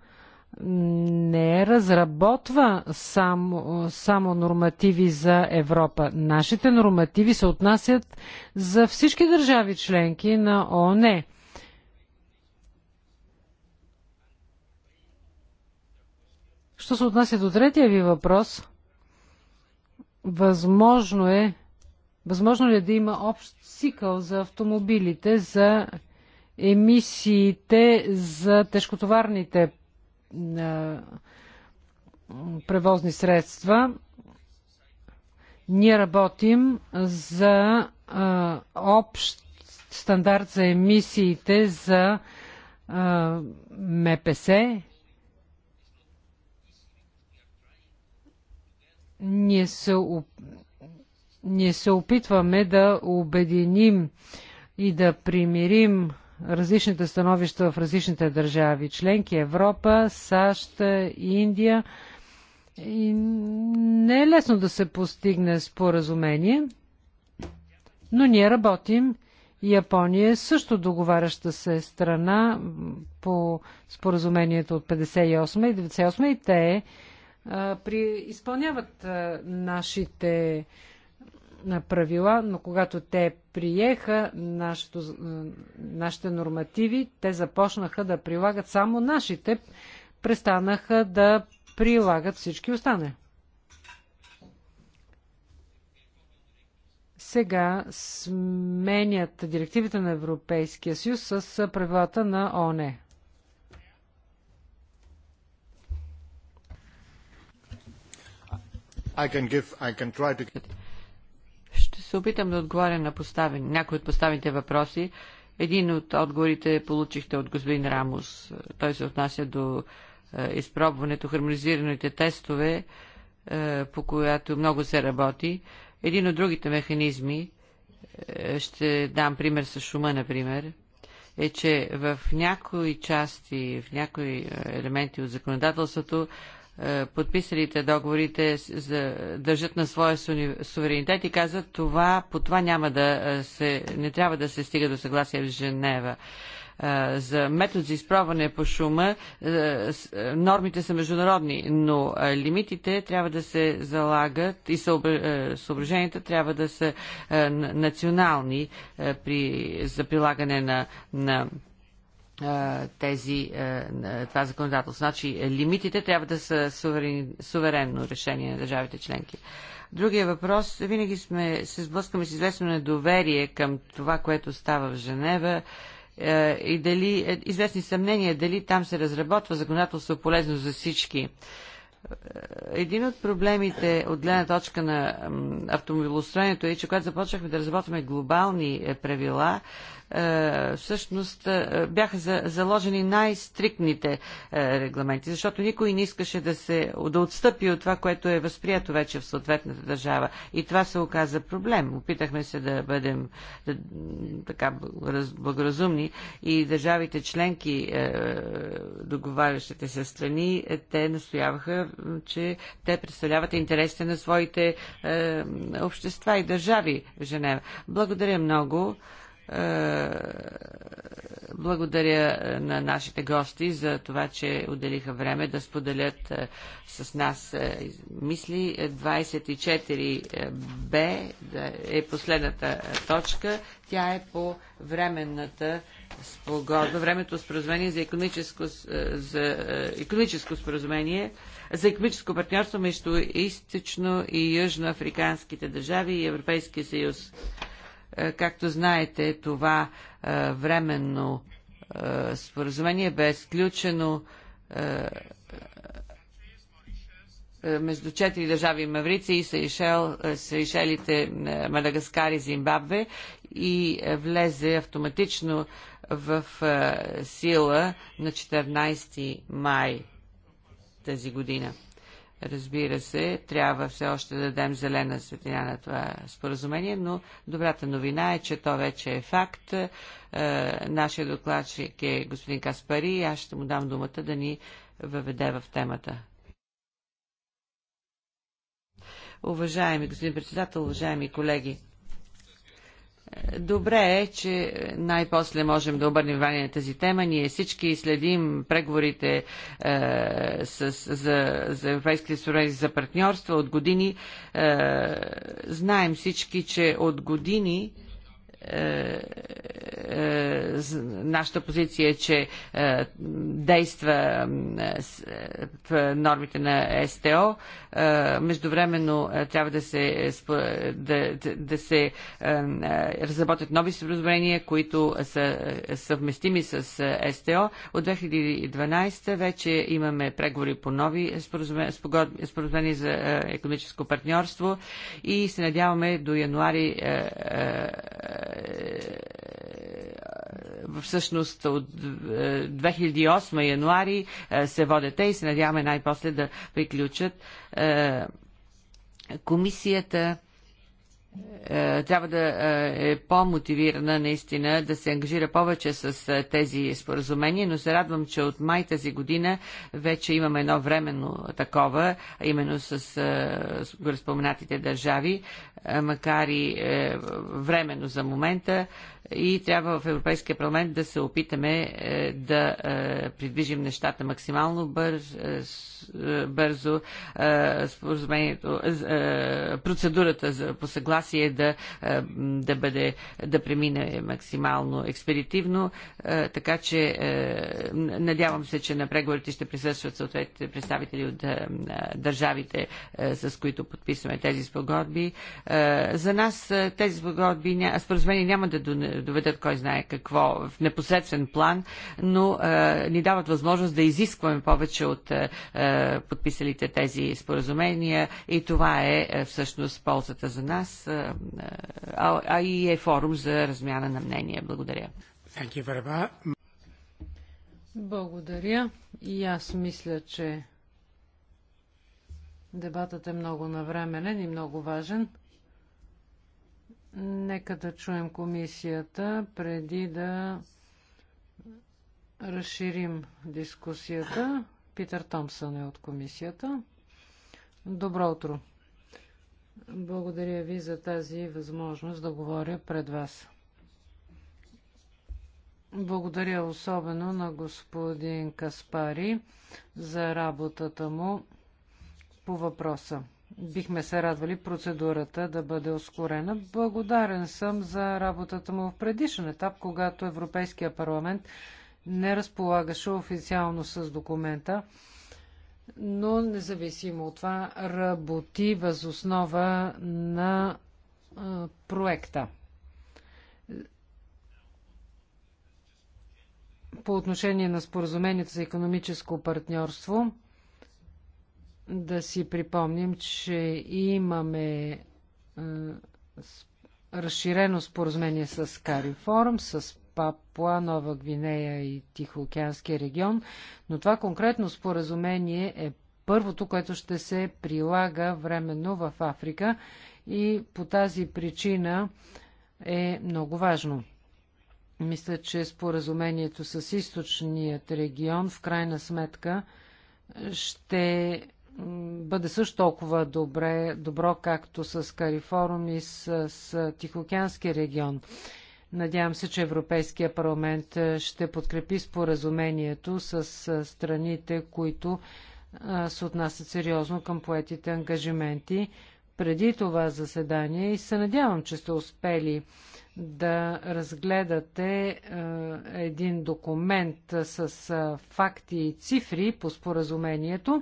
не разработва само, само нормативи за Европа. Нашите нормативи се отнасят за всички държави членки на ООН. Що се отнася до третия ви въпрос, възможно е Възможно ли е да има общ цикъл за автомобилите, за емисиите за тежкотоварните превозни средства. Ние работим за а, общ стандарт за емисиите за а, МПС. Ние се, ние се опитваме да обединим и да примирим различните становища в различните държави членки Европа, САЩ, Индия. И не е лесно да се постигне споразумение, но ние работим. Япония е също договаряща се страна по споразумението от 58 и 98 и те а, при, изпълняват а, нашите а, правила, но когато те приеха нашето, е, нашите нормативи, те започнаха да прилагат само нашите, престанаха да прилагат всички останали. Сега сменят директивите на Европейския съюз с правилата на ОНЕ. I can give, I can try to се опитам да отговоря на поставен, някои от поставените въпроси. Един от отговорите получихте от господин Рамос. Той се отнася до е, изпробването, хармонизираните тестове, е, по която много се работи. Един от другите механизми, е, ще дам пример с шума, например, е, че в някои части, в някои е, елементи от законодателството е, подписалите договорите за, държат на своя суверенитет и казват това, по това няма да е, се, не трябва да се стига до съгласие в Женева е, за метод за изправане по шума, нормите са международни, но лимитите трябва да се залагат и съображенията трябва да са национални при, за прилагане на, на тези, това законодателство. Значи лимитите трябва да са суверен, суверенно решение на държавите членки. Другия въпрос, винаги сме, се сблъскаме с известно недоверие към това, което става в Женева и дали, е, известни съмнения, дали там се разработва законодателство полезно за всички. Един от проблемите от гледна точка на автомобилостроението е, че когато започнахме да разработваме глобални е, правила, е, всъщност е, бяха заложени най-стриктните е, регламенти, защото никой не искаше да се да отстъпи от това, което е възприето вече в съответната държава. И това се оказа проблем. Опитахме се да бъдем да, така благоразумни и държавите членки, договарящите се страни, те настояваха, че те представляват интересите на своите общества и държави в Женева. Благодаря много. Е, благодаря е, на нашите гости за това, че отделиха време да споделят е, с нас мисли. 24Б е последната точка. Тя е по временната спогодба, времето споразумение за економическо, за економическо споразумение, за економическо партньорство между източно и южноафриканските държави и Европейския съюз. Е, както знаете, това е, временно е, споразумение бе изключено между четири държави Маврици и Сейшел, Сейшелите, Мадагаскар и Зимбабве и влезе автоматично в сила на 14 май тази година. Разбира се, трябва все още да дадем зелена светлина на това споразумение, но добрата новина е, че то вече е факт. Е, нашия докладчик е господин Каспари и аз ще му дам думата да ни въведе в темата. Уважаеми господин председател, уважаеми колеги, Добре е, че най-после можем да обърнем внимание на тази тема. Ние всички следим преговорите е, с, за, за Европейските съюзи за партньорство от години. Е, знаем всички, че от години е, е, нашата позиция, е, че действа в нормите на СТО. Междувременно трябва да се, да, да се разработят нови споразумения, които са съвместими с СТО. От 2012 вече имаме преговори по нови споразумения за економическо партньорство и се надяваме до януари е, всъщност от 2008 е, януари е, се водят те и се надяваме най-после да приключат. Комисията е, трябва да е, е по-мотивирана наистина да се ангажира повече с е, тези споразумения, но се радвам, че от май тази година вече имаме едно временно такова, именно с разпоменатите държави, макар и временно за момента и трябва в Европейския парламент да се опитаме да придвижим нещата максимално бързо. Споразумението, процедурата за посъгласие съгласие да, е, да, бъде, да премине максимално експедитивно, е, така че е, надявам се, че на преговорите ще присъстват съответните представители от държавите, с които подписваме тези спогодби. За нас тези спогодби, споразумения няма да доведат кой знае какво в непосредствен план, но ни дават възможност да изискваме повече от подписалите тези споразумения и това е всъщност ползата за нас а, а и е форум за размяна на мнения. Благодаря. Благодаря. И аз мисля, че дебатът е много навременен и много важен. Нека да чуем комисията преди да разширим дискусията. Питър Томсън е от комисията. Добро утро! Благодаря ви за тази възможност да говоря пред вас. Благодаря особено на господин Каспари за работата му по въпроса. Бихме се радвали процедурата да бъде ускорена. Благодарен съм за работата му в предишен етап, когато Европейския парламент не разполагаше официално с документа но независимо от това работи възоснова на а, проекта. По отношение на споразумението за економическо партньорство, да си припомним, че имаме а, разширено споразумение с Кариформ, с Папуа, Нова Гвинея и Тихоокеанския регион, но това конкретно споразумение е първото, което ще се прилага временно в Африка и по тази причина е много важно. Мисля, че споразумението с източният регион в крайна сметка ще бъде също толкова добре, добро, както с Карифорум и с, с Тихоокеанския регион. Надявам се, че Европейския парламент ще подкрепи споразумението с страните, които се отнасят сериозно към поетите ангажименти преди това заседание и се надявам, че сте успели да разгледате един документ с факти и цифри по споразумението.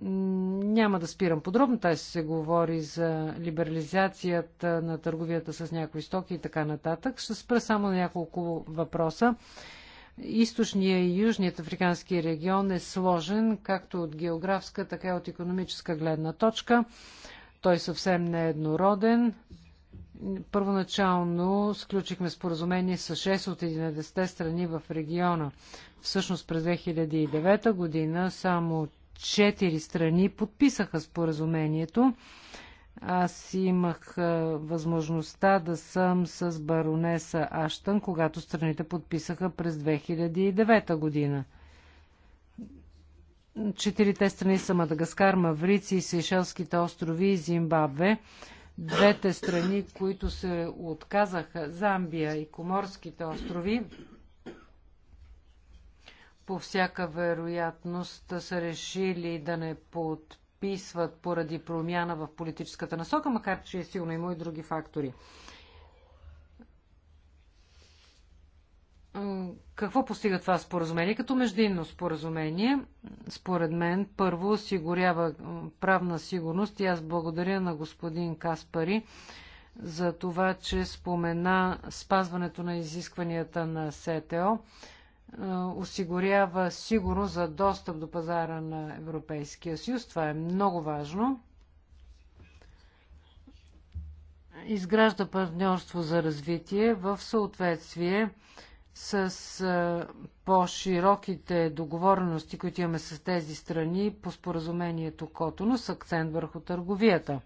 Няма да спирам подробно, тази се говори за либерализацията на търговията с някои стоки и така нататък. Ще спра само на няколко въпроса. Източния и Южният африкански регион е сложен както от географска, така и от економическа гледна точка. Той съвсем не е еднороден. Първоначално сключихме споразумение с 6 от 11 страни в региона. Всъщност през 2009 година само четири страни подписаха споразумението. Аз имах възможността да съм с баронеса Аштън, когато страните подписаха през 2009 година. Четирите страни са Мадагаскар, Маврици, Сейшелските острови и Зимбабве. Двете страни, които се отказаха, Замбия и Коморските острови, по всяка вероятност са решили да не подписват поради промяна в политическата насока, макар че е силно има и други фактори. Какво постига това споразумение? Като междинно споразумение, според мен, първо осигурява правна сигурност и аз благодаря на господин Каспари за това, че спомена спазването на изискванията на СТО осигурява сигурност за достъп до пазара на Европейския съюз. Това е много важно. Изгражда партньорство за развитие в съответствие с по-широките договорености, които имаме с тези страни по споразумението Котоно с акцент върху търговията.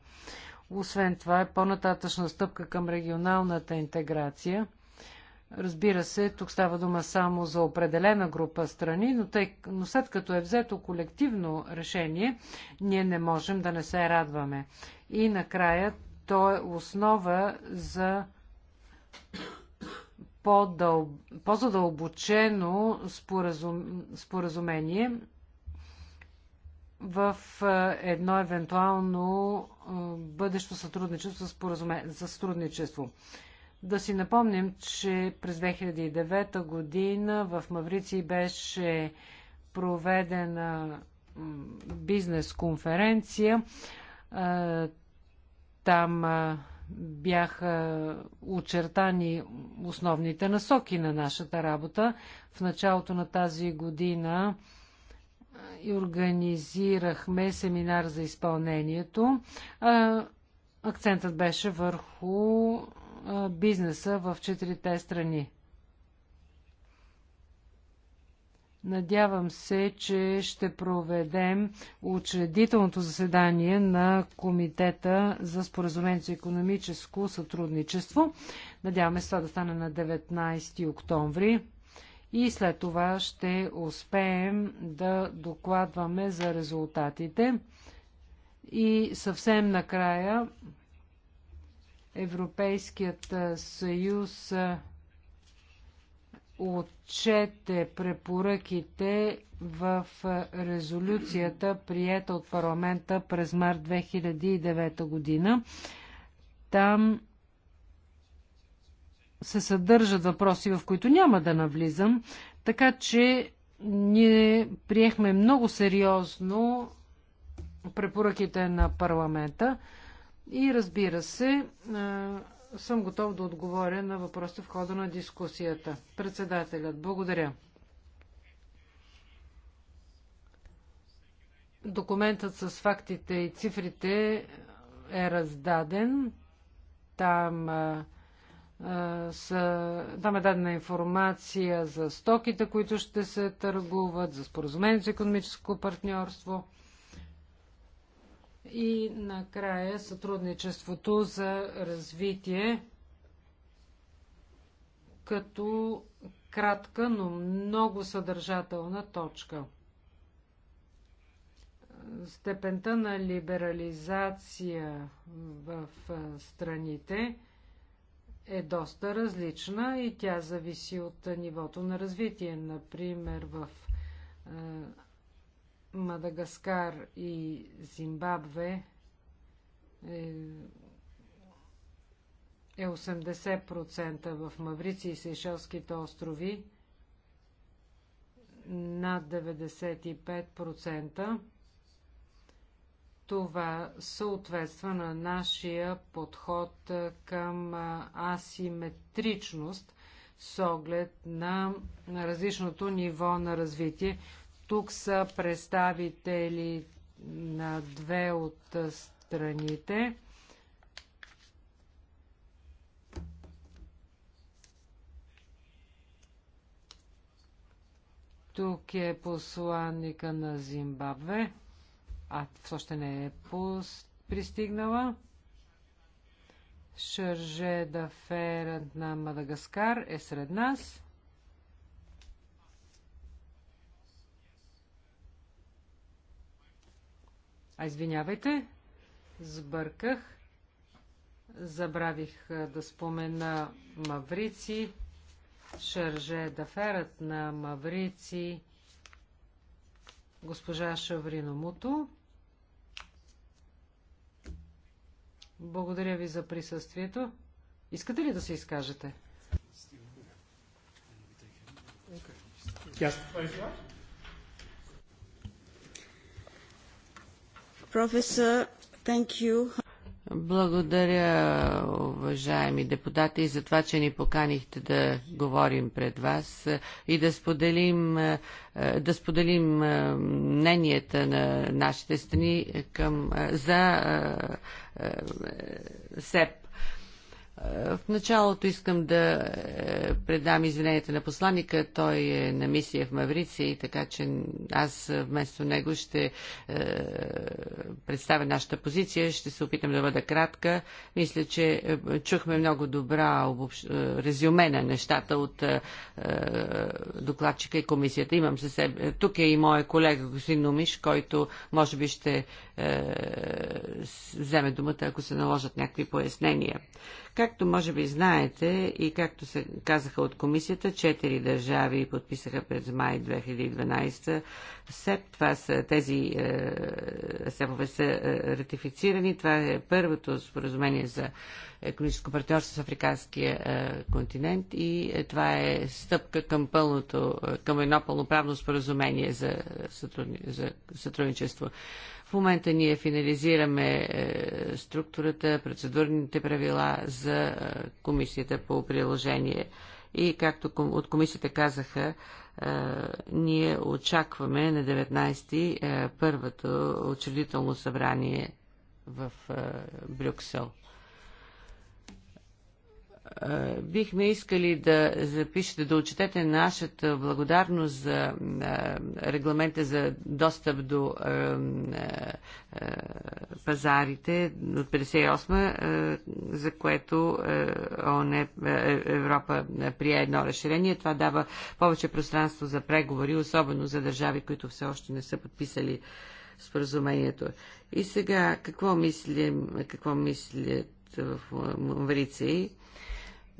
Освен това е по-нататъчна стъпка към регионалната интеграция – Разбира се, тук става дума само за определена група страни, но, тъй, но след като е взето колективно решение, ние не можем да не се радваме. И накрая то е основа за по-задълбочено по споразум... споразумение в едно евентуално бъдещо сътрудничество споразуме... за сътрудничество. Да си напомним, че през 2009 година в Маврици беше проведена бизнес конференция. Е, там е, бяха очертани основните насоки на нашата работа. В началото на тази година е, организирахме семинар за изпълнението. Акцентът беше върху бизнеса в четирите страни. Надявам се, че ще проведем учредителното заседание на Комитета за споразумение за економическо сътрудничество. Надяваме се това да стане на 19 октомври. И след това ще успеем да докладваме за резултатите. И съвсем накрая Европейският съюз отчете препоръките в резолюцията, приета от парламента през март 2009 година. Там се съдържат въпроси, в които няма да навлизам, така че ние приехме много сериозно препоръките на парламента. И разбира се, съм готов да отговоря на въпроса в хода на дискусията. Председателят, благодаря. Документът с фактите и цифрите е раздаден. Там, а, а, са, там е дадена информация за стоките, които ще се търгуват, за споразумение за економическо партньорство. И накрая сътрудничеството за развитие като кратка, но много съдържателна точка. Степента на либерализация в страните е доста различна и тя зависи от нивото на развитие. Например, в Мадагаскар и Зимбабве е, 80% е в Маврици и Сейшелските острови над 95%. Това съответства на нашия подход към асиметричност с оглед на различното ниво на развитие. Тук са представители на две от страните. Тук е посланника на Зимбабве. А, още не е пристигнала. Шърже ферът на Мадагаскар е сред нас. А, извинявайте, сбърках. Забравих да спомена Маврици. Шарже Даферът на Маврици. Госпожа Шаврино Муто. Благодаря ви за присъствието. Искате ли да се изкажете? Yes. Professor, thank you. Благодаря, уважаеми депутати, за това, че ни поканихте да говорим пред вас и да споделим, да споделим мненията на нашите страни към, за СЕП. В началото искам да е, предам извиненията на посланника. Той е на мисия в Маврици, така че аз е, вместо него ще е, представя нашата позиция. Ще се опитам да бъда кратка. Мисля, че чухме много добра обобщ... резюме на нещата от докладчика и комисията. Имам със себе. Тук е и моя колега, господин Номиш, който може би ще вземе думата, ако се наложат някакви пояснения. Както може би знаете и както се казаха от комисията, четири държави подписаха през май 2012 СЕП. Това са тези е, СЕПове са е, ратифицирани. Това е първото споразумение за економическо партньорство с Африканския е, континент и е, това е стъпка към, пълното, е, към едно пълноправно споразумение за, сътрудни, за сътрудничество. Е, в момента ние финализираме е, структурата, процедурните правила за е, комисията по приложение. И както от комисията казаха, е, ние очакваме на 19-ти първото учредително събрание в Брюксел бихме искали да запишете, да отчетете нашата благодарност за регламента за достъп до пазарите от 58 за което ОНЕ, е, Европа е, прие едно разширение. Това дава повече пространство за преговори, особено за държави, които все още не са подписали споразумението. И сега, какво мислим, какво мислят в Маврици?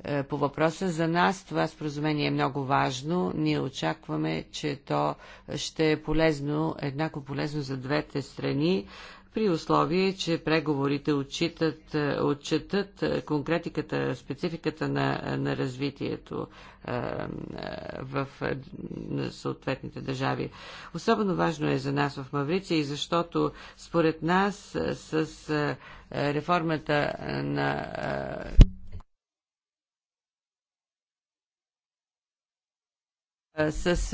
Е, по въпроса. За нас това споразумение е много важно. Ние очакваме, че то ще е полезно, еднакво полезно за двете страни, при условие, че преговорите отчитат, е, отчитат е, конкретиката, спецификата на, на развитието в съответните държави. Особено важно е за нас в Мавриция и защото според нас с реформата на С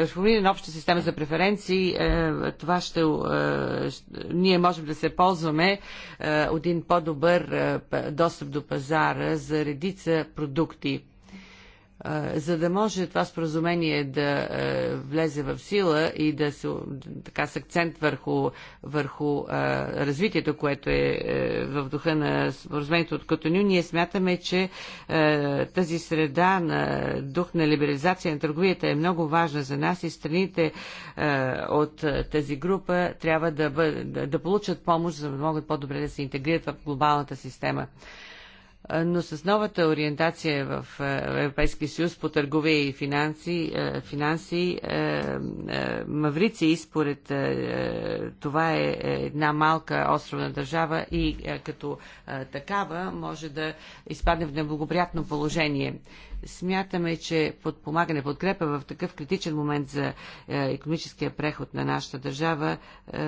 реформиране на обща система за преференции, това ще, ние можем да се ползваме от един по-добър достъп до пазара за редица продукти за да може това споразумение да влезе в сила и да се така с акцент върху, върху развитието, което е, е в духа на споразумението от Котоню, ние смятаме, че тази среда на дух на либерализация на търговията е много важна за нас и страните от тази група трябва да, бъ... да получат помощ, за да могат по-добре да се интегрират в глобалната система но с новата ориентация в Европейския съюз по търговия и финанси, финанси Маврици, според това е, е една малка островна държава и като такава може да изпадне в неблагоприятно положение. Смятаме, че подпомагане, подкрепа в такъв критичен момент за е, економическия преход на нашата държава е,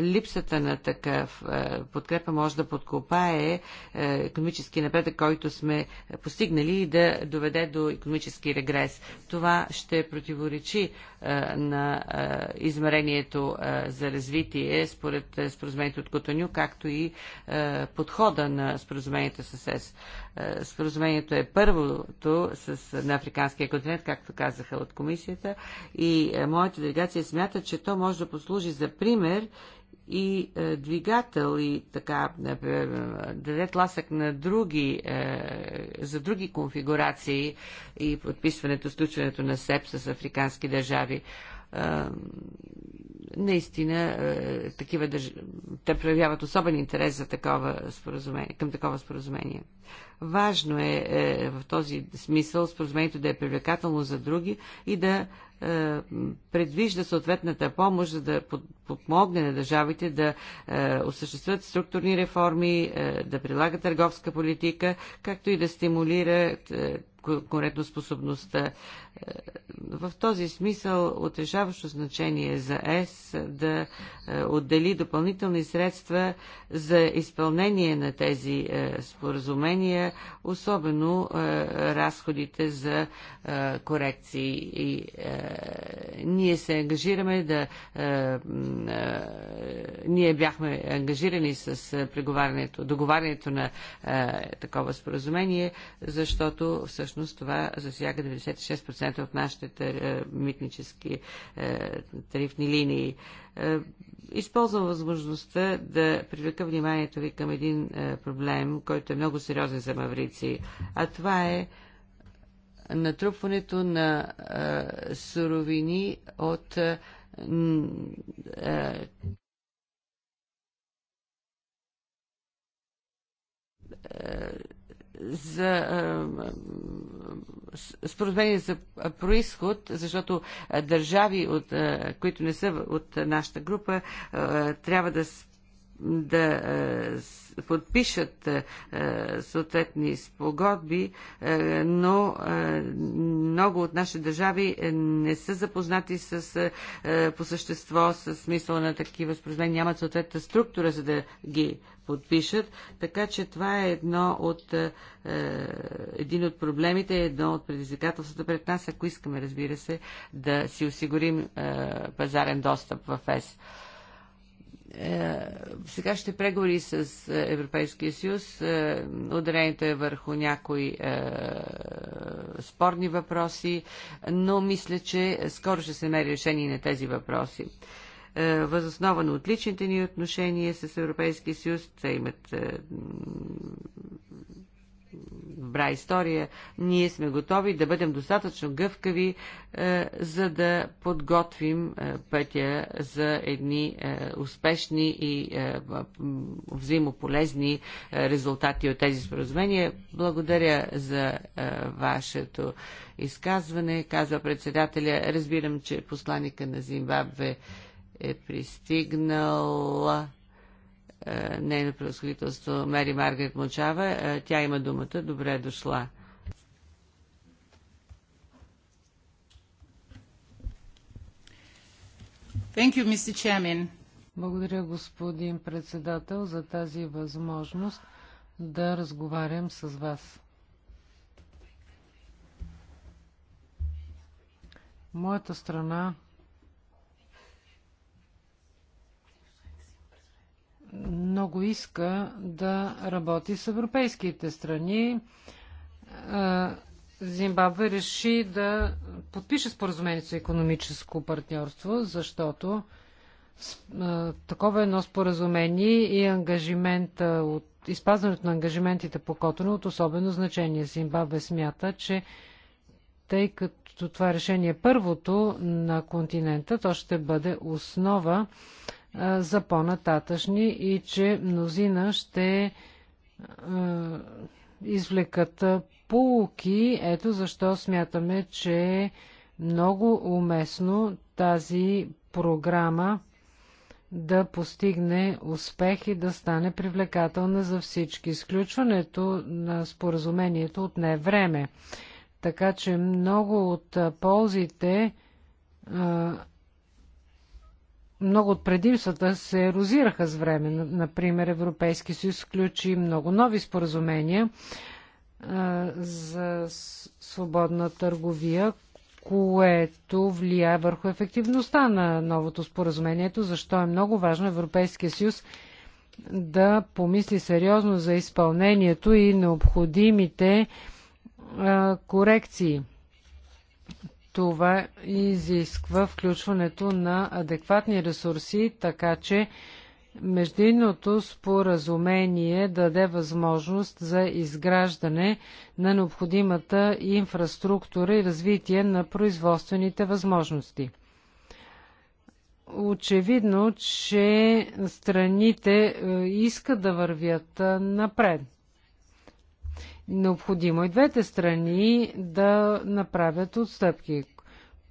липсата на такъв е, подкрепа може да подкопае е, економически напредък, който сме постигнали и да доведе до економически регрес. Това ще противоречи е, на измерението за развитие според споразумението от Котоню, както и подхода на споразумението с ЕС. Е, споразумението е първото с, на Африканския континент, както казаха от комисията. И е, моята делегация смята, че то може да послужи за пример и е, двигател и така например, даде тласък на други, е, за други конфигурации и подписването, сключването на СЕП с африкански държави. Е, наистина такива държ... те проявяват особен интерес за такова споразумение, към такова споразумение. Важно е, е в този смисъл споразумението да е привлекателно за други и да е, предвижда съответната помощ, за да подмогне на държавите да е, осъществят структурни реформи, е, да прилагат търговска политика, както и да стимулира е, конкурентоспособността. Е, в този смисъл отрешаващо значение е за ЕС да е, отдели допълнителни средства за изпълнение на тези споразумения, особено разходите за корекции. И ние се ангажираме да. Ние бяхме ангажирани с преговарянето, договарянето на такова споразумение, защото всъщност всъщност това засяга 96% от нашите е, митнически е, тарифни линии. Е, използвам възможността да привлека вниманието ви към един проблем, който е много сериозен за маврици, а това е натрупването на суровини от за споразумение за происход, защото държави, от, които не са от нашата група, трябва да да е, подпишат е, съответни спогодби, е, но много от наши държави не са запознати с, по същество с смисъла на такива споразумения, нямат съответната структура, за да ги подпишат. Така че това е едно от, е, един от проблемите, едно от предизвикателствата пред нас, ако искаме, разбира се, да си осигурим е, пазарен достъп в ЕС. Е, сега сегашните преговори с е, Европейския съюз е, ударението е върху някои спорни въпроси, но мисля, че скоро ще се намери решение на тези въпроси. Възоснова на отличните ни отношения с Европейския съюз, те имат добра история, ние сме готови да бъдем достатъчно гъвкави, е, за да подготвим е, пътя за едни е, успешни и е, взаимополезни е, резултати от тези споразумения. Благодаря за е, вашето изказване, казва председателя. Разбирам, че посланика на Зимбабве е пристигнал. Е, нейно превъзходителство Мери Маргарет Мочава. Е, тя има думата. Добре е дошла. Thank you, Mr. Chairman. Благодаря, господин председател, за тази възможност да разговарям с вас. Моята страна много иска да работи с европейските страни. Е, Зимбабве реши да подпише споразумението за економическо партньорство, защото е, такова е едно споразумение и ангажимента от изпазването на ангажиментите по Котоно е от особено значение. Зимбабве смята, че тъй като това решение е първото на континента, то ще бъде основа за по-нататъчни и че мнозина ще извлекат полуки. Ето защо смятаме, че е много уместно тази програма да постигне успех и да стане привлекателна за всички. Изключването на споразумението отне е време. Така че много от ползите много от предимствата се ерозираха с време. Например, Европейски съюз включи много нови споразумения за свободна търговия, което влияе върху ефективността на новото споразумението, защо е много важно Европейския съюз да помисли сериозно за изпълнението и необходимите корекции. Това изисква включването на адекватни ресурси, така че Междинното споразумение даде възможност за изграждане на необходимата инфраструктура и развитие на производствените възможности. Очевидно, че страните е, искат да вървят е, напред. Необходимо и е двете страни да направят отстъпки.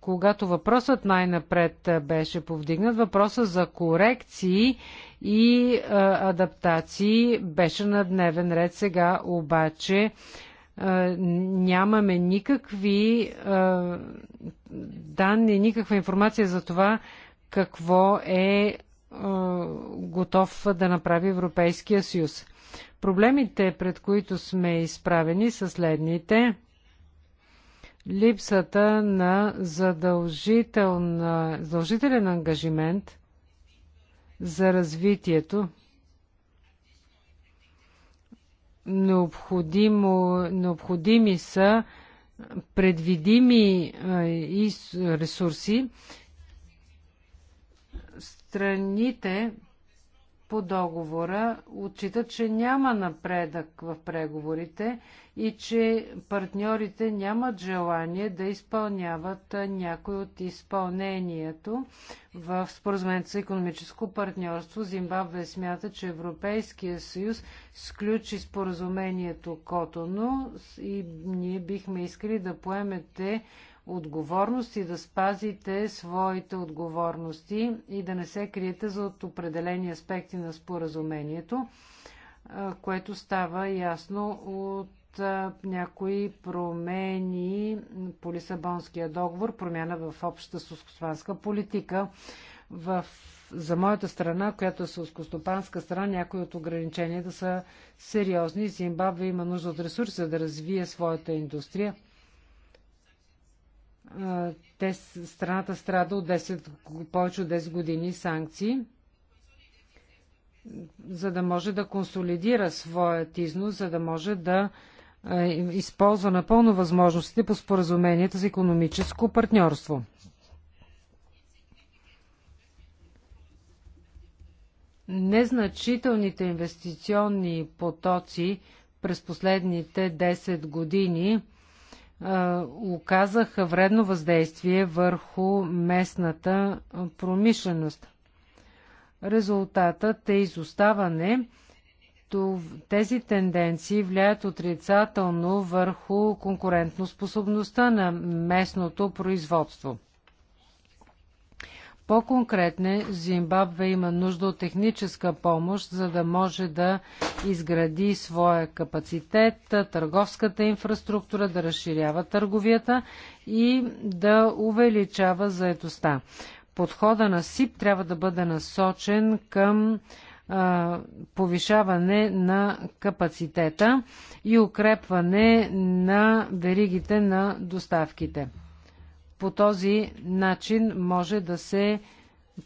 Когато въпросът най-напред беше повдигнат, въпроса за корекции и а, адаптации беше на дневен ред. Сега обаче нямаме никакви а, данни, никаква информация за това какво е а, готов да направи Европейския съюз. Проблемите, пред които сме изправени, са следните. Липсата на задължителен ангажимент за развитието необходимо, необходими са предвидими ресурси. Страните по договора отчитат, че няма напредък в преговорите и че партньорите нямат желание да изпълняват някой от изпълнението в споразумението за економическо партньорство. Зимбабве смята, че Европейския съюз сключи споразумението Котоно и ние бихме искали да поемете отговорност и да спазите своите отговорности и да не се криете за от определени аспекти на споразумението, което става ясно от някои промени по Лисабонския договор, промяна в общата сускостопанска политика. В, за моята страна, която е сускостопанска страна, някои от ограниченията да са сериозни. Зимбабве има нужда от за да развие своята индустрия те, страната страда от 10, повече от 10 години санкции, за да може да консолидира своят износ, за да може да използва напълно възможностите по споразумението за економическо партньорство. Незначителните инвестиционни потоци през последните 10 години – оказаха вредно въздействие върху местната промишленост. Резултатът е изоставане. Тези тенденции влияят отрицателно върху конкурентноспособността на местното производство по конкретно Зимбабве има нужда от техническа помощ, за да може да изгради своя капацитет, търговската инфраструктура, да разширява търговията и да увеличава заедостта. Подхода на СИП трябва да бъде насочен към а, повишаване на капацитета и укрепване на веригите на доставките. По този начин може да се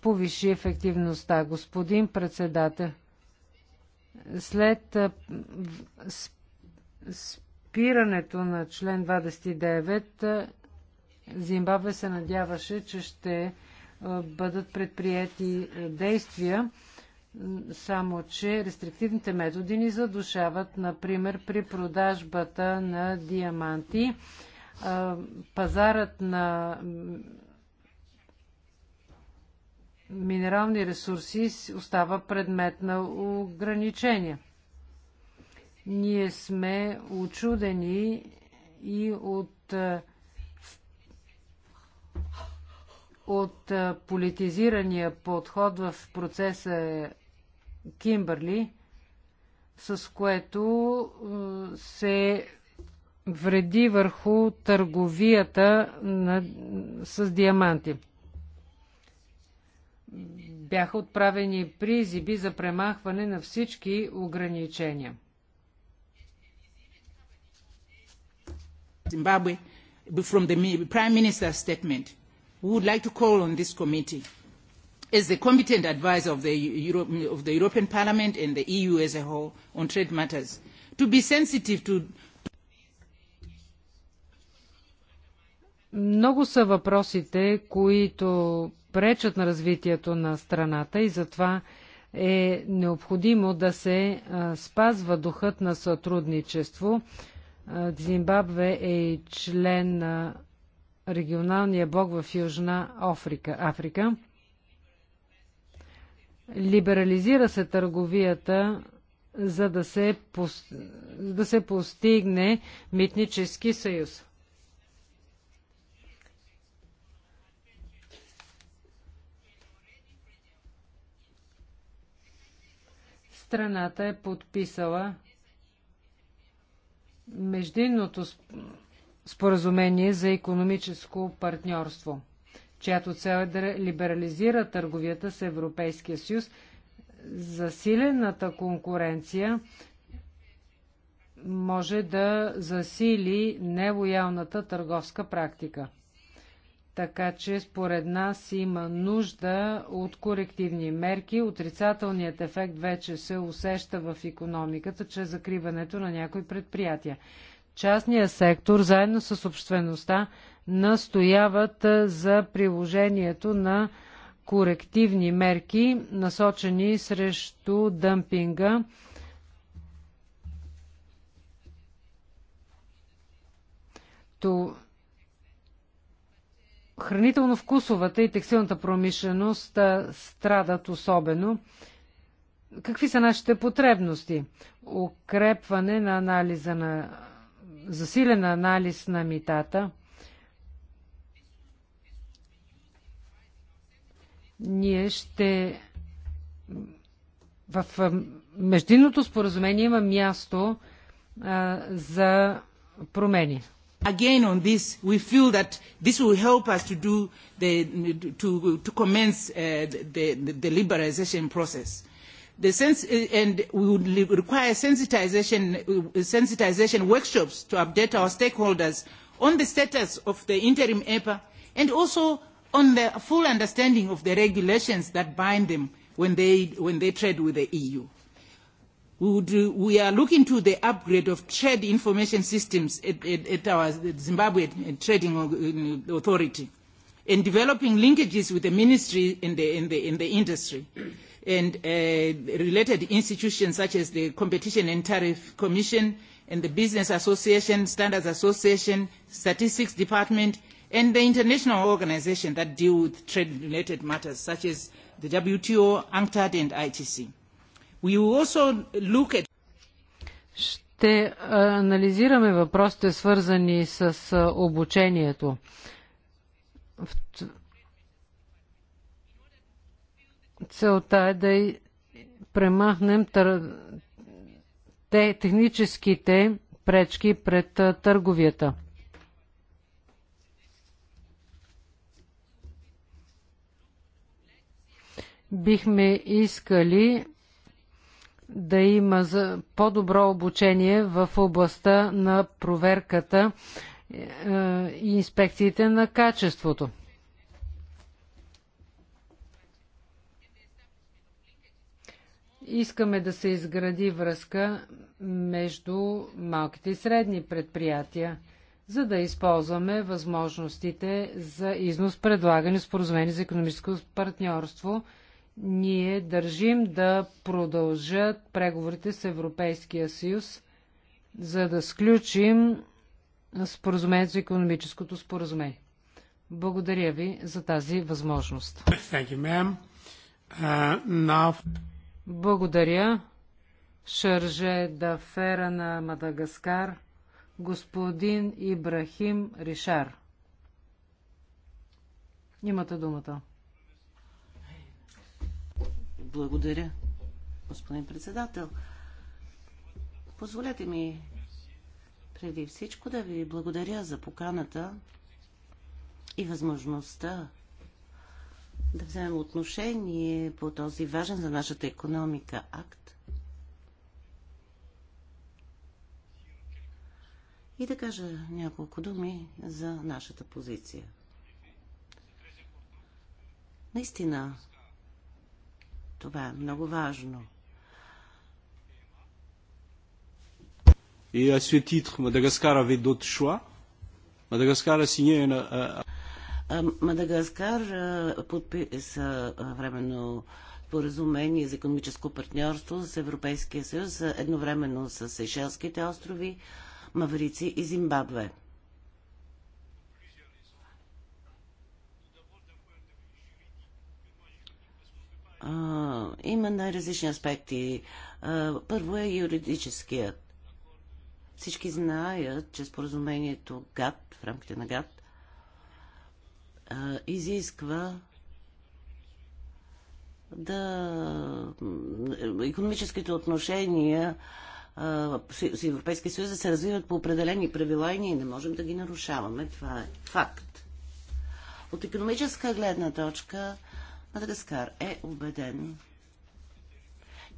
повиши ефективността. Господин председател, след спирането на член 29, Зимбабве се надяваше, че ще бъдат предприяти действия, само че рестриктивните методи ни задушават, например при продажбата на диаманти пазарът на минерални ресурси остава предмет на ограничения. Ние сме очудени и от, от политизирания подход в процеса Кимбърли, с което се вреди върху търговията на, с диаманти. Бяха отправени призиби за премахване на всички ограничения. Zimbabwe from the Prime Minister's statement. We would like to call on this committee, as the competent advisor of the, Euro- of the European Parliament and the EU as a whole on trade matters, to be sensitive to Много са въпросите, които пречат на развитието на страната и затова е необходимо да се спазва духът на сътрудничество. Зимбабве е член на регионалния блок в Южна Африка. Африка. Либерализира се търговията, за да се, пост... да се постигне митнически съюз. страната е подписала междинното споразумение за економическо партньорство, чиято цел е да либерализира търговията с Европейския съюз. Засилената конкуренция може да засили нелоялната търговска практика. Така че според нас има нужда от корективни мерки. Отрицателният ефект вече се усеща в економиката чрез закриването на някои предприятия. Частният сектор, заедно с обществеността, настояват за приложението на корективни мерки, насочени срещу дъмпинга. То хранително-вкусовата и текстилната промишленост страдат особено. Какви са нашите потребности? Укрепване на анализа на засилен анализ на митата. Ние ще в междинното споразумение има място а, за промени. Again, on this, we feel that this will help us to do the, to, to commence uh, the, the, the liberalization process. The sense, and we would require sensitization, sensitization workshops to update our stakeholders on the status of the interim EPA and also on the full understanding of the regulations that bind them when they, when they trade with the EU we are looking to the upgrade of trade information systems at, at, at our Zimbabwe Trading Authority and developing linkages with the ministry in the, in the, in the industry and uh, related institutions such as the Competition and Tariff Commission and the Business Association, Standards Association, Statistics Department, and the international organizations that deal with trade-related matters such as the WTO, UNCTAD, and ITC ще анализираме въпросите, свързани с обучението. Целта е да премахнем тър... те, техническите пречки пред търговията. Бихме искали да има по-добро обучение в областта на проверката е, и инспекциите на качеството. Искаме да се изгради връзка между малките и средни предприятия, за да използваме възможностите за износ, предлагане споразумение за економическо партньорство – ние държим да продължат преговорите с Европейския съюз, за да сключим споразумението за економическото споразумение. Благодаря ви за тази възможност. You, uh, now... Благодаря. Шарже Дафера на Мадагаскар, господин Ибрахим Ришар. Имате думата. Благодаря, господин председател. Позволете ми преди всичко да ви благодаря за поканата и възможността да вземем отношение по този важен за нашата економика акт. И да кажа няколко думи за нашата позиция. Наистина това е много важно. Et à ce titre, Madagascar avait d'autres choix. Madagascar a signé Мадагаскар подписа временно споразумение за економическо партньорство с Европейския съюз едновременно с Сейшелските острови, Маврици и Зимбабве. има най-различни аспекти. Първо е юридическият. Всички знаят, че споразумението ГАТ, в рамките на ГАТ, изисква да економическите отношения с Европейския съюз да се развиват по определени правила и ние не можем да ги нарушаваме. Това е факт. От економическа гледна точка Мадагаскар е убеден,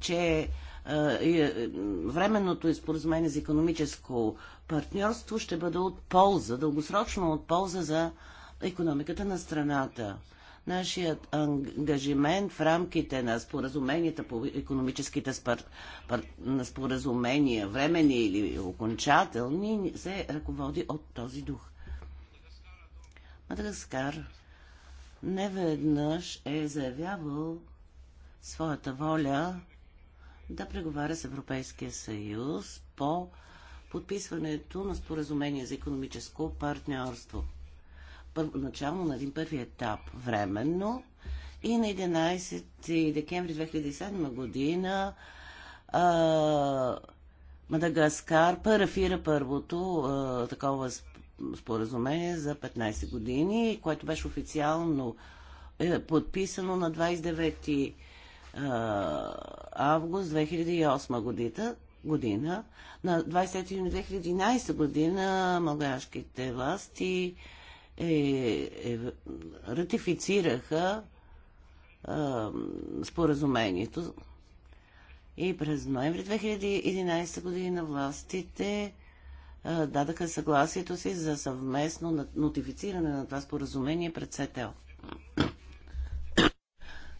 че е, временното споразумение за економическо партньорство ще бъде от полза, дългосрочно от полза за економиката на страната. Нашият ангажимент в рамките на споразуменията по економическите спар... Пар... на споразумения, времени или окончателни, се ръководи от този дух. Мадагаскар неведнъж е заявявал своята воля да преговаря с Европейския съюз по подписването на споразумение за економическо партньорство. Първоначално на един първи етап временно и на 11 декември 2007 година а, Мадагаскар парафира първото а, такова споразумение за 15 години, което беше официално е, подписано на 29 август 2008 година, година. На 20 юни 2011 година магашките власти е, е, ратифицираха е, споразумението и през ноември 2011 година властите е, дадаха съгласието си за съвместно нотифициране на това споразумение пред СТО.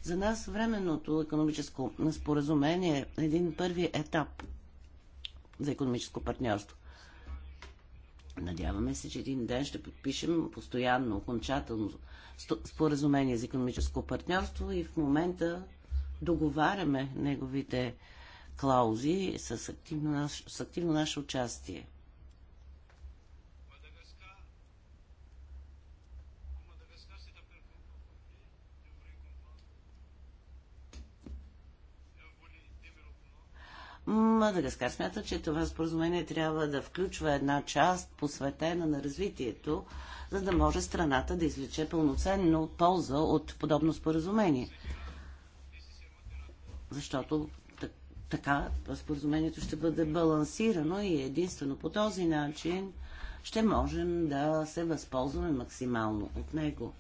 За нас временното економическо споразумение е един първи етап за економическо партньорство. Надяваме се, че един ден ще подпишем постоянно, окончателно споразумение за економическо партньорство и в момента договаряме неговите клаузи с активно, с активно наше участие. Мадагаскар смята, че това споразумение трябва да включва една част посветена на развитието, за да може страната да извлече пълноценно полза от подобно споразумение. Защото така споразумението ще бъде балансирано и единствено по този начин ще можем да се възползваме максимално от него.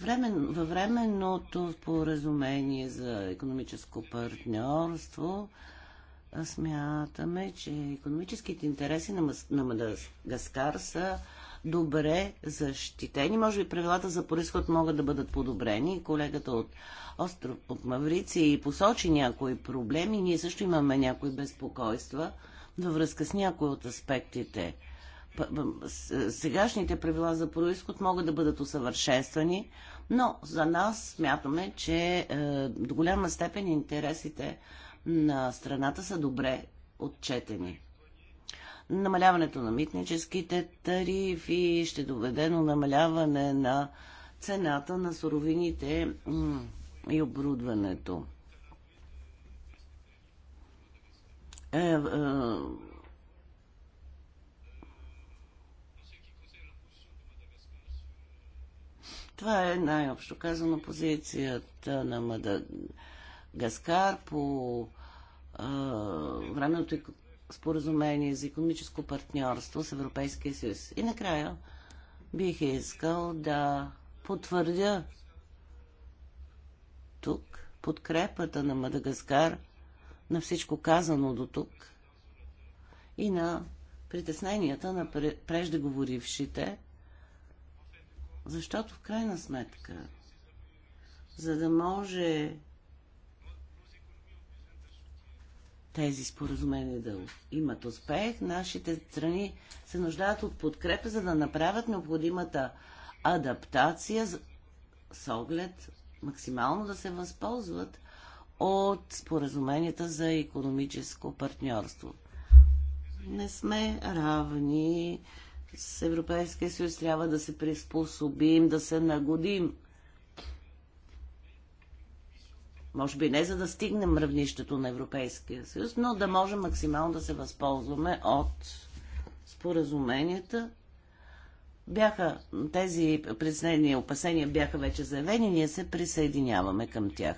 Времен, във временното споразумение за економическо партньорство смятаме, че економическите интереси на, на Мадагаскар са добре защитени. Може би правилата за происход могат да бъдат подобрени. Колегата от остров от Маврици и посочи някои проблеми. Ние също имаме някои безпокойства във връзка с някои от аспектите сегашните правила за происход могат да бъдат усъвършенствани, но за нас смятаме, че е, до голяма степен интересите на страната са добре отчетени. Намаляването на митническите тарифи ще доведе до намаляване на цената на суровините и оборудването. Е, е, Това е най-общо казано позицията на Мадагаскар по а, времето споразумение за економическо партньорство с Европейския съюз. И накрая бих искал да потвърдя тук подкрепата на Мадагаскар на всичко казано до тук и на притесненията на преждеговорившите – защото в крайна сметка, за да може тези споразумения да имат успех, нашите страни се нуждаят от подкрепа, за да направят необходимата адаптация с оглед максимално да се възползват от споразуменията за економическо партньорство. Не сме равни с Европейския съюз трябва да се приспособим, да се нагодим. Може би не за да стигнем равнището на Европейския съюз, но да можем максимално да се възползваме от споразуменията. Бяха тези опасения бяха вече заявени, ние се присъединяваме към тях.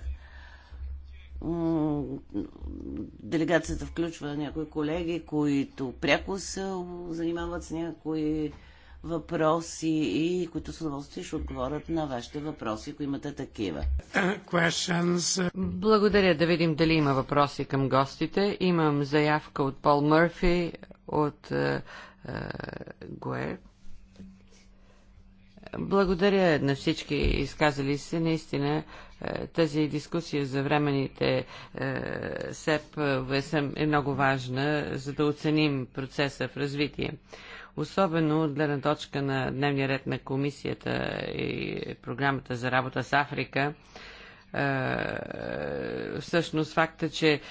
Делегацията включва някои колеги, които пряко се занимават с някои въпроси и които с удоволствие ще отговорят на вашите въпроси, ако имате такива. Благодаря да видим дали има въпроси към гостите. Имам заявка от Пол Мърфи от е, uh, Гуер. Благодаря на всички изказали се. Наистина е, тази дискусия за времените е, СЕП е, е много важна, за да оценим процеса в развитие. Особено от гледна точка на дневния ред на комисията и програмата за работа с Африка, всъщност факта, че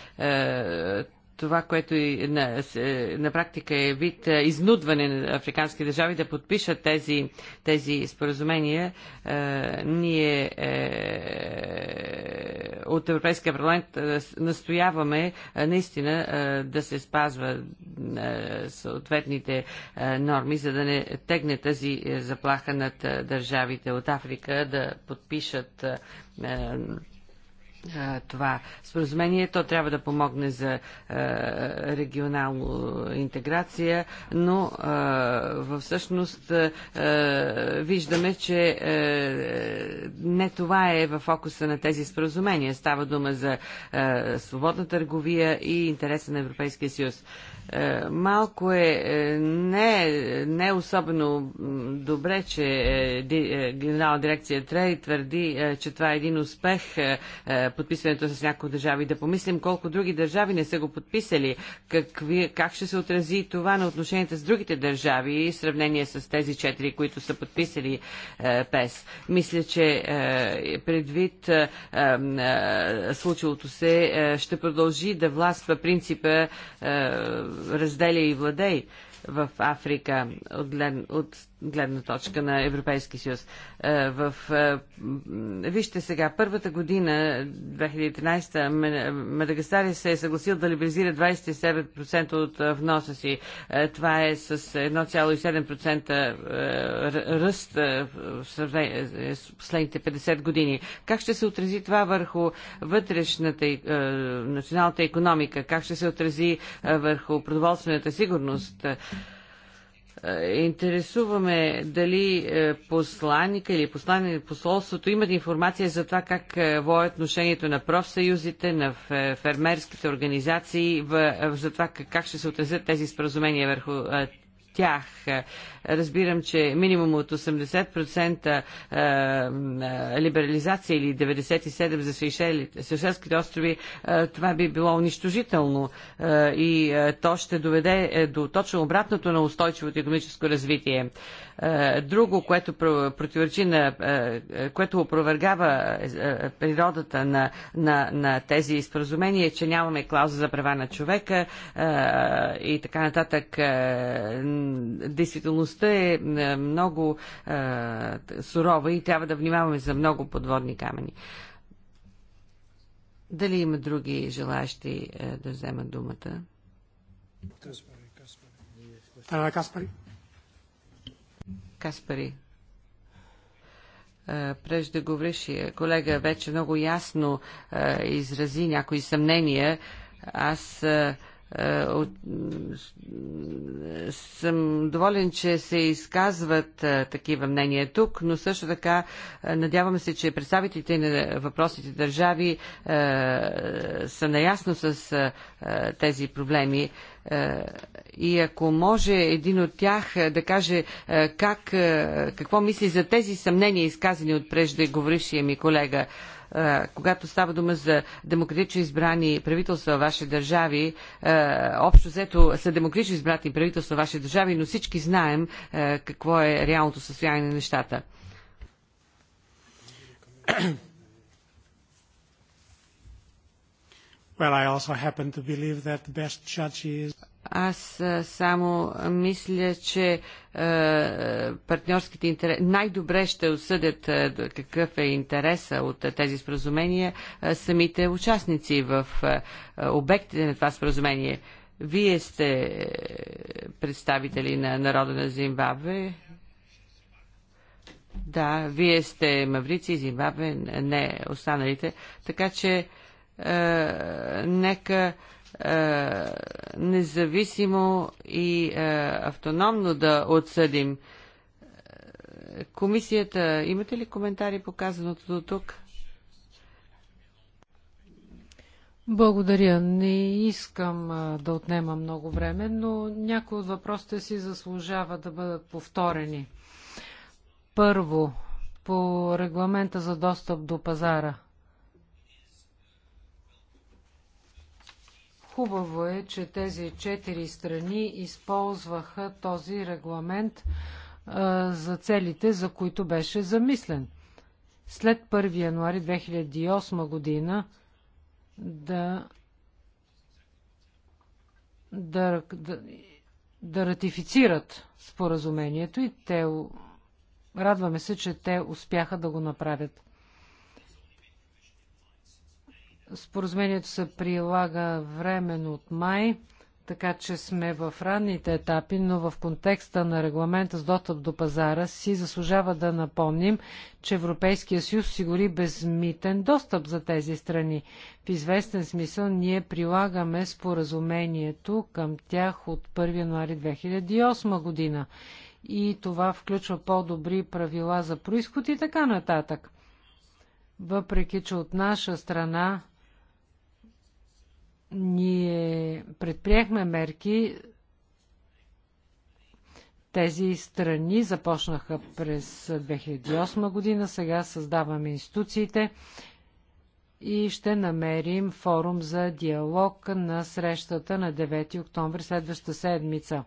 това, което и на, на практика е вид е, изнудване на африкански държави да подпишат тези, тези споразумения, е, ние е, от Европейския парламент е, настояваме е, наистина е, да се спазва е, съответните е, норми, за да не тегне тази е, заплаха над държавите от Африка да подпишат е, това споразумение. То трябва да помогне за е, регионална интеграция, но е, във всъщност е, виждаме, че е, не това е в фокуса на тези споразумения. Става дума за е, свободна търговия и интереса на Европейския съюз малко е, е не, не особено добре, че е, е, Генерална дирекция Трей твърди, че това е един успех подписването с някои държави, да помислим колко други държави не са го подписали, какви, как ще се отрази това на отношенията с другите държави в сравнение с тези четири, които са подписали е, ПЕС. Мисля, че е, предвид е, е, случилото се, е, ще продължи да властва принципа е, разделя и владей в Африка от, от гледна точка на Европейски съюз. Е, в, е, вижте сега, първата година, 2013, Мадагаскар се е съгласил да либеризира 27% от е, вноса си. Това е с 1,7% ръст в последните 50 години. Как ще се отрази това върху вътрешната националната економика? Как ще се отрази върху продоволствената сигурност? Е, интересуваме дали е, посланника или посланник посолството имат информация за това как е, воят отношението на профсъюзите, на фермерските организации, за това как ще се отразят тези споразумения върху тях. Е, разбирам, че минимум от 80% е, е, либерализация или 97% за Сейшелските острови, това би било унищожително и то ще доведе до точно обратното на устойчивото економическо развитие. Е, друго, което противоречи на, е, е, което опровергава природата на, на, на тези споразумения, че нямаме клауза за права на човека и така нататък. Действителността е много сурова и трябва да внимаваме за много подводни камъни. Дали има други желащи да вземат думата? Каспари. Каспари. Е, преждеговорившия колега вече много ясно е, изрази някои съмнения. Аз е, съм доволен, че се изказват такива мнения тук, но също така надявам се, че представителите на въпросите държави са наясно с тези проблеми е, и ако може един от тях е, да каже е, как, какво мисли за тези съмнения, изказани от преждеговорившия ми колега, когато става дума за демократично избрани правителства в ваши държави, общо взето са демократично избрани правителства в ваши държави, но всички знаем какво е реалното състояние на нещата. [COUGHS] Well, I also happen to believe that the best judge is... Аз само мисля, че е, партньорските интереси най-добре ще осъдят е, какъв е интереса от тези споразумения е, самите участници в е, обектите на това споразумение. Вие сте представители на народа на Зимбабве. Да, вие сте маврици, Зимбабве, не останалите. Така че е, нека е, независимо и е, автономно да отсъдим. Комисията, имате ли коментари по казаното до тук? Благодаря. Не искам да отнема много време, но някои от въпросите си заслужава да бъдат повторени. Първо, по регламента за достъп до пазара – Хубаво е, че тези четири страни използваха този регламент а, за целите, за които беше замислен. След 1 януари 2008 година да, да, да, да ратифицират споразумението и те радваме се, че те успяха да го направят. Споразумението се прилага временно от май, така че сме в ранните етапи, но в контекста на регламента с достъп до пазара си заслужава да напомним, че Европейския съюз осигури безмитен достъп за тези страни. В известен смисъл ние прилагаме споразумението към тях от 1 януари 2008 година и това включва по-добри правила за происход и така нататък. Въпреки, че от наша страна ние предприехме мерки. Тези страни започнаха през 2008 година. Сега създаваме институциите и ще намерим форум за диалог на срещата на 9 октомври следваща седмица.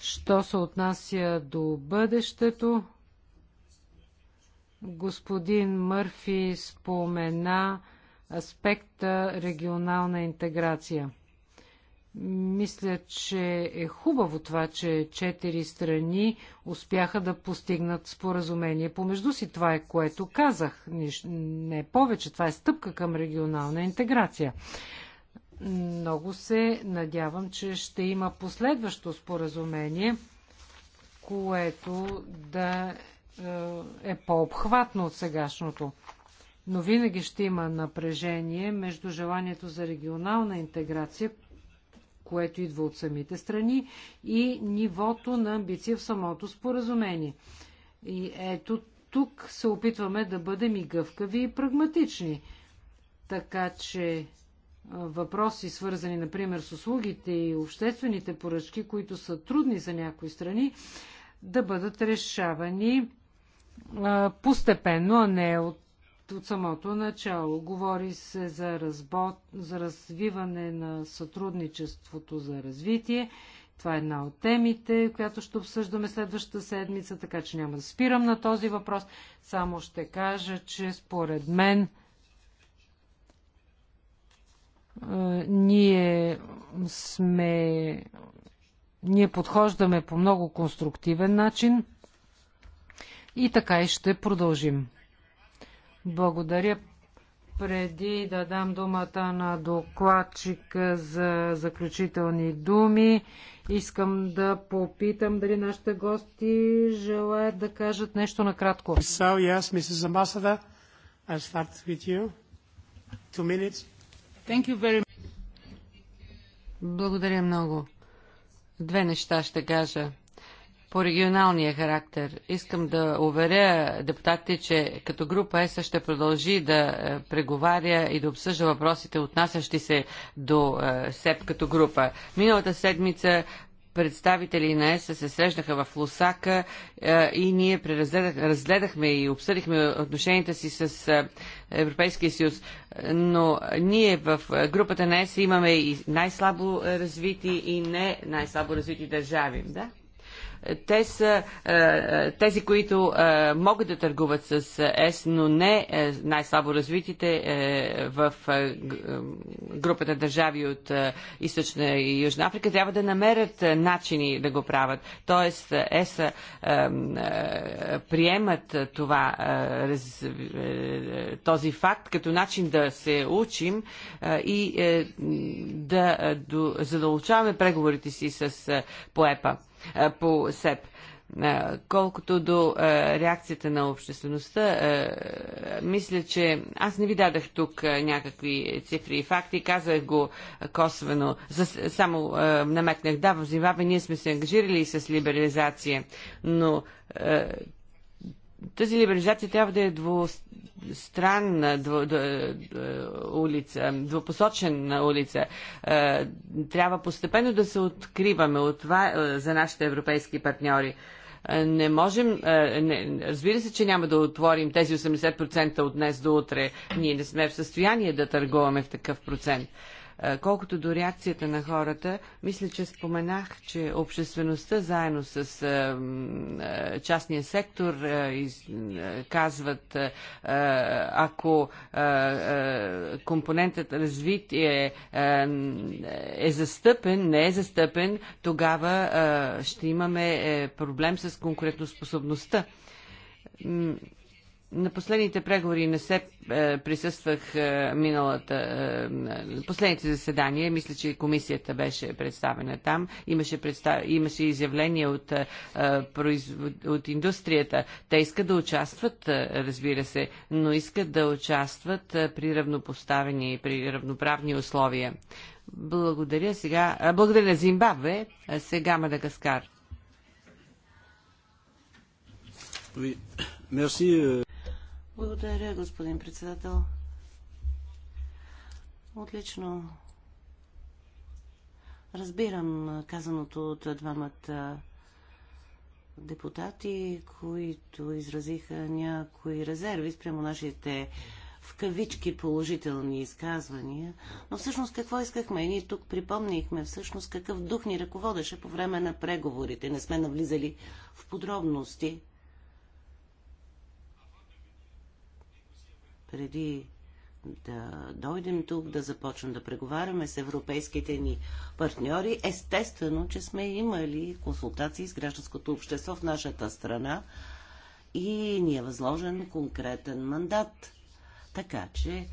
Що се отнася до бъдещето, господин Мърфи спомена аспекта регионална интеграция. Мисля, че е хубаво това, че четири страни успяха да постигнат споразумение помежду си. Това е което казах. Не е повече. Това е стъпка към регионална интеграция. Много се надявам, че ще има последващо споразумение, което да е, е по-обхватно от сегашното но винаги ще има напрежение между желанието за регионална интеграция, което идва от самите страни, и нивото на амбиция в самото споразумение. И ето тук се опитваме да бъдем и гъвкави, и прагматични. Така че въпроси, свързани, например, с услугите и обществените поръчки, които са трудни за някои страни, да бъдат решавани постепенно, а не от от самото начало. Говори се за, разбо... за развиване на сътрудничеството за развитие. Това е една от темите, която ще обсъждаме следващата седмица, така че няма да спирам на този въпрос. Само ще кажа, че според мен е, ние сме. Ние подхождаме по много конструктивен начин и така и ще продължим. Благодаря. Преди да дам думата на докладчика за заключителни думи, искам да попитам дали нашите гости желаят да кажат нещо накратко. So, yes, Mrs. Ambassador, I'll start with you. Two minutes. Thank you very much. Благодаря много. Две неща ще кажа. По регионалния характер искам да уверя депутатите, че като група ЕСА ще продължи да е, преговаря и да обсъжда въпросите, отнасящи се до е, СЕП като група. Миналата седмица представители на ЕСА се срещнаха в Лусака е, и ние разгледахме и обсъдихме отношенията си с Европейския съюз. Но ние в групата на ЕС имаме и най-слабо развити и не най-слабо развити държави. Да? Те са е, е, тези, които е, могат да търгуват с ЕС, но не най-слабо развитите в групата държави от Източна и Южна Африка, трябва да намерят начини да го правят. Тоест ЕС приемат това, този факт като начин да се учим и да задълучаваме преговорите си с ПОЕПА по СЕП. Колкото до реакцията на обществеността, мисля, че аз не ви дадах тук някакви цифри и факти, казах го косвено, само намекнах, да, в Зимбабве ние сме се ангажирали с либерализация, но тази либерализация трябва да е странна дво, дво, улица, двупосочена улица. Е, трябва постепенно да се откриваме от това е, за нашите европейски партньори е, не можем, не, разбира се, че няма да отворим тези 80% от днес до утре. Ние не сме в състояние да търгуваме в такъв процент. Е, колкото до реакцията на хората, мисля, че споменах, че обществеността заедно с е, е, частния сектор казват, ако компонентът развитие е застъпен, не е застъпен, тогава ще имаме проблем с конкурентоспособността на последните преговори не се е, присъствах е, миналата, е, последните заседания, мисля, че комисията беше представена там, имаше, представ... имаше изявление от, е, е, производ... от индустрията. Те искат да участват, е, разбира се, но искат да участват е, при равнопоставени, и при равноправни условия. Благодаря сега. благодаря на Зимбабве, сега Мадагаскар. Oui. Merci. Euh, благодаря, господин председател. Отлично. Разбирам казаното от двамата депутати, които изразиха някои резерви спрямо нашите в кавички положителни изказвания, но всъщност какво искахме? Ние тук припомнихме всъщност какъв дух ни ръководеше по време на преговорите. Не сме навлизали в подробности. преди да дойдем тук, да започнем да преговаряме с европейските ни партньори. Естествено, че сме имали консултации с гражданското общество в нашата страна и ни е възложен конкретен мандат. Така че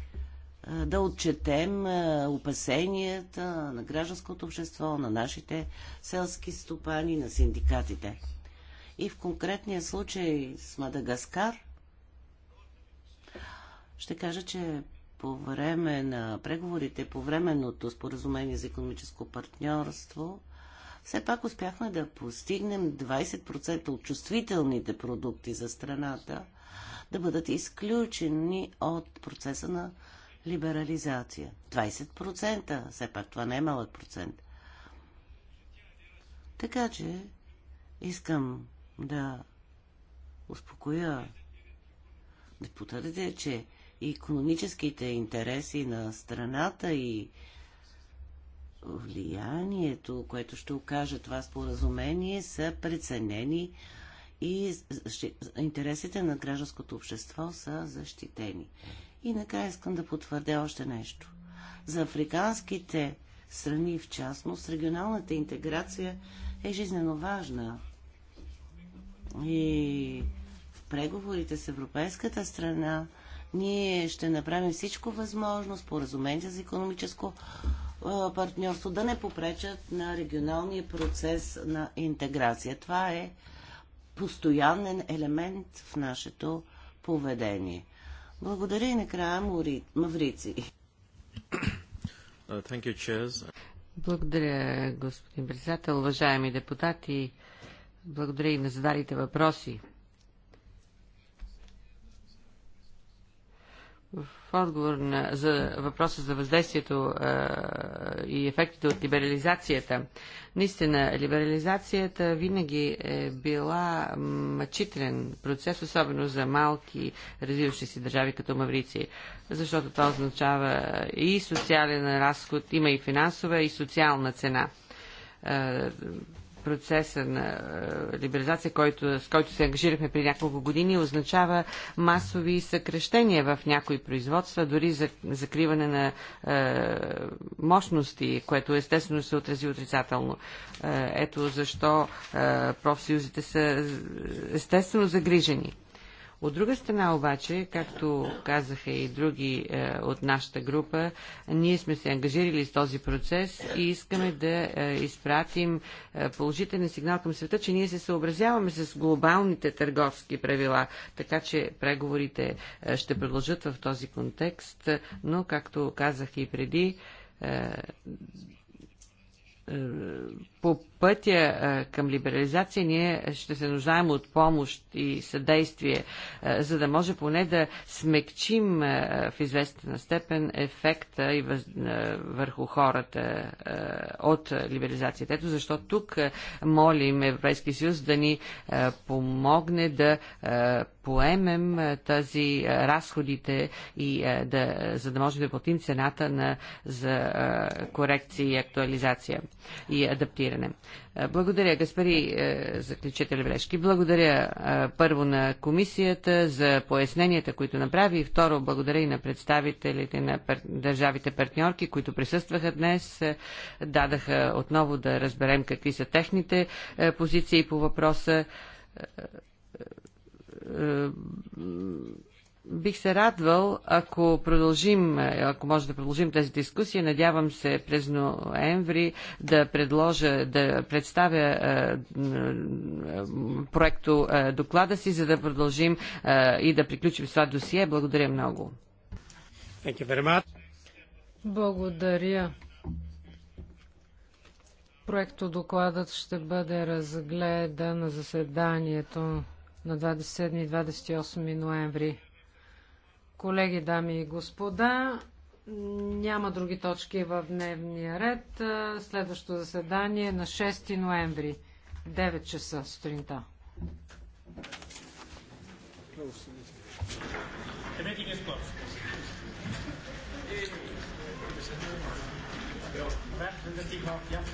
да отчетем опасенията на гражданското общество, на нашите селски стопани, на синдикатите. И в конкретния случай с Мадагаскар ще кажа, че по време на преговорите, по временното споразумение за економическо партньорство, все пак успяхме да постигнем 20% от чувствителните продукти за страната да бъдат изключени от процеса на либерализация. 20%, все пак това не е малък процент. Така че искам да успокоя депутатите, че економическите интереси на страната и влиянието, което ще окаже това споразумение, са преценени и интересите на гражданското общество са защитени. И накрая искам да потвърдя още нещо. За африканските страни в частност, регионалната интеграция е жизненно важна. И в преговорите с европейската страна ние ще направим всичко възможно споразумение за економическо партньорство да не попречат на регионалния процес на интеграция. Това е постоянен елемент в нашето поведение. Благодаря и накрая Мури... Маврици. Uh, благодаря, господин председател. Уважаеми депутати, благодаря и на задалите въпроси. В отговор на, за въпроса за въздействието е, и ефектите от либерализацията, наистина либерализацията винаги е била мъчителен процес, особено за малки развиващи си държави като Маврици, защото това означава и социален разход, има и финансова, и социална цена процеса на е, либерализация, който, с който се ангажирахме при няколко години, означава масови съкрещения в някои производства, дори за закриване на е, мощности, което естествено се отрази отрицателно. Е, ето защо е, профсъюзите са естествено загрижени. От друга страна обаче, както казаха и други е, от нашата група, ние сме се ангажирали с този процес и искаме да е, изпратим е, положителен сигнал към света, че ние се съобразяваме с глобалните търговски правила, така че преговорите е, ще продължат в този контекст, е, но както казах и преди, е, е по пътя е, към либерализация ние ще се нуждаем от помощ и съдействие, е, за да може поне да смекчим е, в известна степен ефекта и въз... върху хората от либерализацията. Ето защо тук молим Европейския съюз да ни помогне да поемем тази разходите и да, за да можем да платим цената на, за корекция и актуализация и адаптиране финансиране. Благодаря, Гаспари, заключители Врешки. Благодаря първо на комисията за поясненията, които направи и второ благодаря и на представителите на пар... държавите партньорки, които присъстваха днес, дадаха отново да разберем какви са техните позиции по въпроса Бих се радвал, ако продължим, ако може да продължим тази дискусия, надявам се през ноември да предложа, да представя е, проекто е, доклада си, за да продължим е, и да приключим с това досие. Благодаря много. Благодаря. Проекто докладът ще бъде разгледан на заседанието на 27 и 28 ноември. Колеги, дами и господа, няма други точки в дневния ред. Следващото заседание е на 6 ноември, 9 часа сутринта. representing of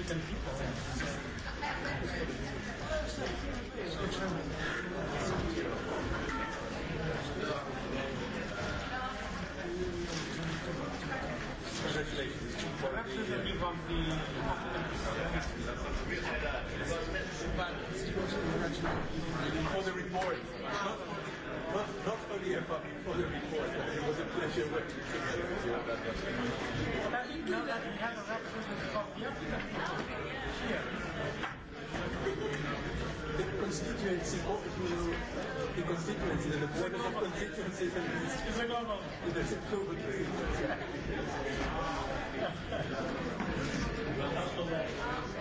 the constituency, and the point of constituency is a global. It a global thing.